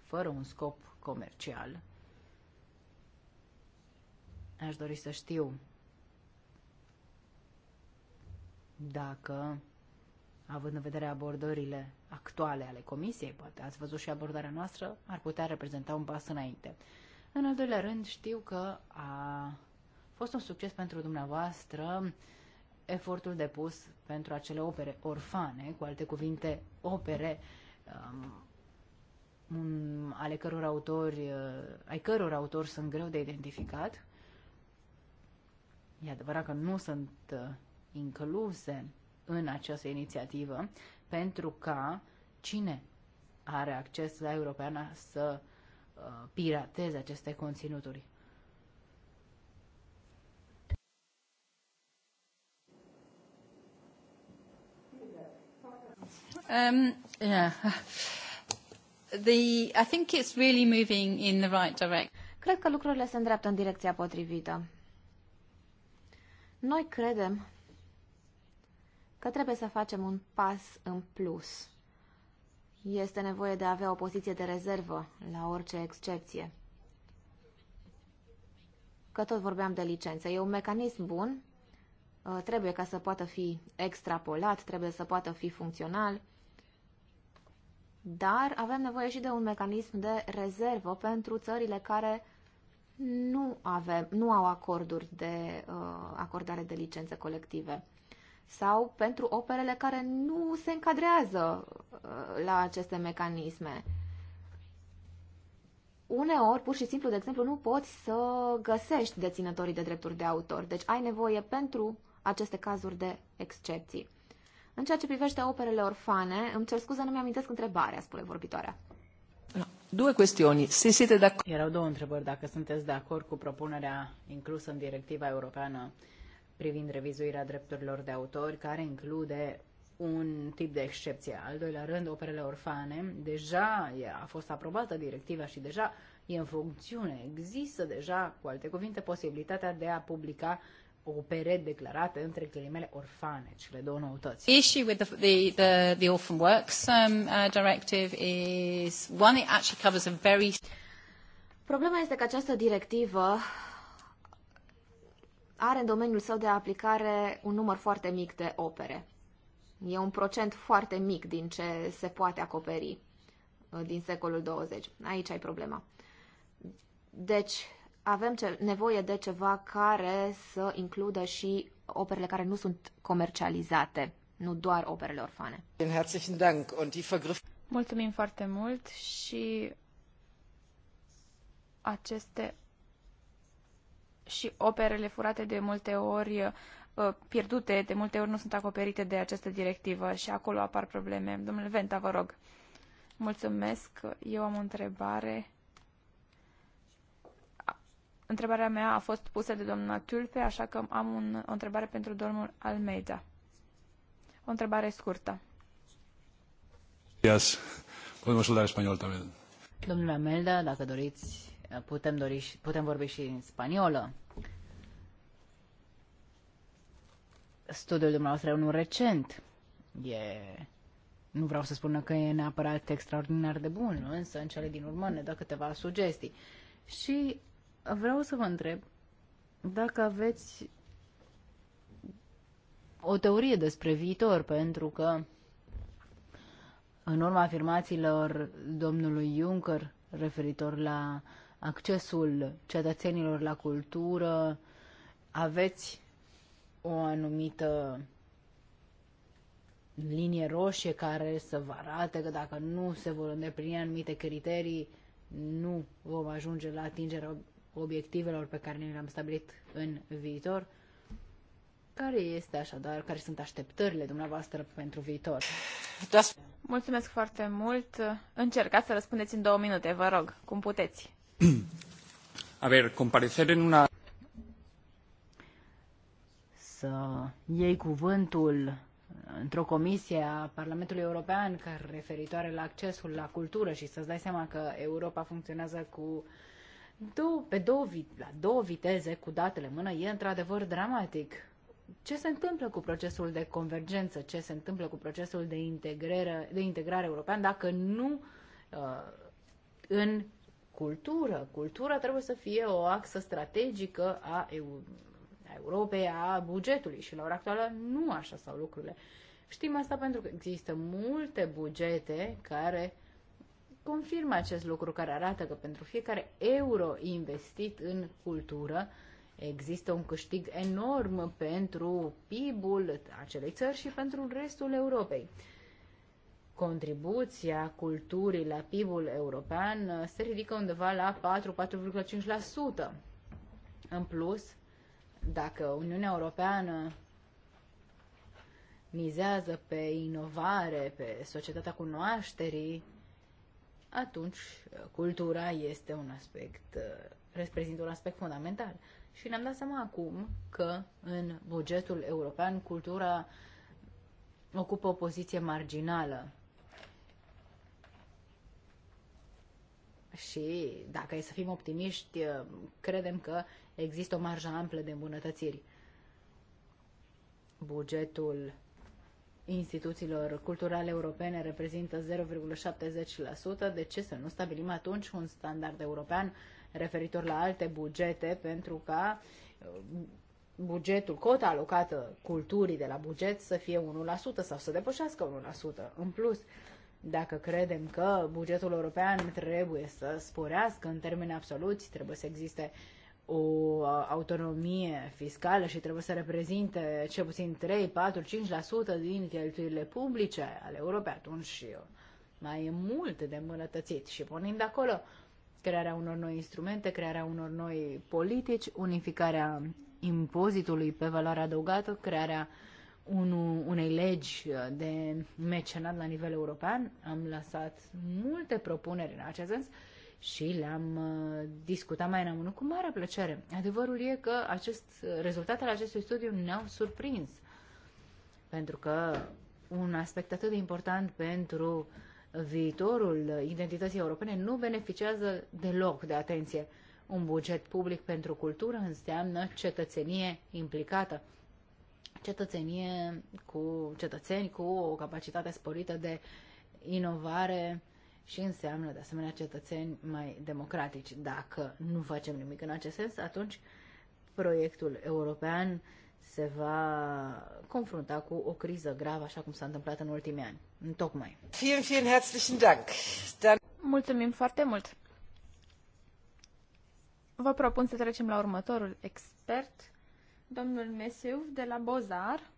fără un scop comercial, Aș dori să știu dacă, având în vedere abordările actuale ale comisiei, poate ați văzut și abordarea noastră, ar putea reprezenta un pas înainte. În al doilea rând, știu că a fost un succes pentru dumneavoastră efortul depus pentru acele opere orfane, cu alte cuvinte, opere um, ale căror autori, uh, ai căror autori sunt greu de identificat, E adevărat că nu sunt uh, incluse în această inițiativă pentru ca cine are acces la Europeana să uh, pirateze aceste conținuturi. Um, yeah. The, I think it's really moving in the right direction. Cred că lucrurile se îndreaptă în direcția potrivită. Noi credem că trebuie să facem un pas în plus. Este nevoie de a avea o poziție de rezervă la orice excepție. Că tot vorbeam de licență. E un mecanism bun, uh, trebuie ca să poată fi extrapolat, trebuie să poată fi funcțional, dar avem nevoie și de un mecanism de rezervă pentru țările care nu, avem, nu au acorduri de uh, acordare de licențe colective sau pentru operele care nu se încadrează uh, la aceste mecanisme. Uneori, pur și simplu, de exemplu, nu poți să găsești deținătorii de drepturi de autor, deci ai nevoie pentru aceste cazuri de excepții. În ceea ce privește operele orfane, îmi cer scuze, nu mi-amintesc întrebarea, spune vorbitoarea. Două questioni. Se siete d'accordo. Erau două întrebări. Dacă sunteți de acord cu propunerea inclusă în directiva europeană privind revizuirea drepturilor de autor, care include un tip de excepție. Al doilea rând, operele orfane. Deja a fost aprobată directiva și deja e în funcțiune. Există deja, cu alte cuvinte, posibilitatea de a publica opere declarate între ghilimele orfane, cele două noutăți. The issue with the, the, the, the Orphan Works um, uh, directive is one, it actually covers a very... Problema este că această directivă are în domeniul său de aplicare un număr foarte mic de opere. E un procent foarte mic din ce se poate acoperi uh, din secolul 20. Aici ai problema. Deci, avem ce, nevoie de ceva care să includă și operele care nu sunt comercializate, nu doar operele orfane. Mulțumim foarte mult și aceste și operele furate de multe ori uh, pierdute, de multe ori nu sunt acoperite de această directivă și acolo apar probleme. Domnule Venta, vă rog. Mulțumesc. Eu am o întrebare Întrebarea mea a fost pusă de doamna Tulpe, așa că am un, o întrebare pentru domnul Almeida. O întrebare scurtă. Yes. Podemos hablar español Domnule Amelda, dacă doriți, putem, dori, putem vorbi și în spaniolă. Studiul dumneavoastră e unul recent. E... Nu vreau să spun că e neapărat extraordinar de bun, însă în cele din urmă ne dă câteva sugestii. Și vreau să vă întreb dacă aveți o teorie despre viitor, pentru că în urma afirmațiilor domnului Juncker referitor la accesul cetățenilor la cultură, aveți o anumită linie roșie care să vă arate că dacă nu se vor îndeplini anumite criterii, nu vom ajunge la atingerea obiectivelor pe care ne le-am stabilit în viitor. Care este așadar, care sunt așteptările dumneavoastră pentru viitor? Mulțumesc foarte mult. Încercați să răspundeți în două minute, vă rog, cum puteți. A ver, comparecer în una... Să iei cuvântul într-o comisie a Parlamentului European care referitoare la accesul la cultură și să-ți dai seama că Europa funcționează cu două, pe două, la două viteze cu datele mână e într-adevăr dramatic. Ce se întâmplă cu procesul de convergență? Ce se întâmplă cu procesul de integrare, de integrare european dacă nu uh, în cultură? Cultura trebuie să fie o axă strategică a, EU, a Europei, a bugetului și la ora actuală nu așa stau lucrurile. Știm asta pentru că există multe bugete care confirmă acest lucru care arată că pentru fiecare euro investit în cultură există un câștig enorm pentru PIB-ul acelei țări și pentru restul Europei. Contribuția culturii la PIB-ul european se ridică undeva la 4-4,5%. În plus, dacă Uniunea Europeană mizează pe inovare, pe societatea cunoașterii, atunci cultura este un aspect, uh, reprezintă un aspect fundamental. Și ne-am dat seama acum că în bugetul european cultura ocupă o poziție marginală. Și dacă e să fim optimiști, uh, credem că există o marjă amplă de îmbunătățiri. Bugetul instituțiilor culturale europene reprezintă 0,70%, de ce să nu stabilim atunci un standard european referitor la alte bugete pentru ca uh, bugetul, cota alocată culturii de la buget să fie 1% sau să depășească 1%. În plus, dacă credem că bugetul european trebuie să sporească în termeni absoluți, trebuie să existe o autonomie fiscală și trebuie să reprezinte cel puțin 3, 4, 5% din cheltuielile publice ale Europei, atunci uh, mai e mult de îmbunătățit. Și pornind de acolo, crearea unor noi instrumente, crearea unor noi politici, unificarea impozitului pe valoare adăugată, crearea unu, unei legi uh, de mecenat la nivel european. Am lăsat multe propuneri în acest sens și le-am uh, discutat mai în cu mare plăcere. Adevărul e că acest, rezultatele acestui studiu ne-au surprins, pentru că un aspect atât de important pentru viitorul identității europene nu beneficiază deloc de atenție. Un buget public pentru cultură înseamnă cetățenie implicată, cetățenie cu cetățeni cu o capacitate sporită de inovare, și înseamnă, de asemenea, cetățeni mai democratici. Dacă nu facem nimic în acest sens, atunci proiectul european se va confrunta cu o criză gravă, așa cum s-a întâmplat în ultimii ani. Tocmai. Vielen, vielen herzlichen Dank. Mulțumim foarte mult. Vă propun să trecem la următorul expert, domnul Mesiu de la Bozar.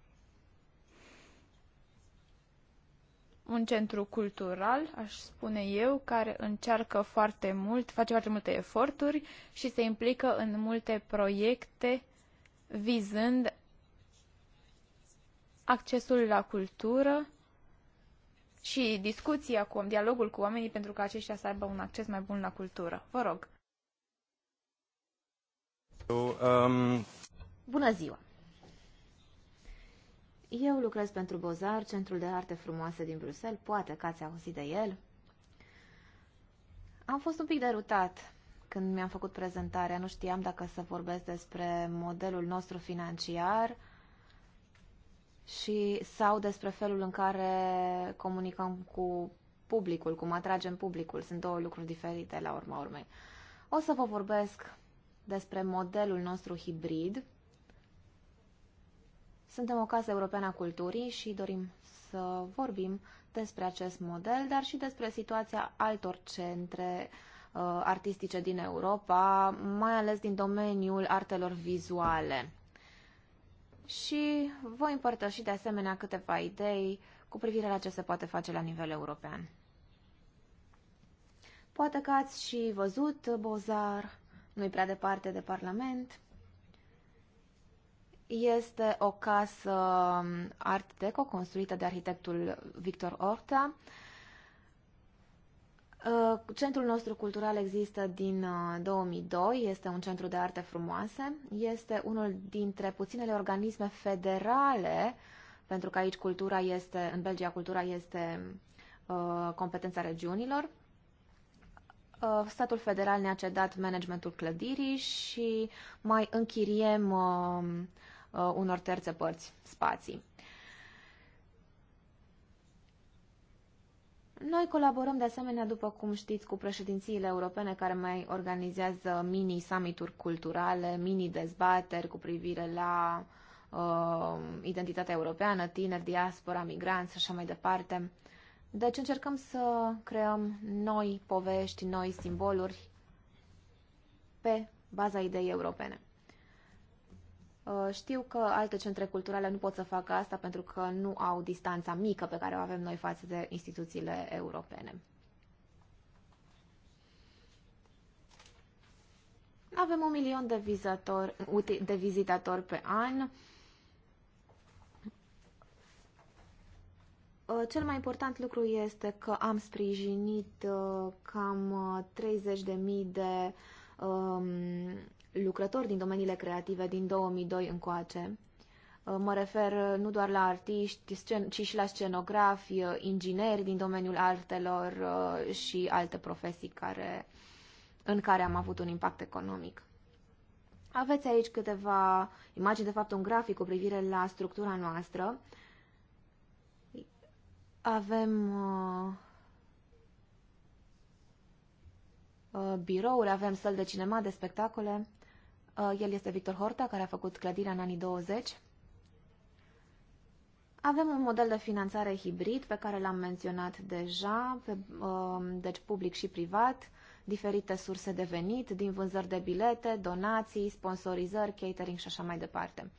un centru cultural, aș spune eu, care încearcă foarte mult, face foarte multe eforturi și se implică în multe proiecte vizând accesul la cultură și discuția cu dialogul cu oamenii pentru ca aceștia să aibă un acces mai bun la cultură. Vă rog. Um, Bună ziua! Eu lucrez pentru Bozar, Centrul de Arte Frumoase din Bruxelles, poate că ați auzit de el. Am fost un pic derutat când mi-am făcut prezentarea, nu știam dacă să vorbesc despre modelul nostru financiar și sau despre felul în care comunicăm cu publicul, cum atragem publicul. Sunt două lucruri diferite la urma urmei. O să vă vorbesc despre modelul nostru hibrid, suntem o casă europeană a culturii și dorim să vorbim despre acest model, dar și despre situația altor centre uh, artistice din Europa, mai ales din domeniul artelor vizuale. Și voi împărtăși de asemenea câteva idei cu privire la ce se poate face la nivel european. Poate că ați și văzut Bozar, nu-i prea departe de Parlament. Este o casă um, Art Deco construită de arhitectul Victor Orta. Uh, centrul nostru cultural există din 2002, uh, este un centru de arte frumoase, este unul dintre puținele organisme federale, pentru că aici cultura este, în Belgia cultura este uh, competența regiunilor. statul federal ne-a cedat managementul clădirii și mai închiriem uh, uh, unor terțe părți spații. Noi colaborăm de asemenea, după cum știți, cu președințiile europene care mai organizează mini-summituri culturale, mini-dezbateri cu privire la uh, identitatea europeană, tineri, diaspora, migranți și așa mai departe. Deci încercăm să creăm noi povești, noi simboluri pe baza ideii europene. Uh, știu că alte centre culturale nu pot să facă asta pentru că nu au distanța mică pe care o avem noi față de instituțiile europene. Avem un milion de, vizator, de vizitatori pe an. Uh, cel mai important lucru este că am sprijinit uh, cam 30.000 de um, lucrători din domeniile creative din 2002 încoace. Uh, mă refer uh, nu doar la artiști, ci și la scenografi, uh, ingineri din domeniul artelor și alte profesii care, în care am avut un impact economic. Aveți aici câteva imagini, de fapt un grafic cu privire la structura noastră. Avem uh, birouri, avem săl de cinema, de spectacole. Uh, el este Victor Horta, care a făcut clădirea în anii 20. Avem un model de finanțare hibrid pe care l-am menționat deja, pe, um, deci public și privat, diferite surse de venit, din vânzări de bilete, donații, sponsorizări, catering și așa mai departe.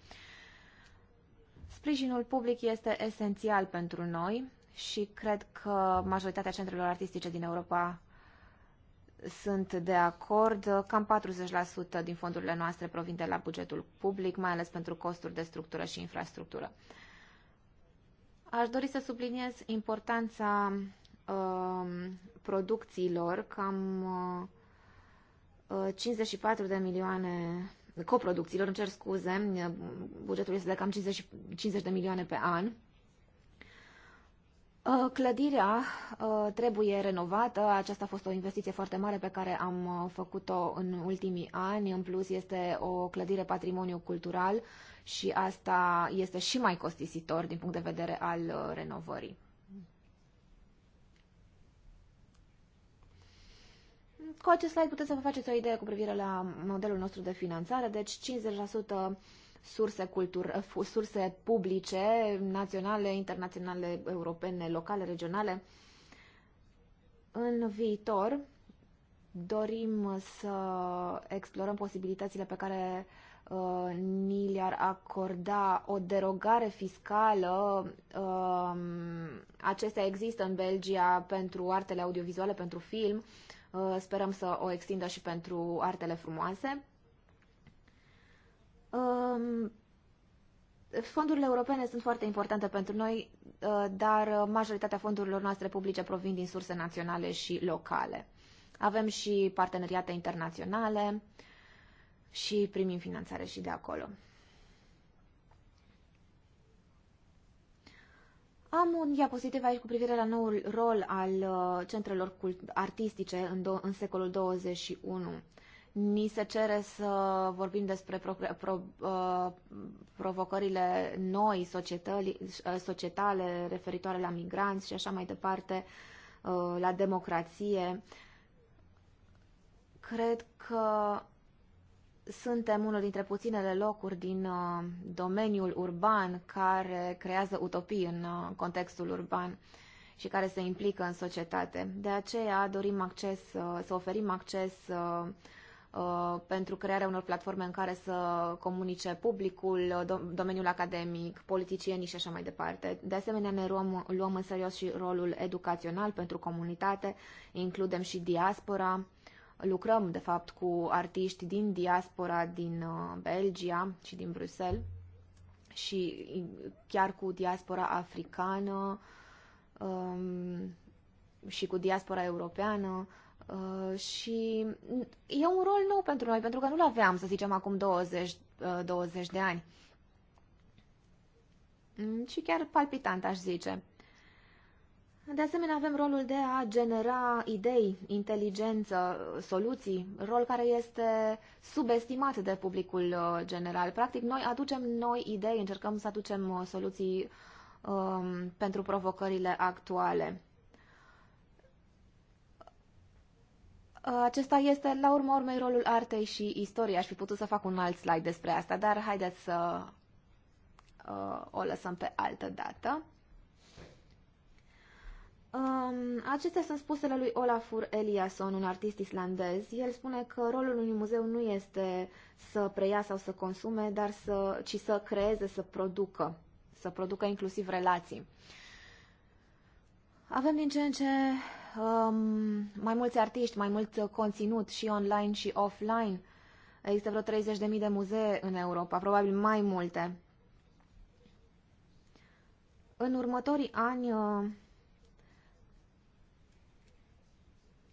Sprijinul public este esențial pentru noi și cred că majoritatea centrelor artistice din Europa sunt de acord. Cam 40% din fondurile noastre provin de la bugetul public, mai ales pentru costuri de structură și infrastructură. Aș dori să subliniez importanța uh, producțiilor, cam uh, 54 de milioane coproducțiilor, îmi cer scuze, bugetul este de cam 50, 50 de milioane pe an. Uh, clădirea uh, trebuie renovată. Aceasta a fost o investiție foarte mare pe care am uh, făcut-o în ultimii ani. În plus, este o clădire patrimoniu cultural și asta este și mai costisitor din punct de vedere al renovării. Cu acest slide puteți să vă faceți o idee cu privire la modelul nostru de finanțare, deci 50% surse, cultur, surse publice, naționale, internaționale, europene, locale, regionale. În viitor dorim să explorăm posibilitățile pe care uh, ni le-ar acorda o derogare fiscală. Uh, acestea există în Belgia pentru artele audiovizuale, pentru film. Uh, sperăm să o extindă și pentru artele frumoase. Um, fondurile europene sunt foarte importante pentru noi, uh, dar majoritatea fondurilor noastre publice provin din surse naționale și locale. Avem și parteneriate internaționale și primim finanțare și de acolo. Am un diapozitiv aici cu privire la noul rol al uh, centrelor artistice în, do- în secolul 21. Ni se cere să vorbim despre pro, pro, uh, provocările noi uh, societale referitoare la migranți și așa mai departe, uh, la democrație. Cred că suntem unul dintre puținele locuri din uh, domeniul urban care creează utopii în uh, contextul urban și care se implică în societate. De aceea dorim acces, uh, să oferim acces uh, Uh, pentru crearea unor platforme în care să comunice publicul, domeniul academic, politicienii și așa mai departe. De asemenea, ne luăm, luăm în serios și rolul educațional pentru comunitate, includem și diaspora. Lucrăm, de fapt, cu artiști din diaspora, din uh, Belgia și din Bruxelles și chiar cu diaspora africană um, și cu diaspora europeană Uh, și e un rol nou pentru noi, pentru că nu-l aveam, să zicem, acum 20, uh, 20 de ani. Mm, și chiar palpitant, aș zice. De asemenea, avem rolul de a genera idei, inteligență, soluții, rol care este subestimat de publicul uh, general. Practic, noi aducem noi idei, încercăm să aducem uh, soluții um, pentru provocările actuale. Uh, acesta este, la urma urmei, rolul artei și istoriei. Aș fi putut să fac un alt slide despre asta, dar haideți să uh, o lăsăm pe altă dată. Um, acestea sunt spusele lui Olafur Eliasson, un artist islandez. El spune că rolul unui muzeu nu este să preia sau să consume, dar să, ci să creeze, să producă, să producă inclusiv relații. Avem din ce în ce um, mai mulți artiști, mai mult conținut și online și offline. Există vreo 30.000 de muzee în Europa, probabil mai multe. În următorii ani uh,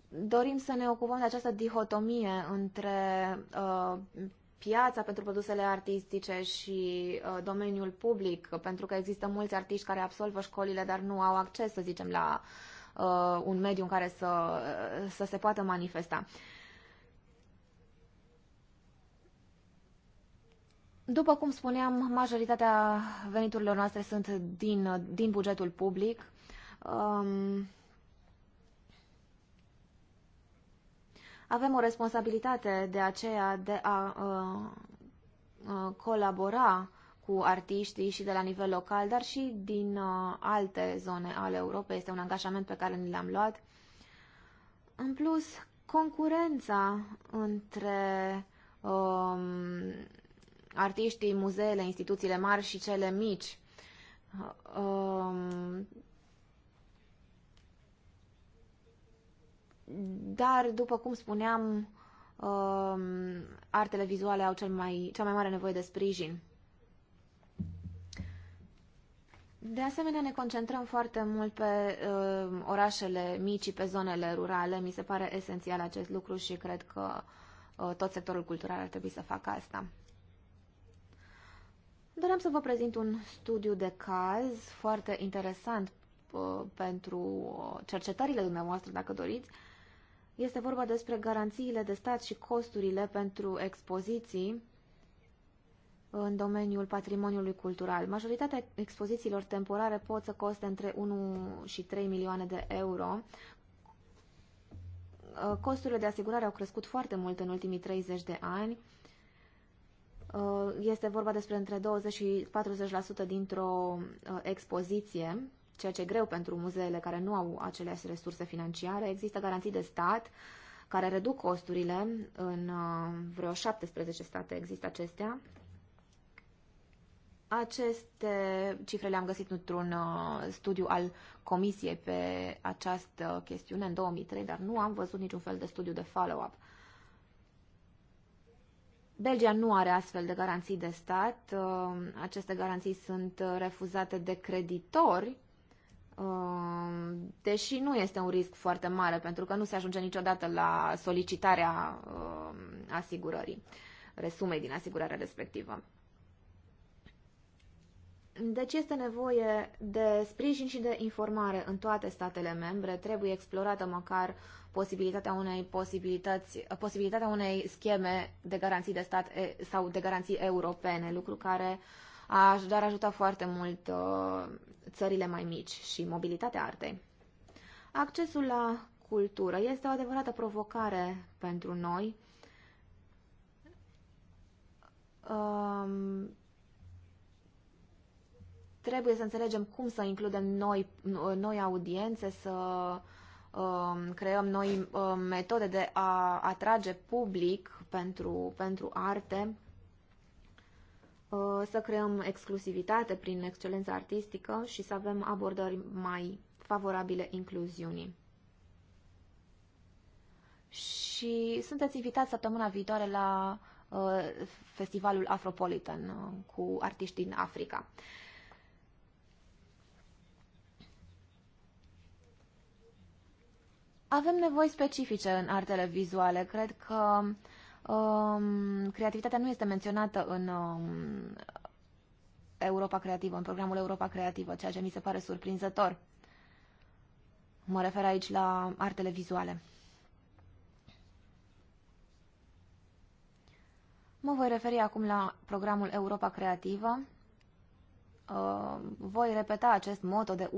dorim să ne ocupăm de această dihotomie între uh, piața pentru produsele artistice și uh, domeniul public, pentru că există mulți artiști care absolvă școlile, dar nu au acces, să zicem, la uh, un mediu în care să, să se poată manifesta. După cum spuneam, majoritatea veniturilor noastre sunt din, din bugetul public. Um, avem o responsabilitate de aceea de a uh, uh colabora cu artiștii și de la nivel local, dar și din uh, alte zone ale Europei. Este un angajament pe care ni l-am luat. În plus, concurența între um, artiștii, muzeele, instituțiile mari și cele mici. Um, dar, după cum spuneam, um, artele vizuale au cel mai, cea mai mare nevoie de sprijin. De asemenea, ne concentrăm foarte mult pe uh, orașele mici, pe zonele rurale. Mi se pare esențial acest lucru și cred că uh, tot sectorul cultural ar trebui să facă asta. Doream să vă prezint un studiu de caz foarte interesant uh, pentru uh, cercetările dumneavoastră, dacă doriți. Este vorba despre garanțiile de stat și costurile pentru expoziții în domeniul patrimoniului cultural. Majoritatea expozițiilor temporare pot să coste între 1 și 3 milioane de euro. Uh, costurile de asigurare au crescut foarte mult în ultimii 30 de ani. Uh, este vorba despre între 20 și 40% dintr-o uh, expoziție, ceea ce e greu pentru muzeele care nu au aceleași resurse financiare. Există garanții de stat care reduc costurile. În vreo 17 state există acestea aceste cifre le-am găsit într-un uh, studiu al Comisiei pe această chestiune în 2003, dar nu am văzut niciun fel de studiu de follow-up. Belgia nu are astfel de garanții de stat. Uh, aceste garanții sunt uh, refuzate de creditori, deși nu este un risc foarte mare, pentru că nu se ajunge niciodată la solicitarea asigurării, resumei din asigurarea respectivă. Deci este nevoie de sprijin și de informare în toate statele membre. Trebuie explorată măcar posibilitatea unei, posibilități, posibilitatea unei scheme de garanții de stat sau de garanții europene, lucru care ar ajuta foarte mult uh, țările mai mici și mobilitatea artei. Accesul la cultură este o adevărată provocare pentru noi. Um, Trebuie să înțelegem cum să includem noi, noi audiențe, să um, creăm noi um, metode de a atrage public pentru, pentru arte, uh, să creăm exclusivitate prin excelența artistică și să avem abordări mai favorabile incluziunii. Și sunteți invitați săptămâna viitoare la uh, festivalul Afropolitan uh, cu artiști din Africa. Avem nevoi specifice în artele vizuale. Cred că um, creativitatea nu este menționată în um, Europa Creativă, în programul Europa Creativă, ceea ce mi se pare surprinzător. Mă refer aici la artele vizuale. Mă voi referi acum la programul Europa Creativă, Uh, voi repeta acest moto de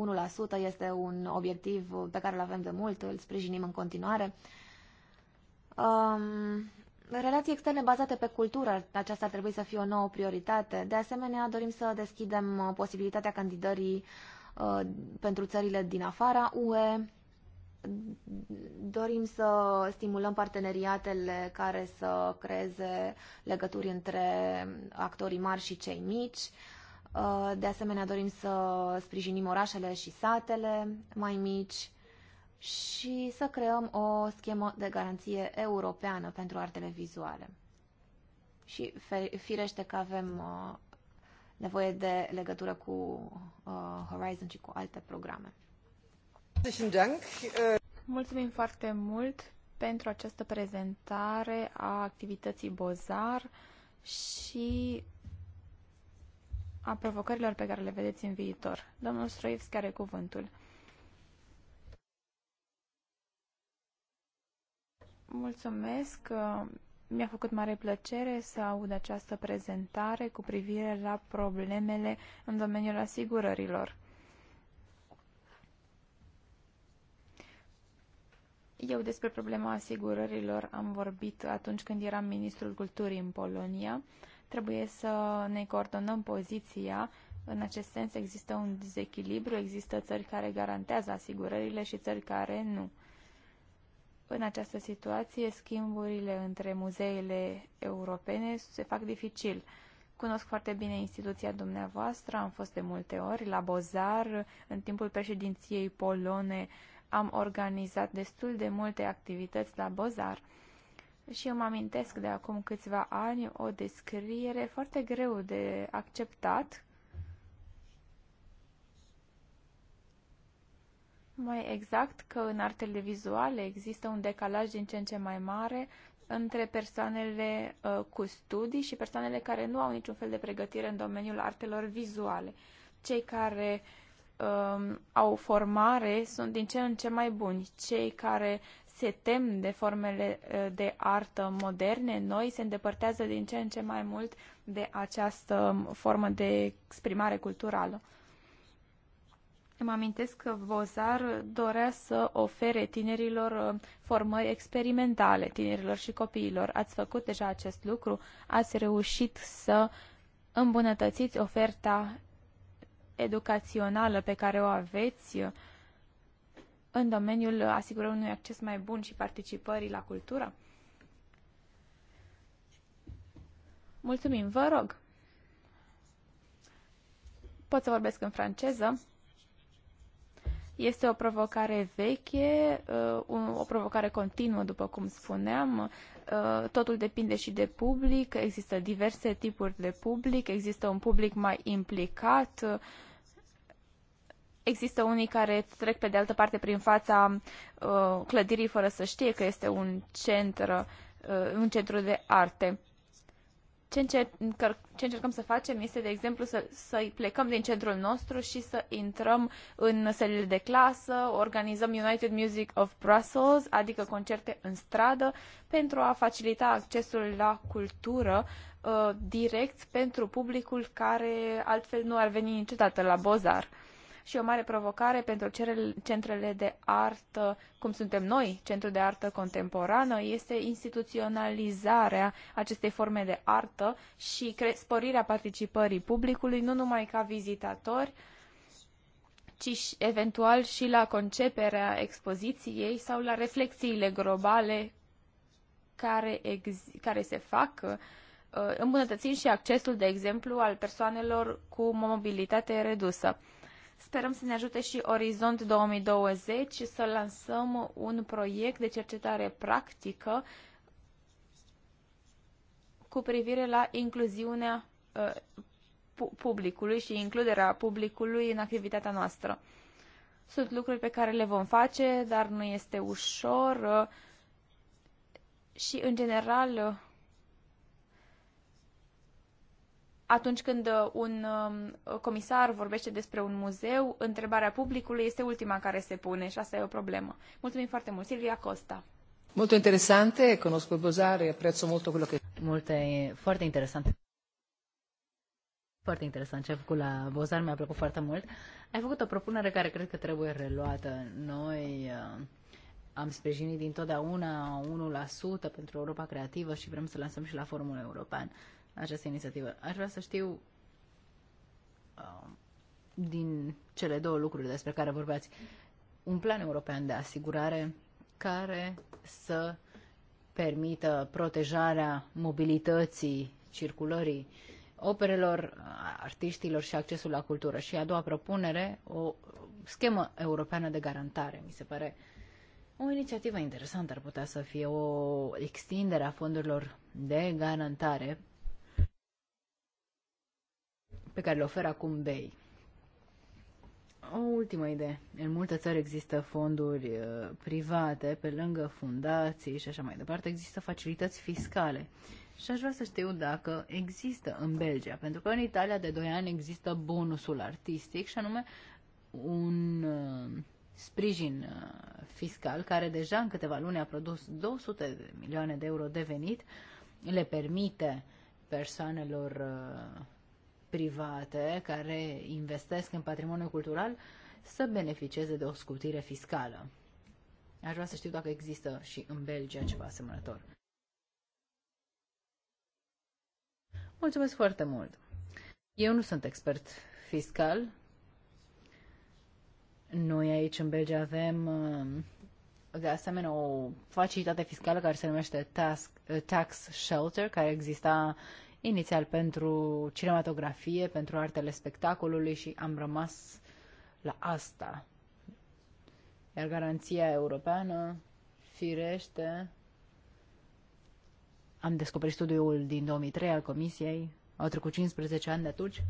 1%, este un obiectiv pe care îl avem de mult, îl sprijinim în continuare. Um, relații externe bazate pe cultură, aceasta ar trebui să fie o nouă prioritate. De asemenea, dorim să deschidem uh, posibilitatea candidării uh, pentru țările din afara UE. Dorim să stimulăm parteneriatele care să creeze legături între actorii mari și cei mici. Uh, Uh, de asemenea, dorim să sprijinim orașele și satele mai mici și să creăm o schemă de garanție europeană pentru artele vizuale. Și firește că avem uh, nevoie de legătură cu uh, Horizon și cu alte programe. Mulțumim foarte mult pentru această prezentare a activității Bozar și a provocărilor pe care le vedeți în viitor. Domnul Stroivski are cuvântul. Mulțumesc! Mi-a făcut mare plăcere să aud această prezentare cu privire la problemele în domeniul asigurărilor. Eu despre problema asigurărilor am vorbit atunci când eram ministrul culturii în Polonia. Uh, Trebuie să ne coordonăm poziția. În acest sens există un dezechilibru, există țări care garantează asigurările și țări care nu. În această situație, schimburile între muzeele europene se fac dificil. Cunosc foarte bine instituția dumneavoastră, am fost de multe ori la Bozar, în timpul președinției polone am organizat destul de multe activități la Bozar și îmi amintesc de acum câțiva ani o descriere foarte greu de acceptat. Mai exact că în artele vizuale există un decalaj din ce în ce mai mare între persoanele uh, cu studii și persoanele care nu au niciun fel de pregătire în domeniul artelor vizuale. Cei care uh, au formare sunt din ce în ce mai buni. Cei care se tem de formele eh, de artă moderne, noi, se îndepărtează din ce în ce mai mult de această formă de exprimare culturală. Îmi amintesc că Vozar dorea să ofere tinerilor eh, formări experimentale, tinerilor și copiilor. Ați făcut deja acest lucru, ați reușit să îmbunătățiți oferta educațională pe care o aveți, în domeniul asigurării unui acces mai bun și participării la cultură? Mulțumim, vă rog. Pot să vorbesc în franceză. Este o provocare veche, uh, o provocare continuă, după cum spuneam. Uh, totul depinde și de public, există diverse tipuri de public, există un public mai implicat, uh, Există unii care trec pe de altă parte prin fața uh, clădirii fără să știe că este un, centru, uh, un centru de arte. Ce, încer- ce încercăm să facem este, de exemplu, să, să plecăm din centrul nostru și să intrăm în sălile de clasă, organizăm United Music of Brussels, adică concerte în stradă, pentru a facilita accesul la cultură uh, direct pentru publicul care altfel nu ar veni niciodată la Bozar și o mare provocare pentru centrele de artă, cum suntem noi, centru de artă contemporană, este instituționalizarea acestei forme de artă și sporirea participării publicului, nu numai ca vizitatori, ci și eventual și la conceperea expoziției sau la reflexiile globale care, care se fac, uh, îmbunătățind și accesul, de exemplu, al persoanelor cu mobilitate redusă. Sperăm să ne ajute și Orizont 2020 să lansăm un proiect de cercetare practică cu privire la incluziunea ă, publicului și includerea publicului în activitatea noastră. Sunt lucruri pe care le vom face, dar nu este ușor ă, și, în general, ă, atunci când uh, un uh, comisar vorbește despre un muzeu, întrebarea publicului este ultima care se pune și asta e o problemă. Mulțumim foarte mult. Silvia Costa. Molto interessante, conosco Bosare, apprezzo molto quello che... Multe, foarte interesante. Foarte interesant ce ai făcut la Bozar, mi-a plăcut foarte mult. Ai făcut o propunere care cred că trebuie reluată. Noi uh, am sprijinit dintotdeauna 1% pentru Europa Creativă și vrem să lansăm și la Forumul European. Uh, această inițiativă. Aș vrea să știu um, din cele două lucruri despre care vorbeați, un plan european de asigurare care să permită protejarea mobilității, circulării operelor, artiștilor și accesul la cultură. Și a doua propunere, o schemă europeană de garantare, mi se pare o inițiativă interesantă ar putea să fie o extindere a fondurilor de garantare pe care le oferă acum BEI. O ultimă idee. În multe țări există fonduri uh, private, pe lângă fundații și așa mai departe, există facilități fiscale. Și aș vrea să știu dacă există în Belgia, pentru că în Italia de 2 ani există bonusul artistic și anume un uh, sprijin uh, fiscal care deja în câteva luni a produs 200 de milioane de euro de venit, le permite persoanelor uh, private care investesc în patrimoniu cultural să beneficieze de o scutire fiscală. Aș vrea să știu dacă există și în Belgia ceva asemănător. Mulțumesc foarte mult! Eu nu sunt expert fiscal. Noi aici în Belgia avem uh, de asemenea o facilitate fiscală care se numește Tax, uh, Tax Shelter, care exista inițial pentru cinematografie, pentru artele spectacolului și am rămas la asta. Iar garanția europeană, firește, am descoperit studiul din 2003 al Comisiei, au trecut 15 ani de atunci.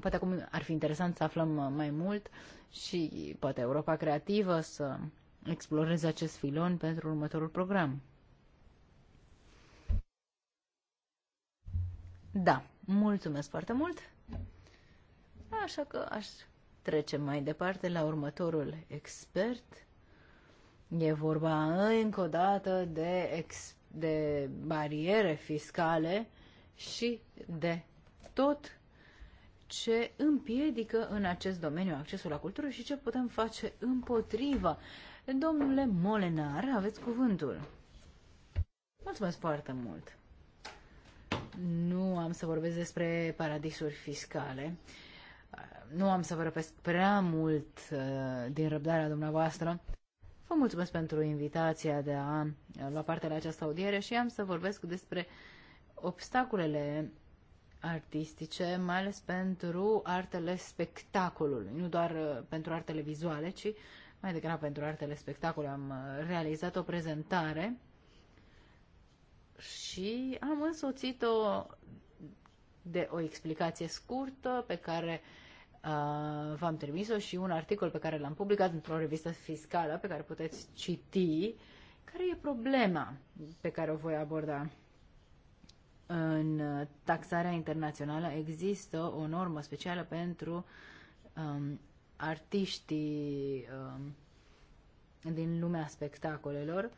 Poate acum ar fi interesant să aflăm mai mult și poate Europa Creativă să exploreze acest filon pentru următorul program. Da, mulțumesc foarte mult. Așa că aș trece mai departe la următorul expert. E vorba încă o dată de, ex, de bariere fiscale și de tot ce împiedică în acest domeniu accesul la cultură și ce putem face împotriva. Domnule Molenar, aveți cuvântul. Mulțumesc foarte mult! Nu am să vorbesc despre paradisuri fiscale. Nu am să vă răpesc prea mult uh, din răbdarea dumneavoastră. Vă mulțumesc pentru invitația de a uh, lua parte la această audiere și am să vorbesc despre obstacolele artistice, mai ales pentru artele spectacolului, nu doar uh, pentru artele vizuale, ci mai degrabă pentru artele spectacolului. Am realizat o prezentare și am însoțit-o de o explicație scurtă pe care uh, v-am trimis-o și un articol pe care l-am publicat într-o revistă fiscală pe care puteți citi care e problema pe care o voi aborda. În taxarea internațională există o normă specială pentru um, artiștii um, din lumea spectacolelor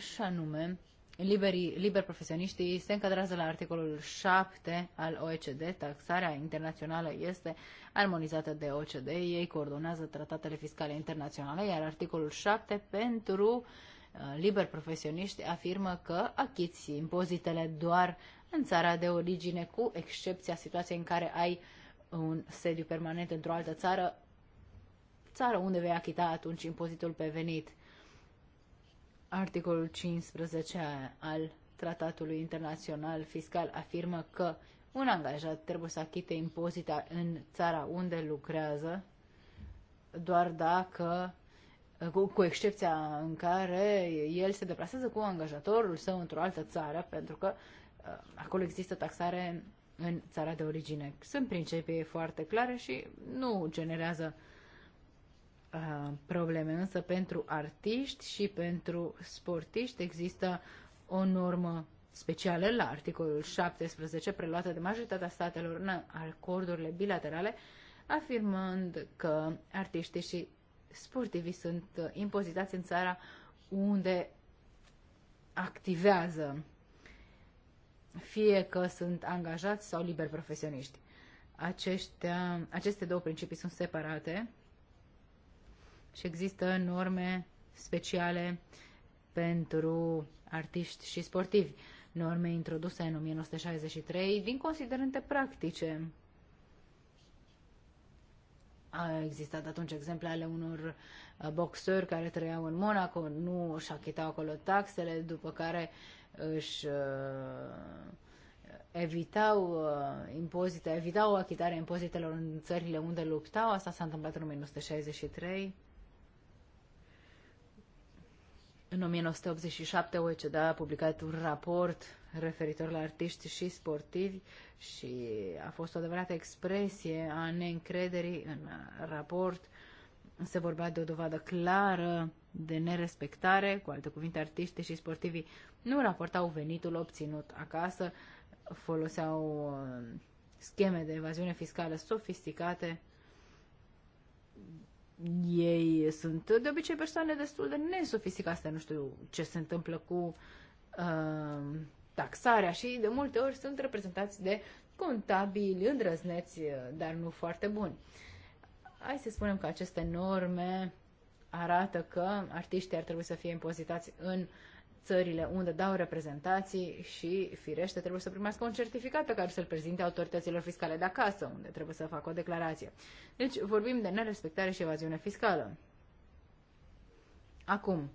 și anume liberii, liber profesioniștii se încadrează la articolul 7 al OECD. Taxarea internațională este armonizată de OECD. Ei coordonează tratatele fiscale internaționale, iar articolul 7 pentru uh, liber profesioniști afirmă că achiți impozitele doar în țara de origine, cu excepția situației în care ai un sediu permanent într-o altă țară, țară unde vei achita atunci impozitul pe venit. Articolul 15 al Tratatului Internațional Fiscal afirmă că un angajat trebuie să achite impozita în țara unde lucrează, doar dacă, cu, cu excepția în care el se deplasează cu angajatorul său într-o altă țară, pentru că uh, acolo există taxare în țara de origine. Sunt principii foarte clare și nu generează uh, Uh, probleme, însă pentru artiști și pentru sportiști există o normă specială la articolul 17 preluată de majoritatea statelor în acordurile bilaterale, afirmând că artiștii și sportivii sunt uh, impozitați în țara unde activează, fie că sunt angajați sau liberi profesioniști. Aceștia, aceste două principii sunt separate și există norme speciale pentru artiști și sportivi, norme introduse în 1963 din considerente practice. A existat atunci exemple ale unor uh, boxeri care trăiau în Monaco, nu își achitau acolo taxele, după care își uh, evitau uh, impozite, evitau achitarea impozitelor în țările unde luptau. Asta s-a întâmplat în 1963. În 1987 OECD a publicat un raport referitor la artiști și sportivi și a fost o adevărată expresie a neîncrederii în raport. Se vorbea de o dovadă clară de nerespectare, cu alte cuvinte, artiștii și sportivii nu raportau venitul obținut acasă, foloseau uh, scheme de evaziune fiscală sofisticate ei sunt de obicei persoane destul de nesofisticate, nu știu ce se întâmplă cu uh, taxarea și de multe ori sunt reprezentați de contabili îndrăzneți, dar nu foarte buni. Hai să spunem că aceste norme arată că artiștii ar trebui să fie impozitați în țările unde dau reprezentații și, firește, trebuie să primească un certificat pe care să-l prezinte autorităților fiscale de acasă, unde trebuie să facă o declarație. Deci vorbim de nerespectare și evaziune fiscală. Acum,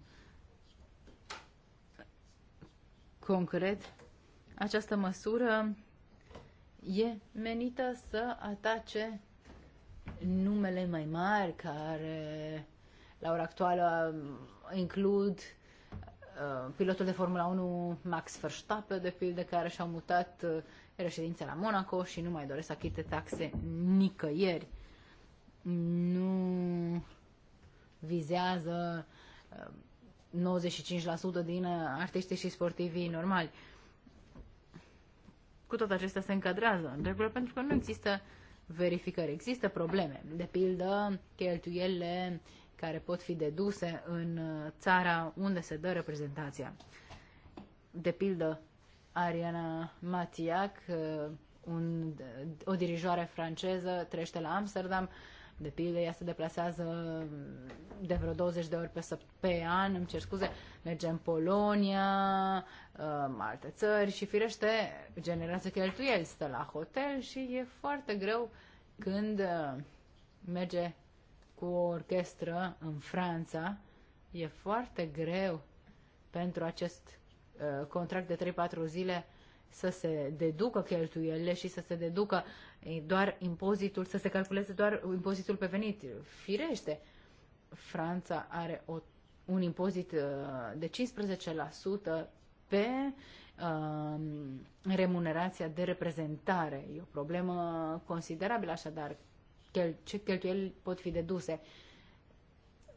concret, această măsură e menită să atace numele mai mari care la ora actuală includ Uh, pilotul de Formula 1 Max Verstappen, de pildă, care și-au mutat uh, reședința la Monaco și nu mai doresc să achite taxe nicăieri. Nu vizează 95% uh, din artiștii și sportivii normali. Cu tot acestea se încadrează în regulă pentru că nu există verificări, există probleme. De pildă, cheltuielile care pot fi deduse în țara unde se dă reprezentația. De pildă, Ariana Matiac, uh, un, o dirijoare franceză, trăiește la Amsterdam, de pildă, ea se deplasează uh, de vreo 20 de ori pe, pe an, îmi cer scuze, merge în Polonia, în uh, alte țări și firește generează cheltuieli, stă la hotel și e foarte greu când merge cu o orchestră în Franța, e foarte greu pentru acest uh, contract de 3-4 zile să se deducă cheltuielile și să se deducă doar impozitul, să se calculeze doar impozitul pe venit. Firește, Franța are o, un impozit uh, de 15% pe uh, remunerația de reprezentare. E o problemă considerabilă, așadar, chel- ce cheltuieli pot fi deduse.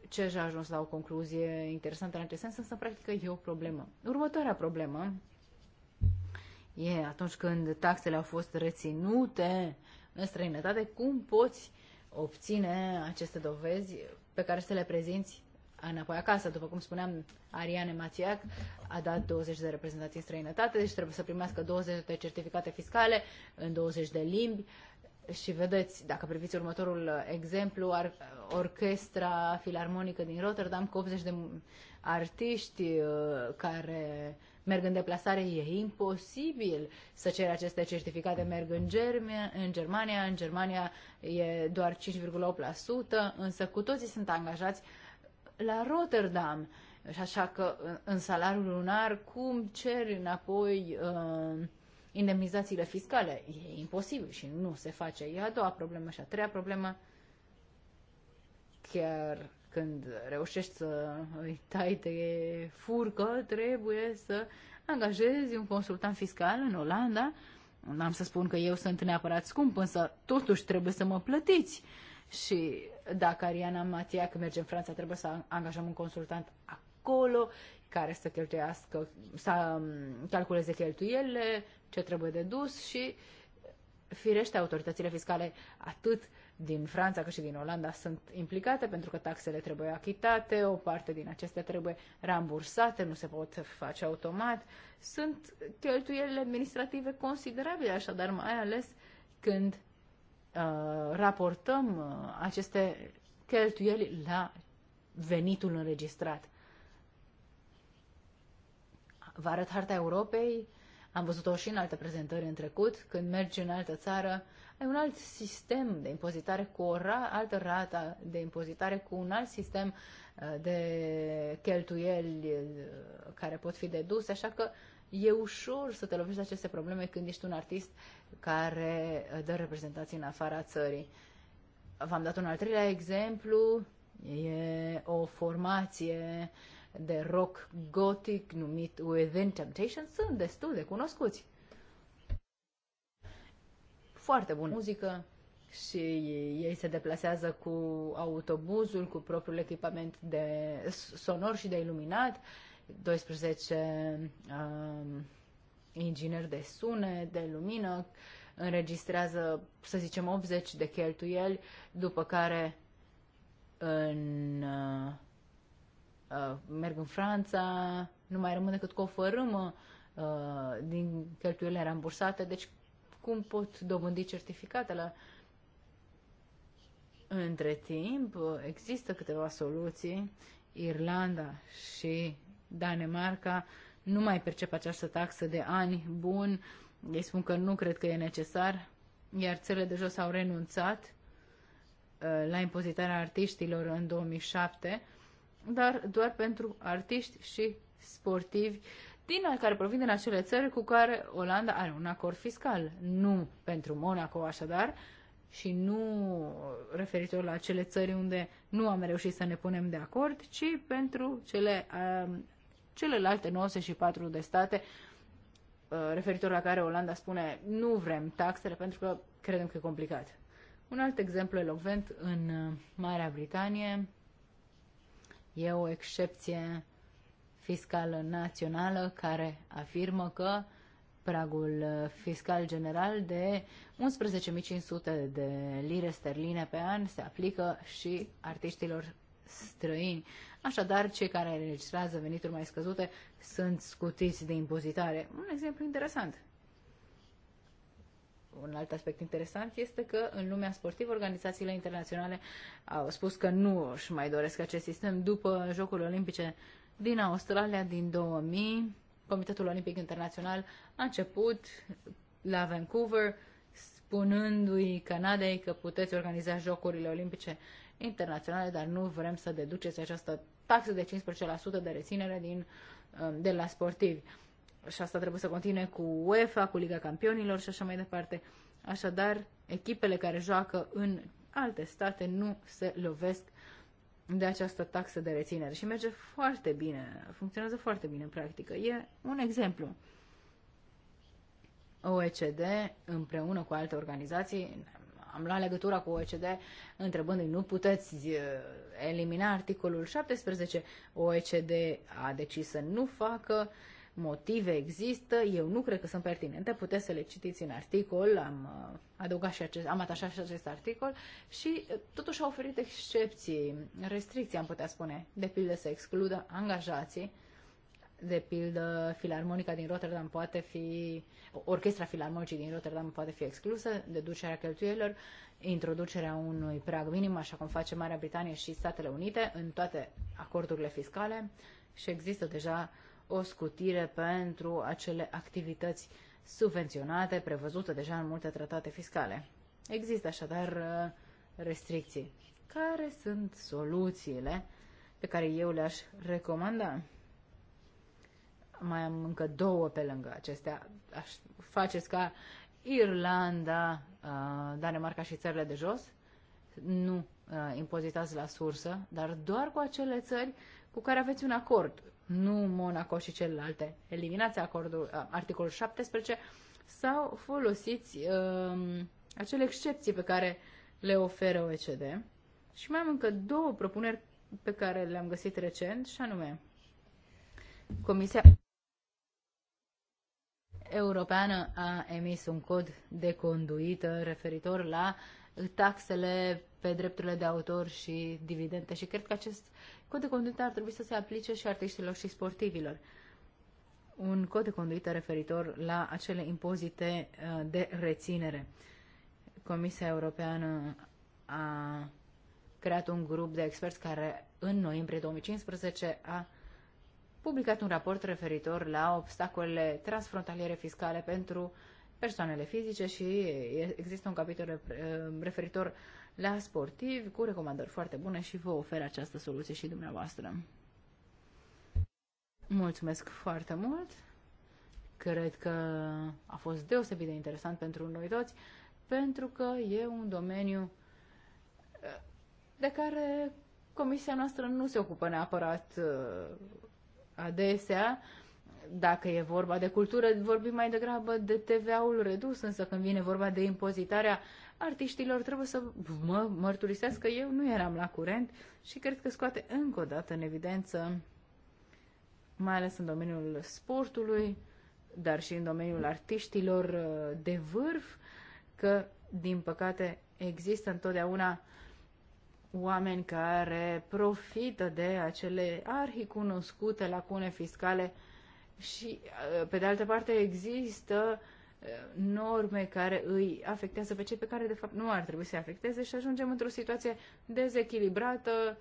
Ce a ajuns la o concluzie interesantă în acest sens, însă practică e o problemă. Următoarea problemă e atunci când taxele au fost reținute în străinătate, cum poți obține aceste dovezi pe care să le prezinți înapoi acasă. După cum spuneam, Ariane Mațiac a dat 20 de reprezentații în străinătate, deci trebuie să primească 20 de certificate fiscale în 20 de limbi și vedeți, dacă priviți următorul uh, exemplu, ar, orchestra filarmonică din Rotterdam cu 80 de artiști uh, care merg în deplasare, e imposibil să ceri aceste certificate. Merg în, Germia, în Germania, în Germania e doar 5,8%, însă cu toții sunt angajați la Rotterdam. Și așa că în salariul lunar, cum ceri înapoi uh, indemnizațiile fiscale. E imposibil și nu se face. E a doua problemă și a treia problemă, chiar când reușești să îi tai de furcă, trebuie să angajezi un consultant fiscal în Olanda. N-am să spun că eu sunt neapărat scump, însă totuși trebuie să mă plătiți. Și dacă Ariana Matia, când merge în Franța, trebuie să angajăm un consultant acolo, care să cheltuiască, să um, calculeze cheltuielile, ce trebuie dedus și firește autoritățile fiscale atât din Franța cât și din Olanda sunt implicate pentru că taxele trebuie achitate, o parte din acestea trebuie rambursate, nu se pot face automat. Sunt cheltuielile administrative considerabile, așadar mai ales când uh, raportăm uh, aceste cheltuieli la venitul înregistrat vă arăt harta Europei, am văzut-o și în alte prezentări în trecut, când mergi în altă țară, ai un alt sistem de impozitare cu o ra- altă rată de impozitare, cu un alt sistem uh, de cheltuieli uh, care pot fi deduse, așa că e ușor să te lovești de aceste probleme când ești un artist care uh, dă reprezentații în afara țării. V-am dat un al treilea exemplu, e o formație uh, de rock gothic numit Within Temptation sunt destul de cunoscuți. Foarte bună muzică și ei se deplasează cu autobuzul, cu propriul echipament de sonor și de iluminat, 12 um, ingineri de sunet, de lumină, înregistrează, să zicem, 80 de cheltuieli, după care în uh, Uh, merg în Franța, nu mai rămân decât cu o fărâmă uh, din cheltuielile rambursate, deci cum pot dobândi certificatele? Între timp, există câteva soluții. Irlanda și Danemarca nu mai percep această taxă de ani bun. Ei spun că nu cred că e necesar, iar țările de jos au renunțat uh, la impozitarea artiștilor în 2007 dar doar pentru artiști și sportivi din care provin din acele țări cu care Olanda are un acord fiscal. Nu pentru Monaco, așadar, și nu referitor la acele țări unde nu am reușit să ne punem de acord, ci pentru cele, uh, celelalte 94 de state uh, referitor la care Olanda spune nu vrem taxele pentru că credem că e complicat. Un alt exemplu elocvent în uh, Marea Britanie E o excepție fiscală națională care afirmă că pragul uh, fiscal general de 11.500 de lire sterline pe an se aplică și artiștilor străini. Așadar, cei care înregistrează venituri mai scăzute sunt scutiți de impozitare. Un exemplu interesant un alt aspect interesant este că în lumea sportivă organizațiile internaționale au spus că nu își mai doresc acest sistem după Jocurile Olimpice din Australia din 2000. Comitetul Olimpic Internațional a început la Vancouver spunându-i Canadei că puteți organiza Jocurile Olimpice internaționale, dar nu vrem să deduceți această taxă de 15% de reținere din, de la sportivi și asta trebuie să continue cu UEFA, cu Liga Campionilor și așa mai departe. Așadar, echipele care joacă în alte state nu se lovesc de această taxă de reținere și merge foarte bine, funcționează foarte bine în practică. E un exemplu. OECD, împreună cu alte organizații, am luat legătura cu OECD întrebându-i nu puteți uh, elimina articolul 17. OECD a decis să nu facă uh, motive există, eu nu cred că sunt pertinente, puteți să le citiți în articol, am uh, adăugat și acest, am atașat și acest articol și uh, totuși au oferit excepții, restricții, am putea spune, de pildă să excludă angajații, de pildă filarmonica din Rotterdam poate fi, orchestra filarmonicii din Rotterdam poate fi exclusă, deducerea cheltuielor, introducerea unui prag minim, așa cum face Marea Britanie și Statele Unite, în toate acordurile fiscale și există deja uh, o scutire pentru acele activități subvenționate, prevăzute deja în multe tratate fiscale. Există așadar uh, restricții. Care sunt soluțiile pe care eu le-aș recomanda? Mai am încă două pe lângă acestea. Aș faceți ca Irlanda, uh, Danemarca și țările de jos, nu uh, impozitați la sursă, dar doar cu acele țări cu care aveți un acord nu Monaco și celelalte. Eliminați acordul, uh, articolul 17 sau folosiți uh, acele excepții pe care le oferă OECD. Și mai am încă două propuneri pe care le-am găsit recent, și anume Comisia Europeană a emis un cod de conduită referitor la taxele pe drepturile de autor și dividende și cred că acest Cod de conduită ar trebui să se aplice și artiștilor și sportivilor. Un cod de conduită referitor la acele impozite uh, de reținere. Comisia Europeană a creat un grup de experți care în noiembrie 2015 a publicat un raport referitor la obstacolele transfrontaliere fiscale pentru persoanele fizice și există un capitol uh, referitor la sportiv cu recomandări foarte bune și vă ofer această soluție și dumneavoastră. Mulțumesc foarte mult! Cred că a fost deosebit de interesant pentru noi toți, pentru că e un domeniu de care comisia noastră nu se ocupă neapărat uh, adesea. Dacă e vorba de cultură, vorbim mai degrabă de TVA-ul redus, însă când vine vorba de impozitarea artiștilor trebuie să mă mărturisesc că eu nu eram la curent și cred că scoate încă o dată în evidență, mai ales în domeniul sportului, dar și în domeniul artiștilor uh, de vârf, că, din păcate, există întotdeauna oameni care profită de acele arhicunoscute lacune fiscale și, uh, pe de altă parte, există uh, Uh, norme care îi afectează pe cei pe care de fapt nu ar trebui să-i afecteze și ajungem într-o situație dezechilibrată,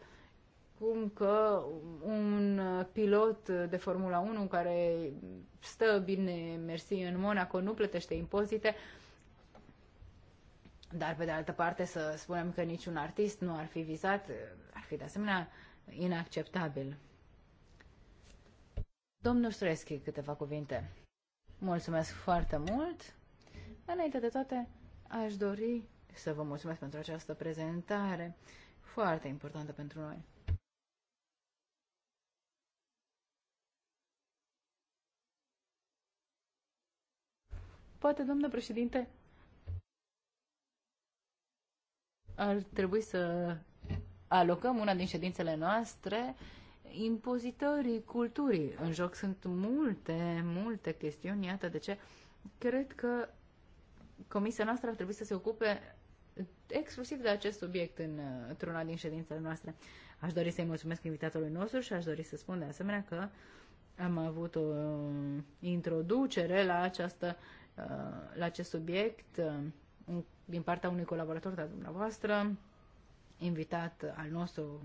cum că un pilot de Formula 1 care stă bine mersi în Monaco nu plătește impozite, dar pe de altă parte să spunem că niciun artist nu ar fi vizat, ar fi de asemenea inacceptabil. Domnul Streschi, câteva cuvinte. Mulțumesc foarte mult! Înainte de toate, aș dori să vă mulțumesc pentru această prezentare foarte importantă pentru noi. Poate, domnule președinte, ar trebui să alocăm una din ședințele noastre impozitării culturii. În joc sunt multe, multe chestiuni, iată de ce cred că comisia noastră ar trebui să se ocupe exclusiv de acest subiect în, într-una din ședințele noastre. Aș dori să-i mulțumesc invitatului nostru și aș dori să spun de asemenea că am avut o um, introducere la, această, uh, la acest subiect uh, din partea unui colaborator de dumneavoastră, invitat al nostru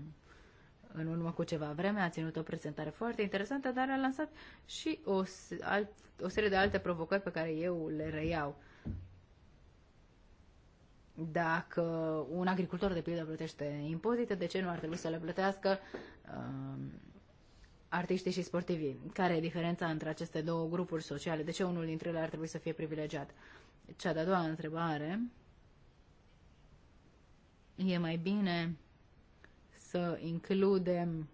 în urmă cu ceva vreme, a ținut o prezentare foarte interesantă, dar a lansat și o, alt, o serie de alte provocări pe care eu le reiau. Dacă un agricultor, de pildă, plătește impozite, de ce nu ar trebui să le plătească uh, artiștii și sportivii? Care e diferența între aceste două grupuri sociale? De ce unul dintre ele ar trebui să fie privilegiat? Cea de-a doua întrebare e mai bine să includem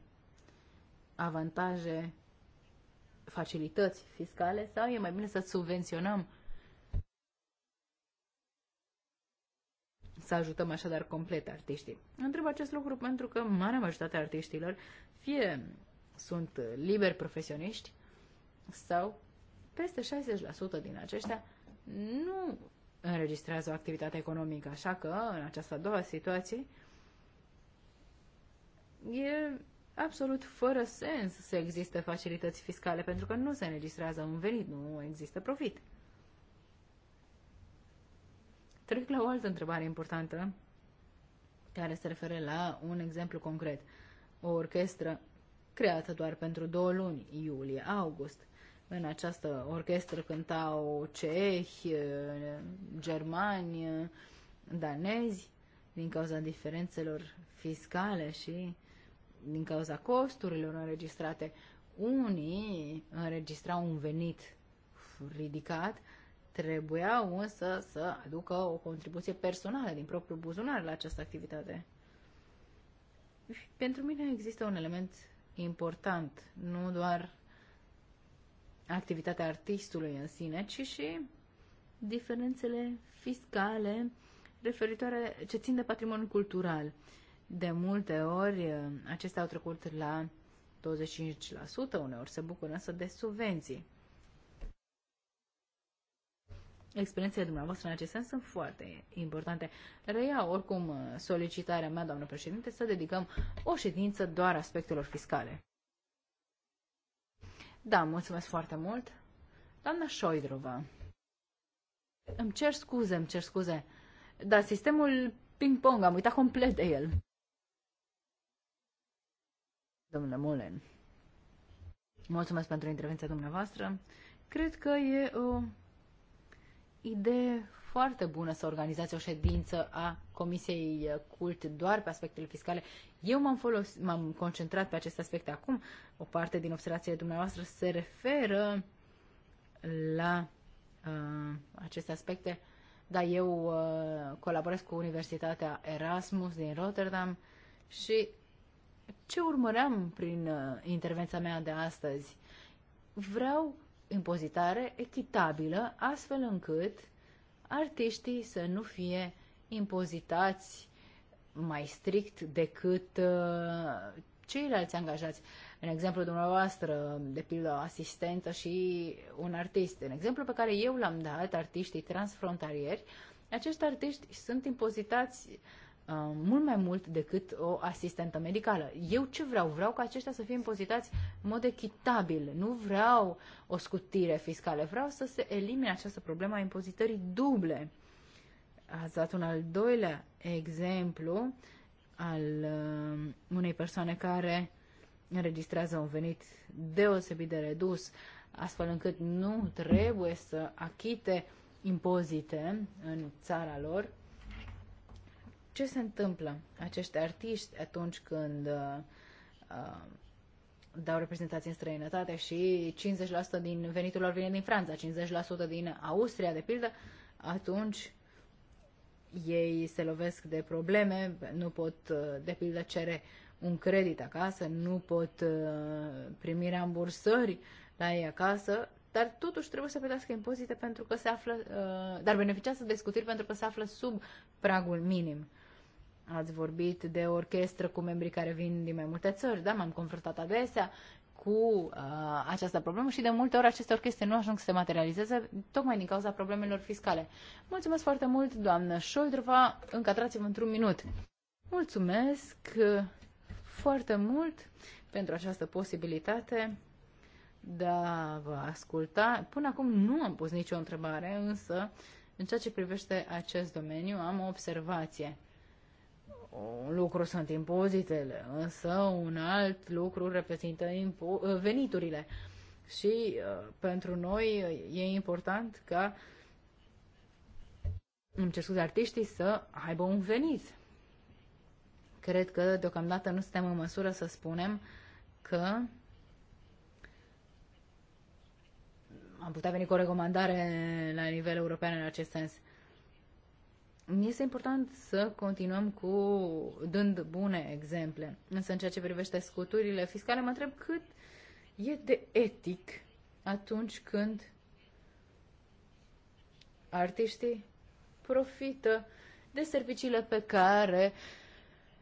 avantaje, facilități fiscale sau e mai bine să subvenționăm să ajutăm așadar complet artiștii. Întreb acest lucru pentru că marea majoritate a artiștilor fie sunt liberi profesioniști sau peste 60% din aceștia nu înregistrează o activitate economică, așa că în această a doua situație e absolut fără sens să existe facilități fiscale pentru că nu se înregistrează un venit, nu există profit. Trec la o altă întrebare importantă care se referă la un exemplu concret. O orchestră creată doar pentru două luni, iulie-august. În această orchestră cântau cehi, germani, danezi, din cauza diferențelor fiscale și din cauza costurilor înregistrate. Unii înregistrau un venit ridicat, trebuiau însă să aducă o contribuție personală din propriul buzunar la această activitate. Și pentru mine există un element important, nu doar activitatea artistului în sine, ci și diferențele fiscale referitoare ce țin de patrimoniul cultural. De multe ori uh, acestea au trecut la 25%, uneori se bucură însă de subvenții. Experiențele dumneavoastră în acest sens sunt foarte importante. Reiau oricum uh, solicitarea mea, doamnă președinte, să dedicăm o ședință doar aspectelor fiscale. Da, mulțumesc foarte mult. Doamna Șoidrova, îmi cer scuze, îmi cer scuze, dar sistemul ping-pong, am uitat complet de el. Domnule Molen, mulțumesc pentru intervenția dumneavoastră. Cred că e o idee foarte bună să organizați o ședință a Comisiei Cult doar pe aspectele fiscale. Eu m-am, folos- m-am concentrat pe acest aspect acum. O parte din observațiile dumneavoastră se referă la uh, aceste aspecte. Dar eu uh, colaborez cu Universitatea Erasmus din Rotterdam și ce urmăream prin uh, intervenția mea de astăzi? Vreau impozitare echitabilă, astfel încât artiștii să nu fie impozitați mai strict decât uh, ceilalți angajați. În exemplu dumneavoastră, de pildă, asistentă și un artist. În exemplu pe care eu l-am dat, artiștii transfrontalieri, acești artiști sunt impozitați Uh, mult mai mult decât o asistentă medicală. Eu ce vreau? Vreau ca aceștia să fie impozitați în mod echitabil. Nu vreau o scutire fiscală. Vreau să se elimine această problemă a impozitării duble. Ați dat un al doilea exemplu al uh, unei persoane care înregistrează un venit deosebit de redus, astfel încât nu trebuie să achite impozite în țara lor, ce se întâmplă acești artiști atunci când uh, uh dau reprezentații în străinătate și 50% din venitul lor vine din Franța, 50% din Austria, de pildă, atunci ei se lovesc de probleme, nu pot, uh, de pildă, cere un credit acasă, nu pot uh, primi rambursări la ei acasă, dar totuși trebuie să plătească impozite pentru că se află, dar beneficiază de scutiri pentru că se află sub pragul minim. Ați vorbit de orchestră cu membrii care vin din mai multe țări, da, m-am confruntat adesea cu uh, această problemă și de multe ori aceste orchestre nu ajung să se materializeze tocmai din cauza problemelor fiscale. Mulțumesc foarte mult, doamnă Șoldrova, încadrați-vă într-un minut. Mulțumesc uh, foarte mult pentru această posibilitate de a vă asculta. Până acum nu am pus nicio întrebare, însă în ceea ce privește acest domeniu am o observație un lucru sunt impozitele, însă un alt lucru reprezintă veniturile. Și uh, pentru noi uh, e important ca, îmi cer scuze, artiștii să aibă un venit. Cred că deocamdată nu suntem în măsură să spunem că am putea veni cu o recomandare la nivel european în acest sens. Este important să continuăm cu dând bune exemple. Însă în ceea ce privește scuturile fiscale, mă întreb cât e de etic atunci când artiștii profită de serviciile pe care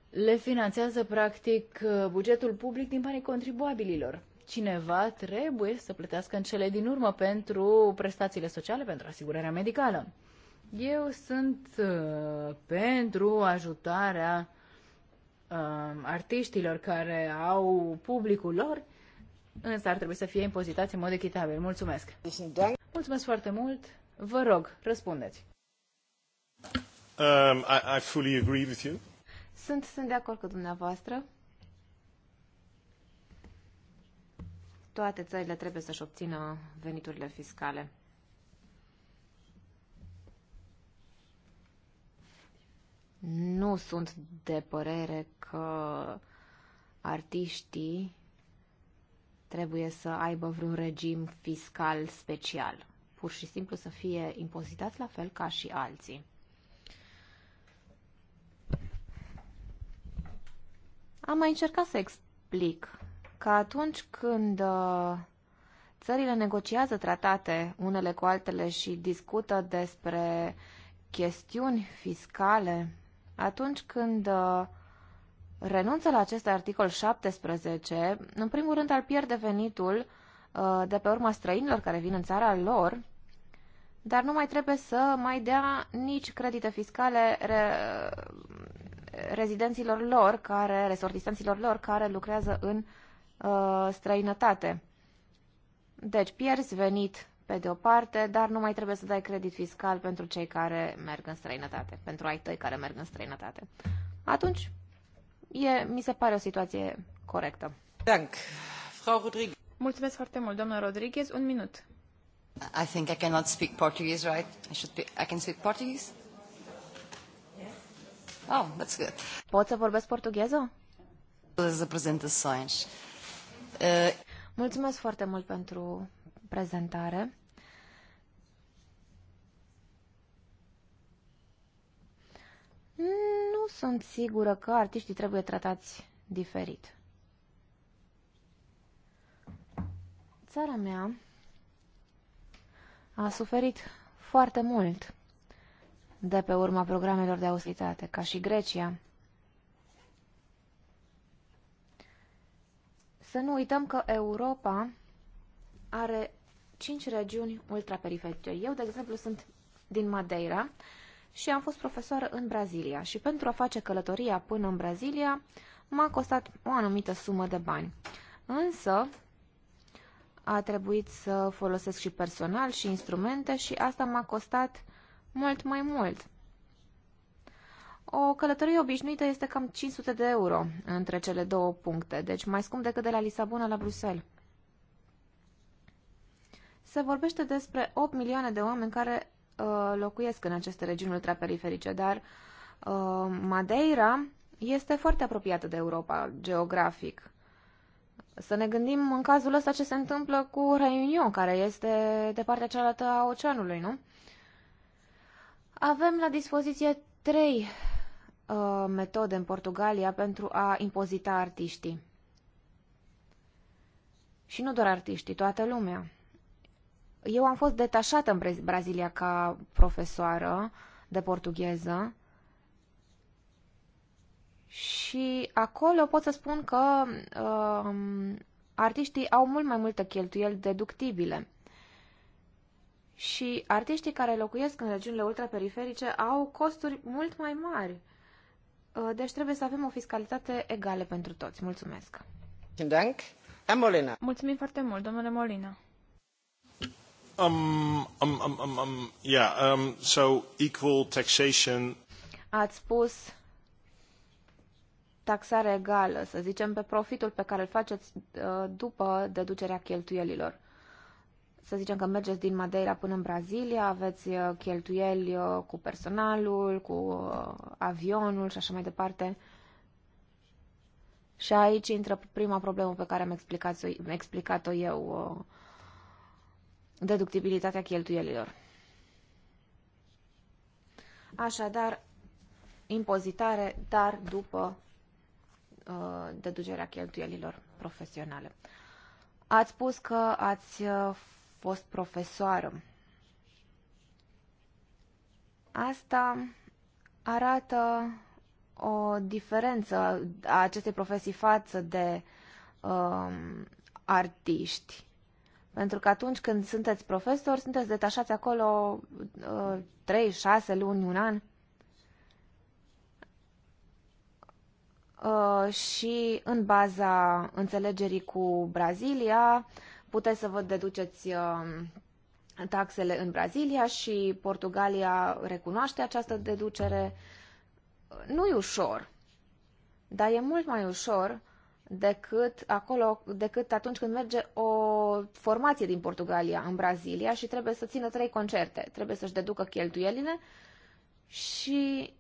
le finanțează practic bugetul public din banii contribuabililor. Cineva trebuie să plătească în cele din urmă pentru prestațiile sociale, pentru asigurarea medicală. Eu sunt uh, pentru ajutarea uh, artiștilor care au publicul lor, însă ar trebui să fie impozitați în mod echitabil. Mulțumesc! Mulțumesc foarte mult! Vă rog, răspundeți! Um, I, I fully agree with you. Sunt, sunt de acord cu dumneavoastră. Toate țările trebuie să-și obțină veniturile fiscale. Nu sunt de părere că artiștii trebuie să aibă vreun regim fiscal special. Pur și simplu să fie impozitați la fel ca și alții. Am mai încercat să explic că atunci când uh, țările negociază tratate unele cu altele și discută despre chestiuni fiscale atunci când uh, renunță la acest articol 17, în primul rând ar pierde venitul uh, de pe urma străinilor care vin în țara lor, dar nu mai trebuie să mai dea nici credite fiscale re, uh, rezidenților lor, care, resortistanților lor care lucrează în uh, străinătate. Deci pierzi venit pe de o parte, dar nu mai trebuie să dai credit fiscal pentru cei care merg în străinătate, pentru ai tăi care merg în străinătate. Atunci, e, mi se pare o situație corectă. Thank. Frau Rodriguez. Mulțumesc foarte mult, doamna Rodriguez. Un minut. I think I cannot speak Portuguese, right? I should be, I can speak Portuguese? Oh, that's good. Pot să vorbesc portugheză? Uh... Mulțumesc foarte mult pentru prezentare. Nu sunt sigură că artiștii trebuie tratați diferit. Țara mea a suferit foarte mult de pe urma programelor de austeritate, ca și Grecia. Să nu uităm că Europa are cinci regiuni ultraperiferice. Eu, de exemplu, sunt din Madeira și am fost profesoară în Brazilia și pentru a face călătoria până în Brazilia m-a costat o anumită sumă de bani. Însă a trebuit să folosesc și personal și instrumente și asta m-a costat mult mai mult. O călătorie obișnuită este cam 500 de euro între cele două puncte, deci mai scump decât de la Lisabona la Bruxelles. Se vorbește despre 8 milioane de oameni care uh, locuiesc în aceste regiuni ultraperiferice, dar uh, Madeira este foarte apropiată de Europa geografic. Să ne gândim în cazul ăsta ce se întâmplă cu Reunion, care este de partea cealaltă a oceanului, nu? Avem la dispoziție trei uh, metode în Portugalia pentru a impozita artiștii. Și nu doar artiștii, toată lumea. Eu am fost detașată în Brazilia ca profesoară de portugheză și acolo pot să spun că uh, artiștii au mult mai multe cheltuieli deductibile. Și artiștii care locuiesc în regiunile ultraperiferice au costuri mult mai mari. Uh, deci trebuie să avem o fiscalitate egală pentru toți. Mulțumesc! Mulțumim foarte mult, domnule Molina. Um um, um, um, um, yeah, um, so equal taxation. Ați spus taxare egală, să zicem, pe profitul pe care îl faceți uh, după deducerea cheltuielilor. Să zicem că mergeți din Madeira până în Brazilia, aveți uh, cheltuieli uh, cu personalul, cu avionul și așa mai departe. Și aici intră prima problemă pe care am explicat-o explicat eu deductibilitatea cheltuielilor. Așadar, impozitare, dar după uh, deducerea cheltuielilor profesionale. Ați spus că ați uh, fost profesoară. Asta arată o diferență a acestei profesii față de uh, artiști. Pentru că atunci când sunteți profesor, sunteți detașați acolo uh, 3, 6 luni, un an. Uh, și în baza înțelegerii cu Brazilia, puteți să vă deduceți uh, taxele în Brazilia și Portugalia recunoaște această deducere. Nu e ușor, dar e mult mai ușor decât, acolo, decât atunci când merge o formație din Portugalia în Brazilia și trebuie să țină trei concerte. Trebuie să-și deducă cheltuielile și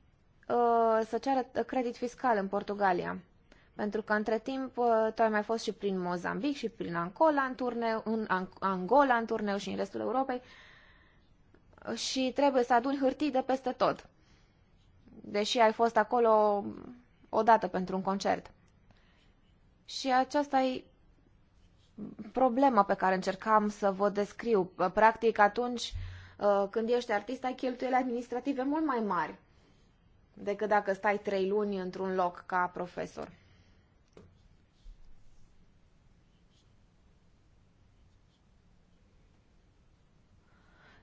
uh, să ceară credit fiscal în Portugalia. Pentru că între timp uh, tu ai mai fost și prin Mozambic și prin Angola în turneu, în Angola în turneu și în restul Europei și trebuie să aduni hârtii de peste tot. Deși ai fost acolo o dată pentru un concert. Și aceasta e problema pe care încercam să vă descriu. Practic, atunci uh, când ești artist, ai cheltuieli administrative mult mai mari decât dacă stai trei luni într-un loc ca profesor.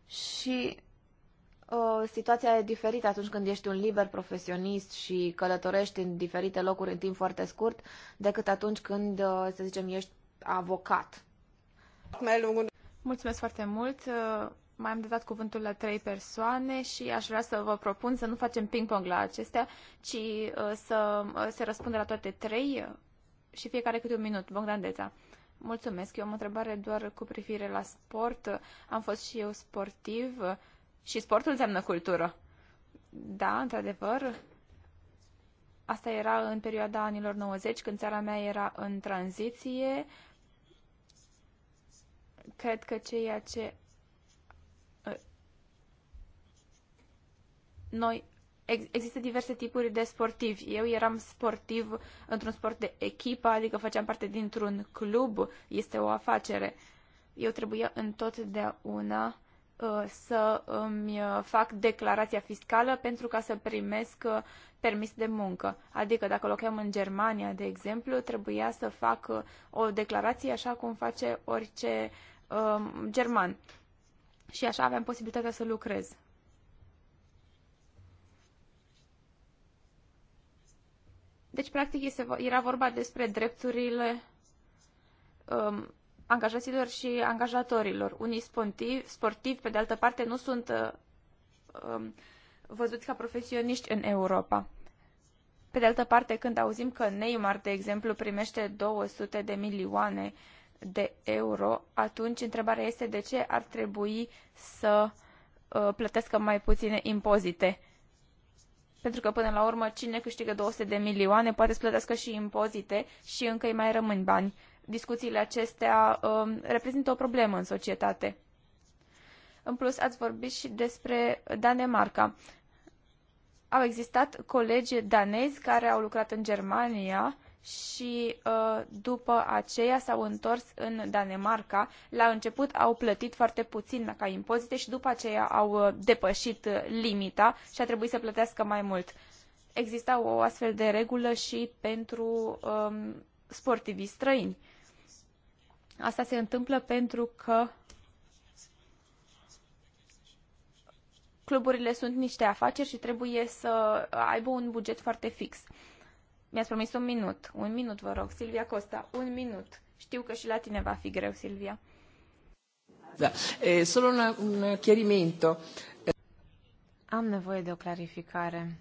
Și Uh, situația e diferită atunci când ești un liber profesionist și călătorești în diferite locuri în timp foarte scurt, decât atunci când, uh, să zicem, ești avocat. Mulțumesc foarte mult! Uh, mai am dat cuvântul la trei persoane și aș vrea să vă propun să nu facem ping-pong la acestea, ci să se răspundă la toate trei și fiecare câte un minut. Bogdan Deța. Mulțumesc. Eu am o întrebare doar cu privire la sport. Am fost și eu sportiv și sportul înseamnă cultură. Da, într-adevăr. Asta era în perioada anilor 90, când țara mea era în tranziție. Cred că ceea ce ă, noi există diverse tipuri de sportivi. Eu eram sportiv într-un sport de echipă, adică făceam parte dintr-un club, este o afacere. Eu trebuia întotdeauna Uh, să îmi uh, fac declarația fiscală pentru ca să primesc uh, permis de muncă. Adică dacă locuiam în Germania, de exemplu, trebuia să fac o declarație așa cum face orice um, german. Și așa aveam posibilitatea să lucrez. Deci, practic, este, era vorba despre drepturile um, angajaților și angajatorilor. Unii sportivi, sportivi pe de altă parte, nu sunt uh, um, văzuți ca profesioniști în Europa. Pe de altă parte, când auzim că Neymar, de exemplu, primește 200 de milioane de euro, atunci întrebarea este de ce ar trebui să uh, plătească mai puține impozite. Pentru că, până la urmă, cine câștigă 200 de milioane poate să plătească și impozite și încă îi mai rămân bani discuțiile acestea um, reprezintă o problemă în societate. În plus, ați vorbit și despre Danemarca. Au existat colegi danezi care au lucrat în Germania și uh, după aceea s-au întors în Danemarca. La început au plătit foarte puțin ca impozite și după aceea au uh, depășit uh, limita și a trebuit să plătească mai mult. Exista o astfel de regulă și pentru um, sportivii străini. Asta se întâmplă pentru că cluburile sunt niște afaceri și trebuie să aibă un buget foarte fix. Mi-ați promis un minut. Un minut, vă rog. Silvia Costa, un minut. Știu că și la tine va fi greu, Silvia. Da. E, solo una, un chiarimento. Am nevoie de o clarificare.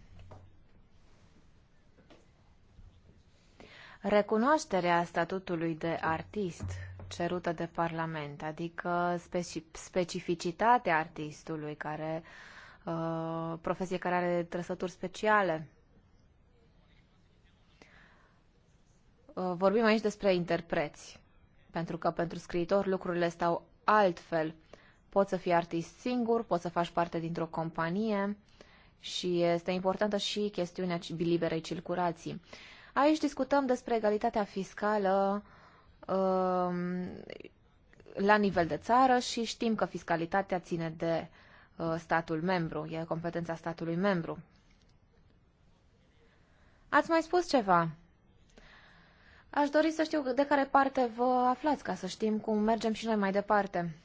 Recunoașterea statutului de artist cerută de Parlament, adică specificitatea artistului, care, uh, profesie care are trăsături speciale. Uh, vorbim aici despre interpreți, pentru că pentru scriitor lucrurile stau altfel. Poți să fii artist singur, poți să faci parte dintr-o companie și este importantă și chestiunea liberei circulații. Aici discutăm despre egalitatea fiscală Um, la nivel de țară și știm că fiscalitatea ține de uh, statul membru, e competența statului membru. Ați mai spus ceva. Aș dori să știu de care parte vă aflați, ca să știm cum mergem și noi mai departe.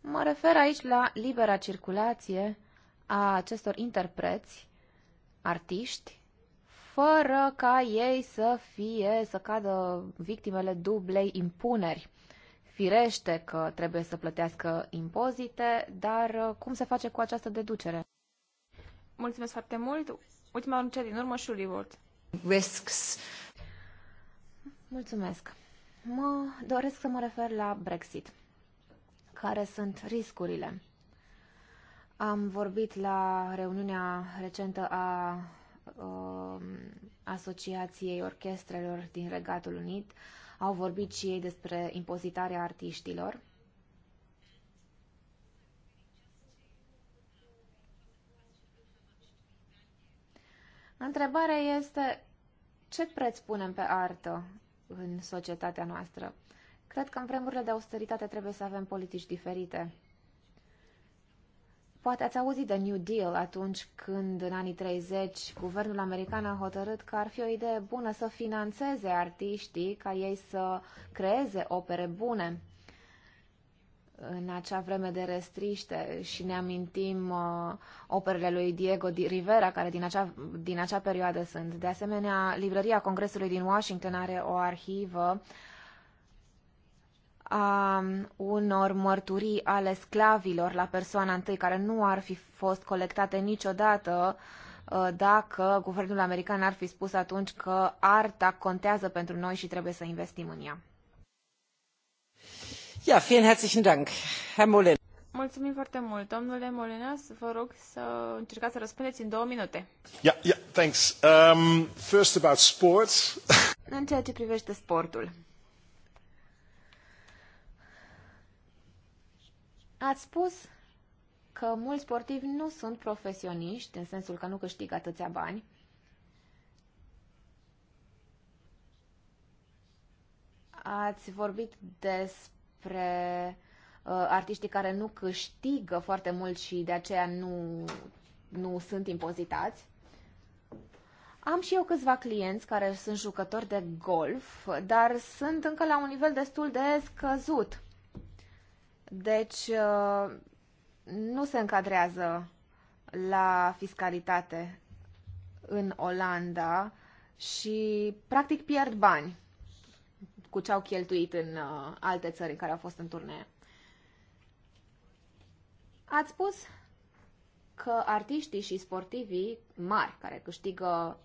Mă refer aici la libera circulație a acestor interpreți, artiști, fără ca ei să fie, să cadă victimele dublei impuneri. Firește că trebuie să plătească impozite, dar uh, cum se face cu această deducere? Mulțumesc foarte mult. Ultima anunță din urmă, Shulivort. Risks. Mulțumesc. Mă doresc să mă refer la Brexit. Care sunt riscurile? Am vorbit la reuniunea recentă a uh, Asociației Orchestrelor din Regatul Unit au vorbit și ei despre impozitarea artiștilor. Întrebarea este ce preț punem pe artă în societatea noastră? Cred că în vremurile de austeritate trebuie să avem politici diferite. Poate ați auzit de New Deal atunci când, în anii 30, guvernul american a hotărât că ar fi o idee bună să financeze artiștii ca ei să creeze opere bune. În acea vreme de restriște și ne amintim uh, operele lui Diego Di Rivera, care din acea, din acea perioadă sunt. De asemenea, librăria Congresului din Washington are o arhivă uh, a unor mărturii ale sclavilor la persoana întâi, care nu ar fi fost colectate niciodată uh, dacă guvernul american ar fi spus atunci că arta contează pentru noi și trebuie să investim în ea. Ja, vielen herzlichen Dank, Herr Molen. Mulțumim foarte mult. Domnule Molinas, vă rog să încercați să răspundeți în două minute. Yeah, yeah, thanks. Um, first about sports. în ceea ce privește sportul. Ați spus că mulți sportivi nu sunt profesioniști, în sensul că nu câștigă atâția bani. Ați vorbit despre uh, artiștii care nu câștigă foarte mult și de aceea nu, nu sunt impozitați. Am și eu câțiva clienți care sunt jucători de golf, dar sunt încă la un nivel destul de scăzut. Deci, uh, nu se încadrează la fiscalitate în Olanda și, practic, pierd bani cu ce au cheltuit în uh, alte țări în care au fost în turnee. Ați spus că artiștii și sportivii mari, care câștigă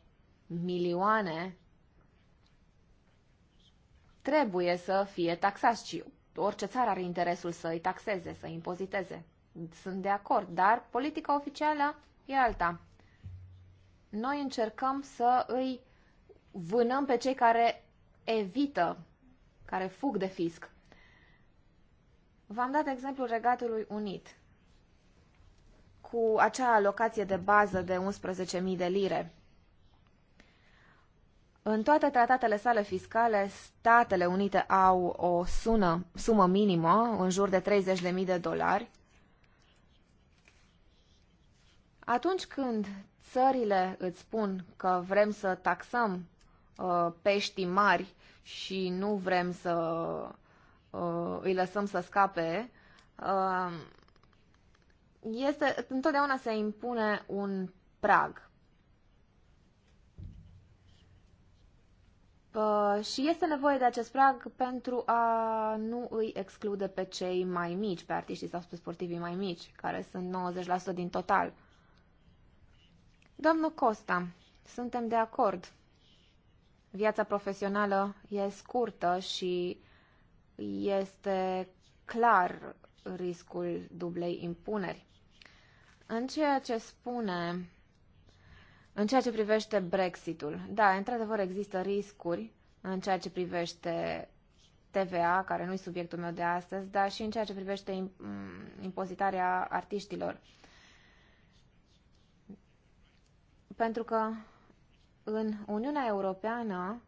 milioane, trebuie să fie taxați și orice țară are interesul să îi taxeze, să îi impoziteze. Sunt de acord, dar politica oficială e alta. Noi încercăm să îi vânăm pe cei care evită, care fug de fisc. V-am dat exemplul Regatului Unit cu acea alocație de bază de 11.000 de lire. În toate tratatele sale fiscale, Statele Unite au o sună, sumă minimă, în jur de 30.000 de dolari. Atunci când țările îți spun că vrem să taxăm uh, peștii mari și nu vrem să uh, îi lăsăm să scape, uh, este, întotdeauna se impune un prag Uh, și este nevoie de acest prag pentru a nu îi exclude pe cei mai mici, pe artiștii sau pe sportivii mai mici, care sunt 90% din total. Domnul Costa, suntem de acord. Viața profesională e scurtă și este clar riscul dublei impuneri. În ceea ce spune în ceea ce privește Brexitul, da, într-adevăr există riscuri în ceea ce privește TVA, care nu e subiectul meu de astăzi, dar și în ceea ce privește mm, impozitarea artiștilor. Pentru că în Uniunea Europeană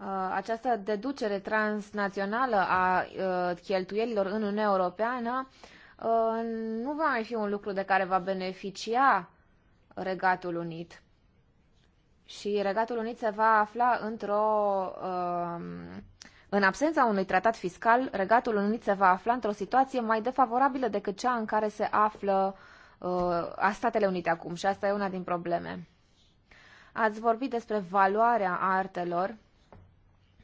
ă, această deducere transnațională a ă, cheltuielilor în Uniunea Europeană Uh, nu va mai fi un lucru de care va beneficia Regatul Unit. Și Regatul Unit se va afla într-o. Um, în absența unui tratat fiscal, Regatul Unit se va afla într-o situație mai defavorabilă decât cea în care se află uh, a Statele Unite acum și asta e una din probleme. Ați vorbit despre valoarea artelor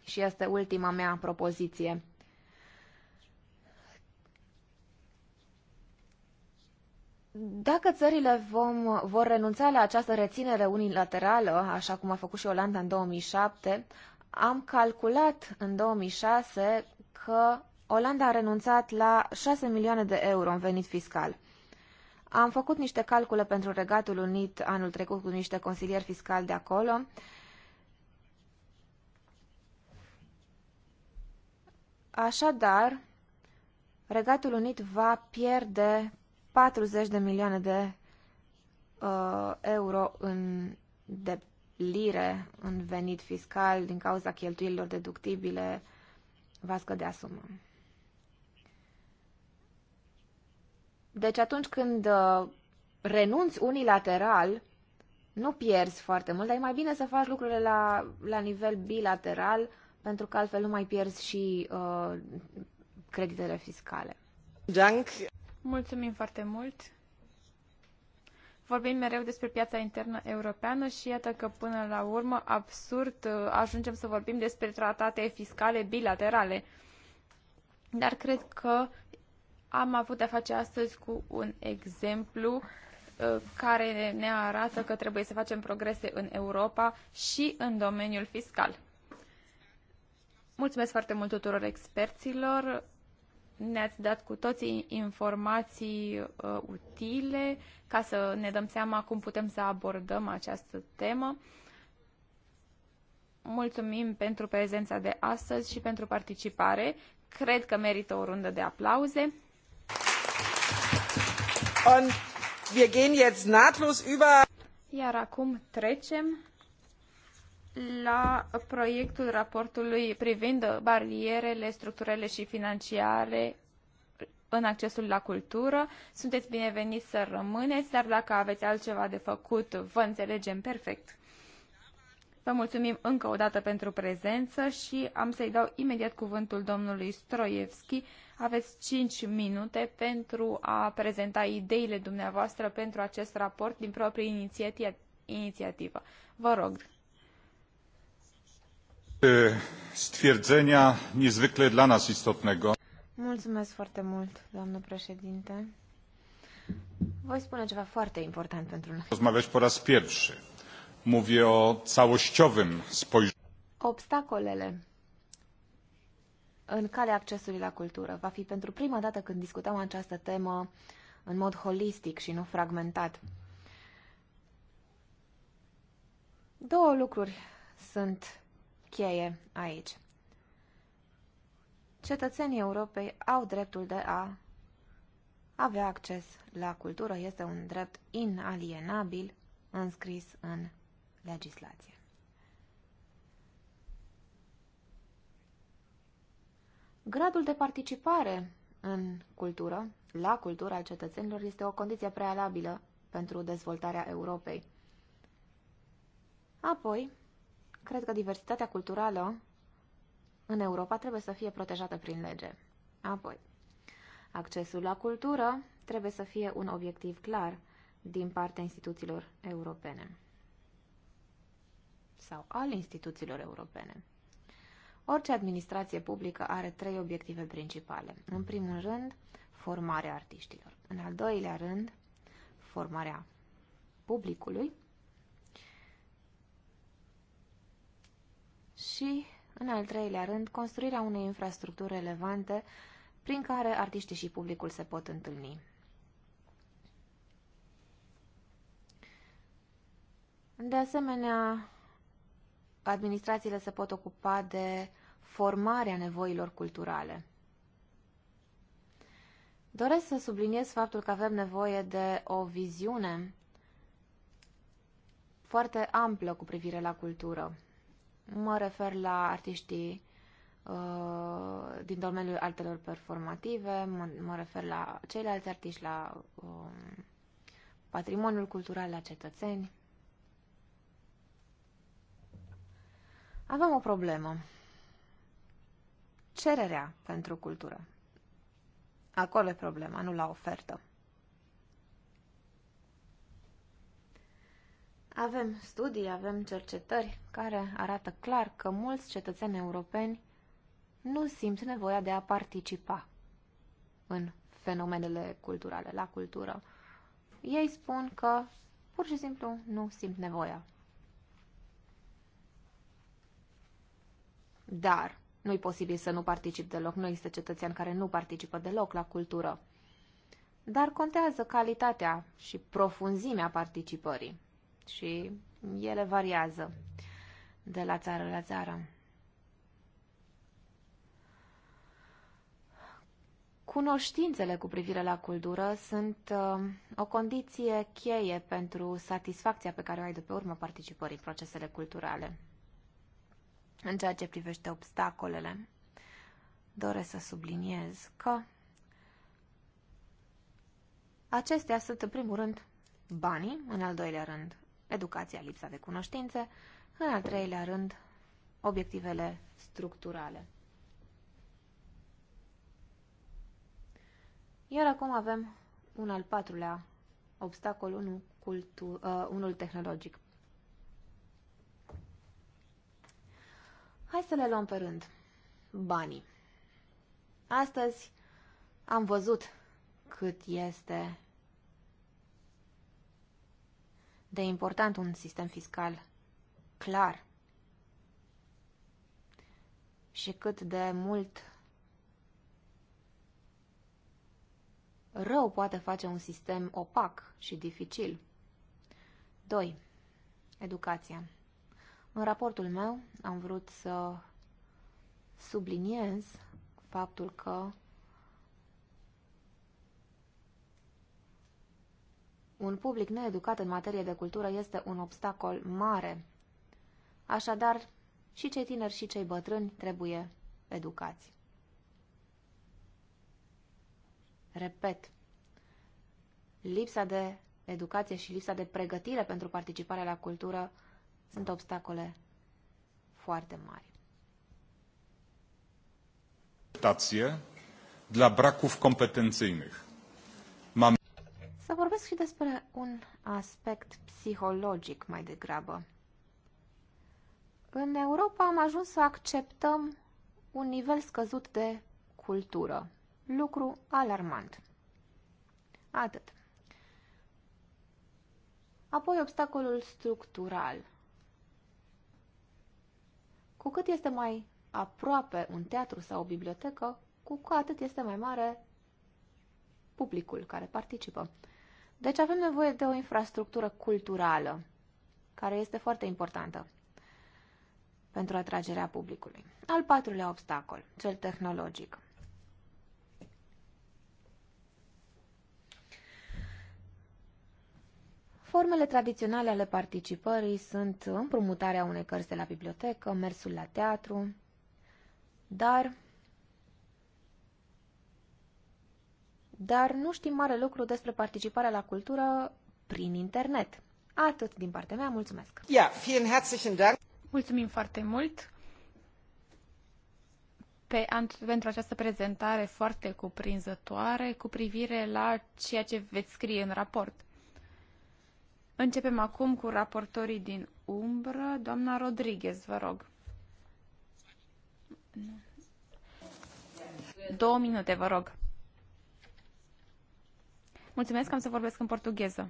și este ultima mea propoziție. Dacă țările vom, vor renunța la această reținere unilaterală, așa cum a făcut și Olanda în 2007, am calculat în 2006 că Olanda a renunțat la 6 milioane de euro în venit fiscal. Am făcut niște calcule pentru Regatul Unit anul trecut cu niște consilieri fiscali de acolo. Așadar, Regatul Unit va pierde 40 de milioane de uh, euro în de lire în venit fiscal din cauza cheltuielilor deductibile va scădea sumă. Deci atunci când uh, renunți unilateral, nu pierzi foarte mult, dar e mai bine să faci lucrurile la, la nivel bilateral, pentru că altfel nu mai pierzi și uh, creditele fiscale. Dank. Mulțumim foarte mult! Vorbim mereu despre piața internă europeană și iată că până la urmă, absurd, uh, ajungem să vorbim despre tratate fiscale bilaterale. Dar cred că am avut de-a face astăzi cu un exemplu uh, care ne arată că trebuie să facem progrese în Europa și în domeniul fiscal. Mulțumesc foarte mult tuturor experților ne-ați dat cu toții informații uh, utile ca să ne dăm seama cum putem să abordăm această temă. Mulțumim pentru prezența de astăzi și pentru participare. Cred că merită o rundă de aplauze. Und wir gehen jetzt nahtlos über Iar acum trecem la proiectul raportului privind barierele structurale și financiare în accesul la cultură. Sunteți bineveniți să rămâneți, dar dacă aveți altceva de făcut, vă înțelegem perfect. Vă mulțumim încă o dată pentru prezență și am să-i dau imediat cuvântul domnului Stroievski. Aveți 5 minute pentru a prezenta ideile dumneavoastră pentru acest raport din proprie inițiativă. Vă rog stwierdzenia niezwykle dla nas istotnego. Mulțumesc foarte mult, doamnă președinte. Voi spune ceva foarte important pentru noi. Rozmawiać po raz pierwszy. Mówię o całościowym spojrzeniu. Obstacolele în calea accesului la cultură va fi pentru prima dată când discutăm această temă în mod holistic și nu fragmentat. Două lucruri sunt cheie aici. Cetățenii Europei au dreptul de a avea acces la cultură. Este un drept inalienabil înscris în legislație. Gradul de participare în cultură, la cultura cetățenilor, este o condiție prealabilă pentru dezvoltarea Europei. Apoi, Cred că diversitatea culturală în Europa trebuie să fie protejată prin lege. Apoi, accesul la cultură trebuie să fie un obiectiv clar din partea instituțiilor europene sau al instituțiilor europene. Orice administrație publică are trei obiective principale. În primul rând, formarea artiștilor. În al doilea rând, formarea publicului și, în al treilea rând, construirea unei infrastructuri relevante prin care artiștii și publicul se pot întâlni. De asemenea, administrațiile se pot ocupa de formarea nevoilor culturale. Doresc să subliniez faptul că avem nevoie de o viziune foarte amplă cu privire la cultură. Mă refer la artiștii uh, din domeniul altelor performative, mă, mă refer la ceilalți artiști, la uh, patrimoniul cultural, la cetățeni. Avem o problemă. Cererea pentru cultură. Acolo e problema, nu la ofertă. Avem studii, avem cercetări care arată clar că mulți cetățeni europeni nu simt nevoia de a participa în fenomenele culturale, la cultură. Ei spun că pur și simplu nu simt nevoia. Dar nu-i posibil să nu particip deloc, nu există cetățean care nu participă deloc la cultură. Dar contează calitatea și profunzimea participării și ele variază de la țară la țară. Cunoștințele cu privire la cultură sunt uh, o condiție cheie pentru satisfacția pe care o ai de pe urma participării în procesele culturale. În ceea ce privește obstacolele, doresc să subliniez că acestea sunt, în primul rând, banii, în al doilea rând, educația, lipsa de cunoștințe, în al treilea rând, obiectivele structurale. Iar acum avem un al patrulea obstacol, unul, cultu- uh, unul tehnologic. Hai să le luăm pe rând. Banii. Astăzi am văzut cât este de important un sistem fiscal clar și cât de mult rău poate face un sistem opac și dificil. 2. Educația. În raportul meu am vrut să subliniez faptul că un public needucat în materie de cultură este un obstacol mare. Așadar, și cei tineri și cei bătrâni trebuie educați. Repet, lipsa de educație și lipsa de pregătire pentru participarea la cultură sunt obstacole foarte mari. Dla braków kompetencyjnych Vorbesc și despre un aspect psihologic mai degrabă. În Europa am ajuns să acceptăm un nivel scăzut de cultură. Lucru alarmant. Atât. Apoi obstacolul structural. Cu cât este mai aproape un teatru sau o bibliotecă, cu atât este mai mare publicul care participă. Deci avem nevoie de o infrastructură culturală, care este foarte importantă pentru atragerea publicului. Al patrulea obstacol, cel tehnologic. Formele tradiționale ale participării sunt împrumutarea unei cărți de la bibliotecă, mersul la teatru, dar dar nu știm mare lucru despre participarea la cultură prin internet. Atât din partea mea, mulțumesc! Ja, vielen herzlichen Dank! Mulțumim foarte mult pe, pentru această prezentare foarte cuprinzătoare cu privire la ceea ce veți scrie în raport. Începem acum cu raportorii din umbră. Doamna Rodriguez, vă rog. Două minute, vă rog. Mulțumesc, am să vorbesc în portugheză.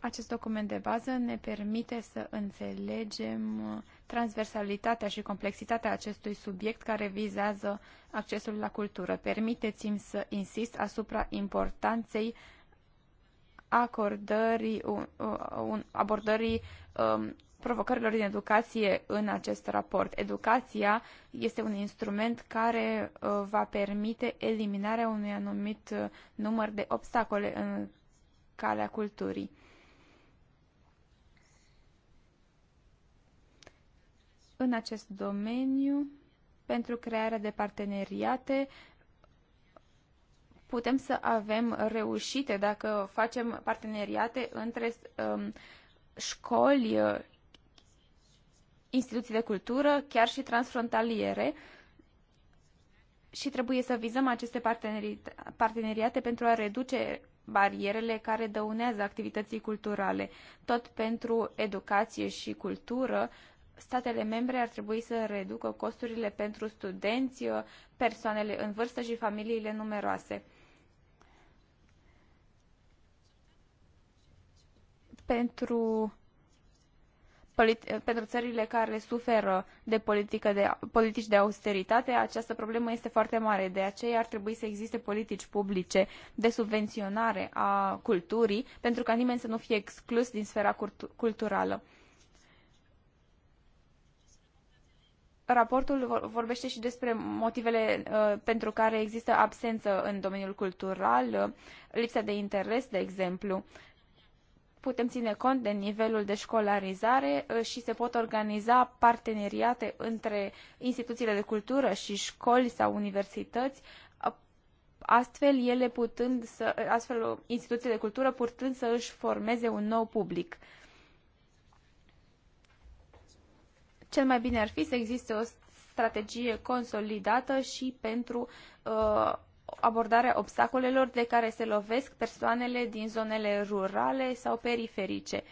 Acest document de bază ne permite să înțelegem transversalitatea și complexitatea acestui subiect care vizează accesul la cultură. Permiteți-mi să insist asupra importanței acordării, abordării um, provocărilor din educație în acest raport. Educația este un instrument care uh, va permite eliminarea unui anumit uh, număr de obstacole în calea culturii. În acest domeniu, pentru crearea de parteneriate, putem să avem reușite dacă facem parteneriate între um, școli uh, instituții de cultură, chiar și transfrontaliere, și trebuie să vizăm aceste parteneri parteneriate pentru a reduce barierele care dăunează activității culturale. Tot pentru educație și cultură, statele membre ar trebui să reducă costurile pentru studenți, persoanele în vârstă și familiile numeroase. Pentru pentru ările care suferă de, politici de austeritate, această problemă este foarte mare. De aceea ar trebui să existe politici publice de subvenționare a culturii, pentru ca nimeni să nu fie exclus din sfera culturală. Raportul vorbește și despre motivele uh, pentru care există absență în domeniul cultural, uh, lipsa de interes, de exemplu putem ține cont de nivelul de școlarizare uh, și se pot organiza parteneriate între instituțiile de cultură și școli sau universități, uh, astfel ele putând să, astfel instituțiile de cultură purtând să își formeze un nou public. Cel mai bine ar fi să existe o strategie consolidată și pentru uh, abordarea obstacolelor de care se lovesc persoanele din zonele rurale sau periferice.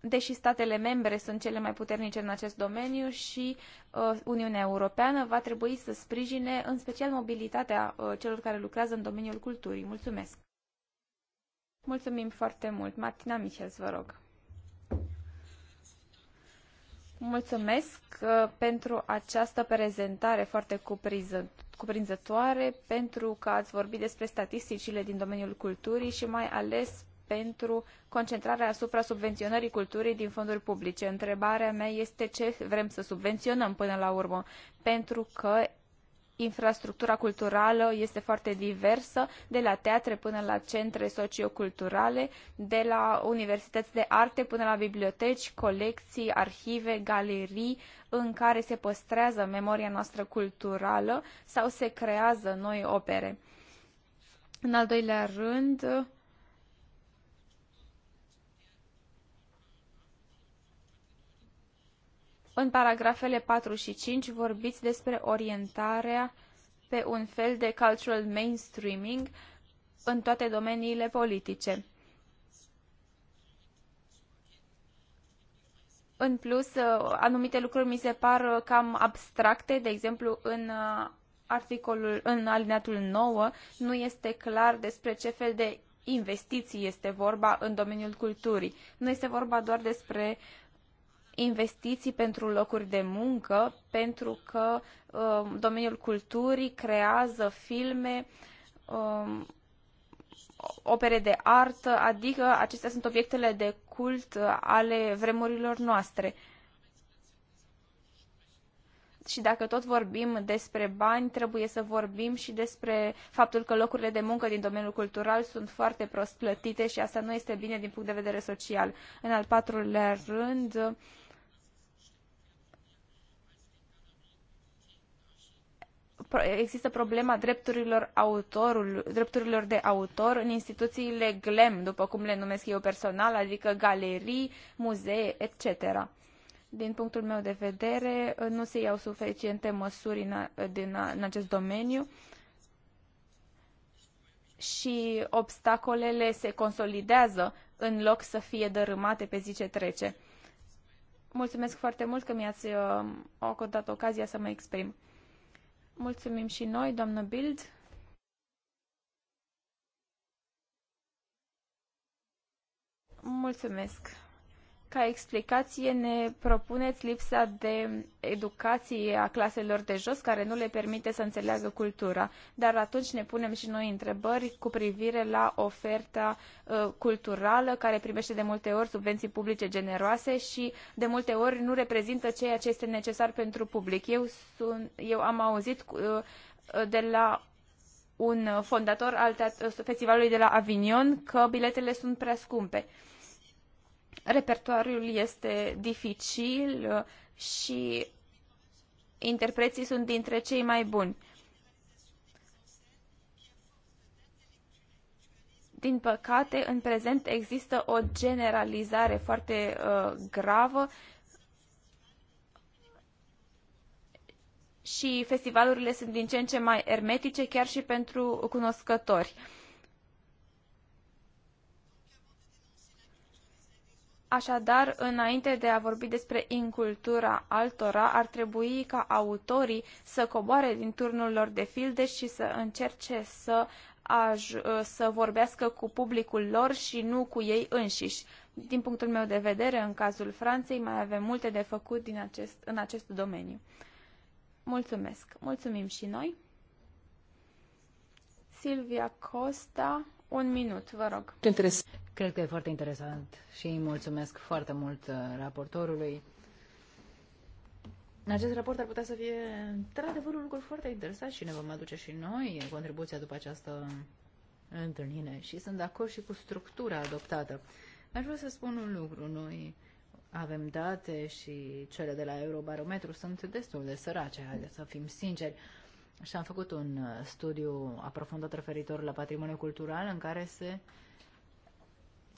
Deși statele membre sunt cele mai puternice în acest domeniu și uh, Uniunea Europeană va trebui să sprijine în special mobilitatea uh, celor care lucrează în domeniul culturii. Mulțumesc! Mulțumim foarte mult! Martina Michels, vă rog! Mulțumesc uh, pentru această prezentare foarte cuprinzătoare, pentru că ați vorbit despre statisticile din domeniul culturii și mai ales pentru concentrarea asupra subvenționării culturii din fonduri publice. Întrebarea mea este ce vrem să subvenționăm până la urmă, pentru că infrastructura culturală este foarte diversă, de la teatre până la centre socioculturale, de la universități de arte până la biblioteci, colecții, arhive, galerii, în care se păstrează memoria noastră culturală sau se creează noi opere. În al doilea rând, În paragrafele 4 și 5 vorbiți despre orientarea pe un fel de cultural mainstreaming în toate domeniile politice. În plus, uh, anumite lucruri mi se par uh, cam abstracte, de exemplu, în uh, articolul în alineatul 9 nu este clar despre ce fel de investiții este vorba în domeniul culturii. Nu este vorba doar despre investiții pentru locuri de muncă, pentru că um, domeniul culturii creează filme, um, opere de artă, adică acestea sunt obiectele de cult uh, ale vremurilor noastre. Și dacă tot vorbim despre bani, trebuie să vorbim și despre faptul că locurile de muncă din domeniul cultural sunt foarte prost plătite și asta nu este bine din punct de vedere social. În al patrulea rând, există problema drepturilor, autorul, drepturilor de autor în instituțiile GLEM, după cum le numesc eu personal, adică galerii, muzee, etc. Din punctul meu de vedere, nu se iau suficiente măsuri în, din, în acest domeniu și obstacolele se consolidează în loc să fie dărâmate pe zi ce trece. Mulțumesc foarte mult că mi-ați acordat uh, ocazia să mă exprim. Mulțumim și noi, doamnă Bild. Mulțumesc. Ca explicaie ne propuneți lipsa de educație a claselor de jos, care nu le permite să înțeleagă cultura. Dar atunci ne punem și noi întrebări cu privire la oferta uh, culturală, care primește de multe ori subvenții publice generoase și de multe ori nu reprezintă ceea ce este necesar pentru public. Eu, eu am auzit uh, de la un fondator al festivalului de la Avignon că biletele sunt prea scumpe. Uh, repertoriul este dificil uh, și interpreții sunt dintre cei mai buni. Din păcate, în prezent există o generalizare foarte uh, gravă și festivalurile sunt din ce în ce mai ermetice chiar și pentru cunoscători. Uh, Așadar, înainte de a vorbi despre incultura altora, ar trebui ca autorii să coboare din turnul lor de filde și să încerce să, aj- să vorbească cu publicul lor și nu cu ei înșiși. Din punctul meu de vedere, în cazul Franței, mai avem multe de făcut din acest, în acest domeniu. Mulțumesc! Mulțumim și noi! Silvia Costa, un minut, vă rog. Interes. Cred că e foarte interesant și îi mulțumesc foarte mult uh, raportorului. Acest raport ar putea să fie, într-adevăr, un lucru foarte interesant și ne vom aduce și noi contribuția după această întâlnire. Și sunt de acord și cu structura adoptată. Aș vrea să spun un lucru. Noi avem date și cele de la Eurobarometru sunt destul de sărace, haideți să fim sinceri. Și am făcut un uh, studiu aprofundat referitor la patrimoniul cultural în care se uh,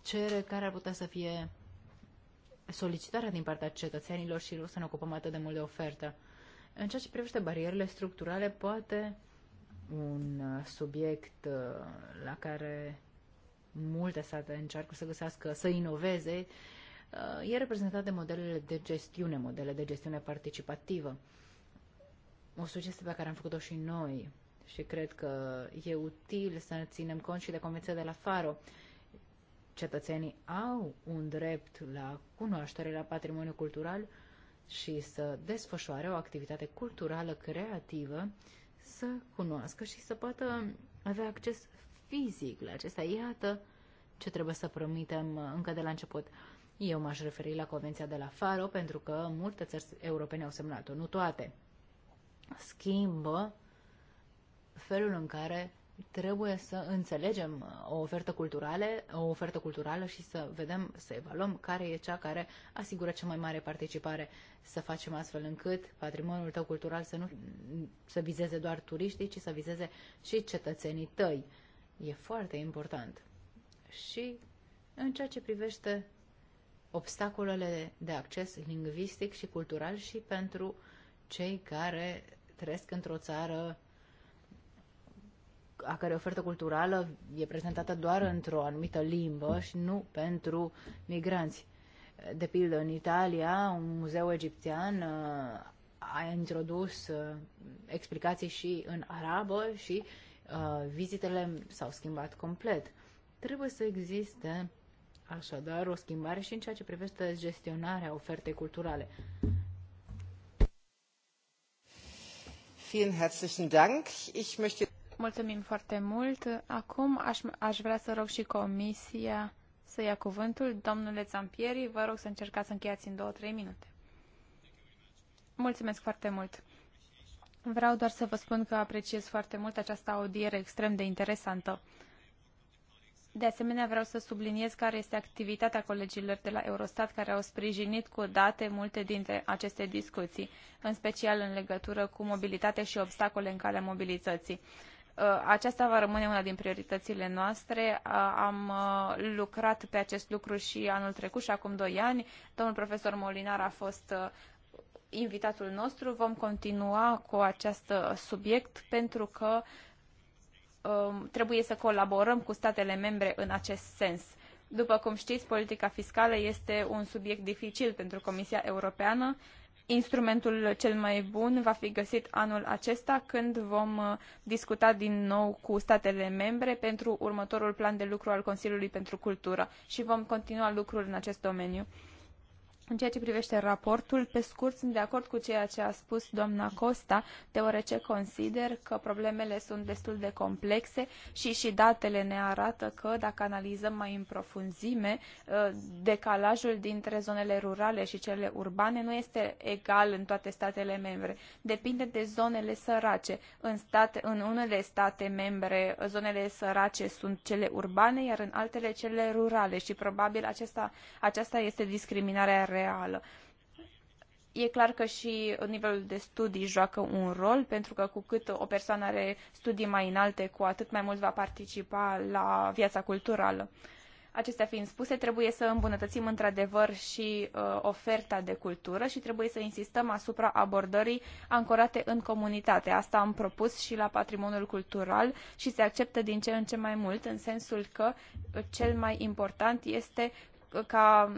cere care ar putea să fie solicitarea din partea cetățenilor și să ne ocupăm atât de mult de ofertă. În ceea ce privește barierele structurale, poate un uh, subiect uh, la care multe state încearcă să găsească, să inoveze, uh, e reprezentat de modelele de gestiune, modele de gestiune participativă. O sugestie pe care am făcut-o și noi și cred că e util să ținem cont și de Convenția de la Faro, cetățenii au un drept la cunoaștere, la patrimoniu cultural și să desfășoare o activitate culturală creativă, să cunoască și să poată avea acces fizic la acesta. Iată ce trebuie să promitem uh, încă de la început. Eu m-aș referi la Convenția de la Faro, pentru că multe țări europene au semnat-o, nu toate. Schimbă felul în care trebuie să înțelegem uh, o ofertă culturală, o ofertă culturală și să vedem, să evaluăm care e cea care asigură cea mai mare participare, să facem astfel încât patrimoniul tău cultural să nu mm, să vizeze doar turiștii, ci să vizeze și cetățenii tăi. E foarte important. Și în ceea ce privește obstacolele de acces lingvistic și cultural și pentru cei care trăiesc într-o țară a care ofertă culturală e prezentată doar într-o anumită limbă și nu pentru migranți. De pildă, în Italia, un muzeu egiptean uh, a introdus uh, explicații și în arabă și uh, vizitele s-au schimbat complet. Trebuie să existe așadar o schimbare și în ceea ce privește gestionarea ofertei culturale. Vielen herzlichen Dank. Ich möchte Mulțumim foarte mult. Acum aș, aș vrea să rog și Comisia să ia cuvântul. Domnule Zampieri, vă rog să încercați să încheiați în 2-3 minute. Mulțumesc foarte mult. Vreau doar să vă spun că apreciez foarte mult această audiere extrem de interesantă. De asemenea, vreau să subliniez care este activitatea colegilor de la Eurostat care au sprijinit cu date multe dintre aceste discuții, în special în legătură cu mobilitatea și obstacole în calea mobilității. Ă, aceasta va rămâne una din prioritățile noastre. Ă, am ă, lucrat pe acest lucru și anul trecut și acum doi ani. Domnul profesor Molinar a fost invitatul nostru. Vom continua cu acest subiect pentru că trebuie să colaborăm cu statele membre în acest sens. După cum știți, politica fiscală este un subiect dificil pentru Comisia Europeană Instrumentul cel mai bun va fi găsit anul acesta când vom uh, discuta din nou cu statele membre pentru următorul plan de lucru al Consiliului pentru Cultură și vom continua lucrul în acest domeniu. În ceea ce privește raportul, pe scurt, sunt de acord cu ceea ce a spus doamna Costa, deoarece consider că problemele sunt destul de complexe și și datele ne arată că, dacă analizăm mai în profunzime, ă, decalajul dintre zonele rurale și cele urbane nu este egal în toate statele membre. Depinde de zonele sărace. În, state, în unele state membre, zonele sărace sunt cele urbane, iar în altele cele rurale și probabil acesta, aceasta este discriminarea reală. E clar că și nivelul de studii joacă un rol, pentru că cu cât o persoană are studii mai înalte, cu atât mai mult va participa la viața culturală. Acestea fiind spuse, trebuie să îmbunătățim într-adevăr și uh, oferta de cultură și trebuie să insistăm asupra abordării ancorate în comunitate. Asta am propus și la patrimoniul cultural și se acceptă din ce în ce mai mult, în sensul că uh, cel mai important este ca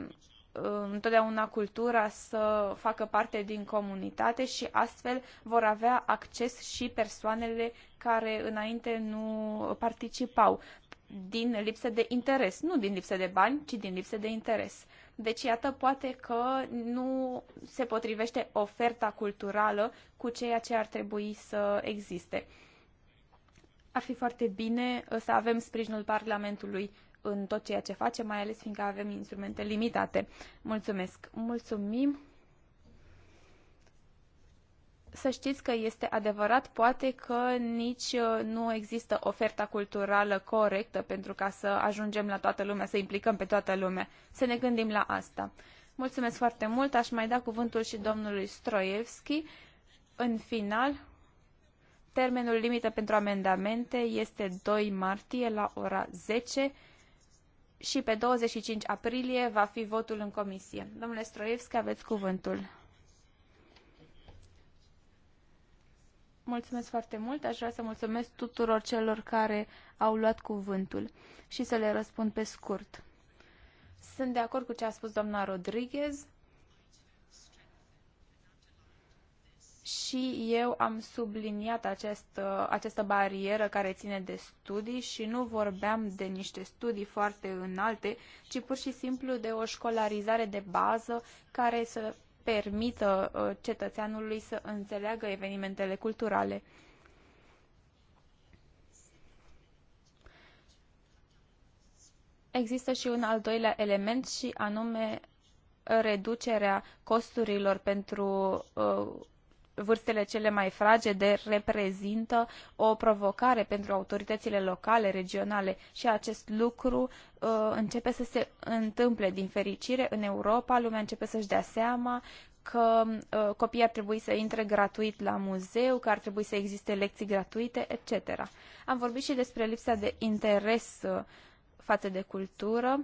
Uh, întotdeauna cultura să facă parte din comunitate și astfel vor avea acces și persoanele care înainte nu participau din lipsă de interes, nu din lipsă de bani, ci din lipsă de interes. Deci, iată, poate că nu se potrivește oferta culturală cu ceea ce ar trebui să existe. Ar fi foarte bine uh, să avem sprijinul Parlamentului în tot ceea ce facem, mai ales fiindcă avem instrumente limitate. Mulțumesc! Mulțumim! Să știți că este adevărat, poate că nici uh, nu există oferta culturală corectă pentru ca să ajungem la toată lumea, să implicăm pe toată lumea. Să ne gândim la asta. Mulțumesc foarte mult. Aș mai da cuvântul și domnului Stroievski. În final, termenul limită pentru amendamente este 2 martie la ora 10 și pe 25 aprilie va fi votul în comisie. Domnule Stroievski, aveți cuvântul. Mulțumesc foarte mult. Aș vrea să mulțumesc tuturor celor care au luat cuvântul și să le răspund pe scurt. Sunt de acord cu ce a spus doamna Rodriguez. și eu am subliniat acest, această barieră care ține de studii și nu vorbeam de niște studii foarte înalte, ci pur și simplu de o școlarizare de bază care să permită uh, cetățeanului să înțeleagă evenimentele culturale. Există și un al doilea element și anume reducerea costurilor pentru uh, vârstele cele mai fragede reprezintă o provocare pentru autoritățile locale, regionale și acest lucru uh, începe să se întâmple din fericire în Europa, lumea începe să-și dea seama că uh, copiii ar trebui să intre gratuit la muzeu, că ar trebui să existe lecții gratuite, etc. Am vorbit și despre lipsa de interes uh, față de cultură.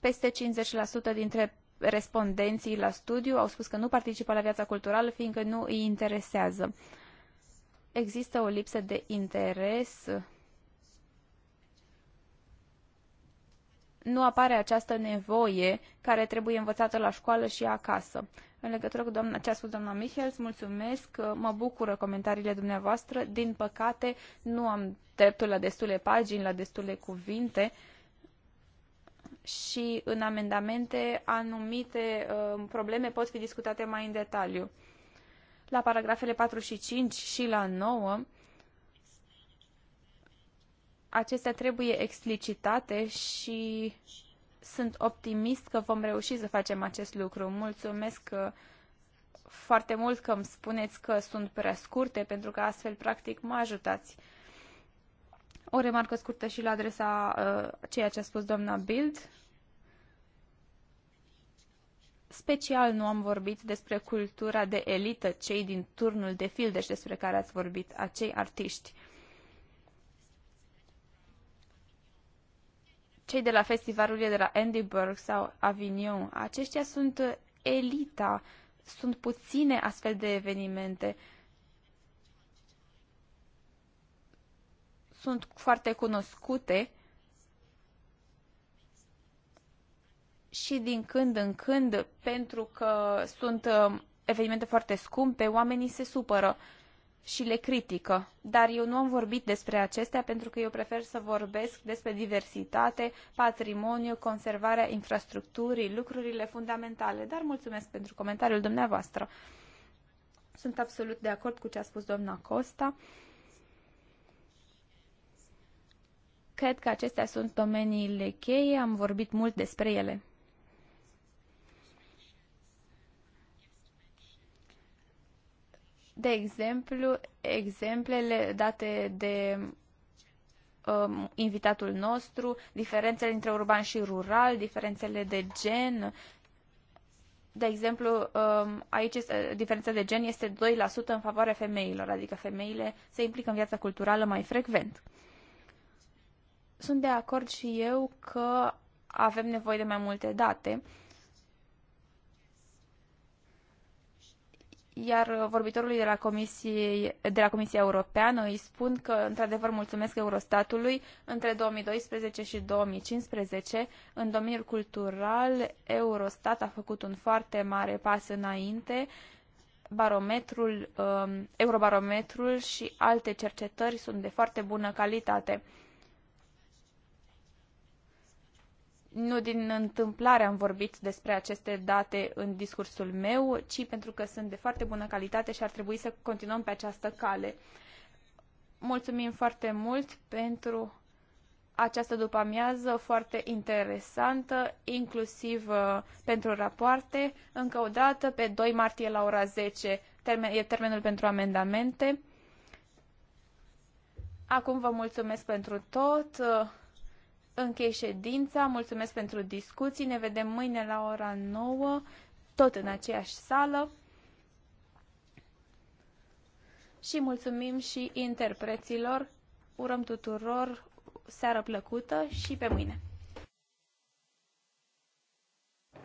Peste 50% dintre respondenții la studiu au spus că nu participă la viața culturală fiindcă nu îi interesează. Există o lipsă de interes nu apare această nevoie care trebuie învățată la școală și acasă. În legătură cu doamna, ce a spus doamna Michels, mulțumesc, mă bucură comentariile dumneavoastră. Din păcate, nu am dreptul la destule pagini, la destule cuvinte. Uh, și în amendamente anumite uh, probleme pot fi discutate mai în detaliu. La paragrafele 4 și 5 și la 9 acestea trebuie explicitate și sunt optimist că vom reuși să facem acest lucru. Mulțumesc uh, foarte mult că îmi spuneți că sunt prea scurte, pentru că astfel, practic, mă ajutați o remarcă scurtă și la adresa uh, ceea ce a spus doamna Bild. Special nu am vorbit despre cultura de elită, cei din turnul de fildeș despre care ați vorbit, acei artiști. Cei de la festivalurile de la Edinburgh sau Avignon, aceștia sunt elita, sunt puține astfel de evenimente. Uh, sunt foarte cunoscute și din când în când, pentru că sunt um, evenimente foarte scumpe, oamenii se supără și le critică. Dar eu nu am vorbit despre acestea pentru că eu prefer să vorbesc despre diversitate, patrimoniu, conservarea infrastructurii, lucrurile fundamentale. Dar mulțumesc pentru comentariul dumneavoastră. Sunt absolut de acord cu ce a spus doamna Costa. Cred că acestea sunt domeniile cheie, am vorbit mult despre ele. De exemplu, exemplele date de um, invitatul nostru, diferențele între urban și rural, diferențele de gen. De exemplu, um, aici este, diferența de gen este 2% în favoarea femeilor, adică femeile se implică în viața culturală mai frecvent. Sunt de acord și eu că avem nevoie de mai multe date. Iar vorbitorului de la, Comisie, de la Comisia Europeană îi spun că, într-adevăr, mulțumesc Eurostatului. Între 2012 și 2015, în domeniul cultural, Eurostat a făcut un foarte mare pas înainte barometrul, um, eurobarometrul și alte cercetări sunt de foarte bună calitate. Nu din întâmplare am vorbit despre aceste date în discursul meu, ci pentru că sunt de foarte bună calitate și ar trebui să continuăm pe această cale. Mulțumim foarte mult pentru această după-amiază foarte interesantă, inclusiv uh, pentru rapoarte. Încă o dată, pe 2 martie la ora 10 termen, e termenul pentru amendamente. Acum vă mulțumesc pentru tot. Uh, Închei ședința, mulțumesc pentru discuții, ne vedem mâine la ora 9, tot în aceeași sală. Și mulțumim și interpreților, urăm tuturor seară plăcută și pe mâine!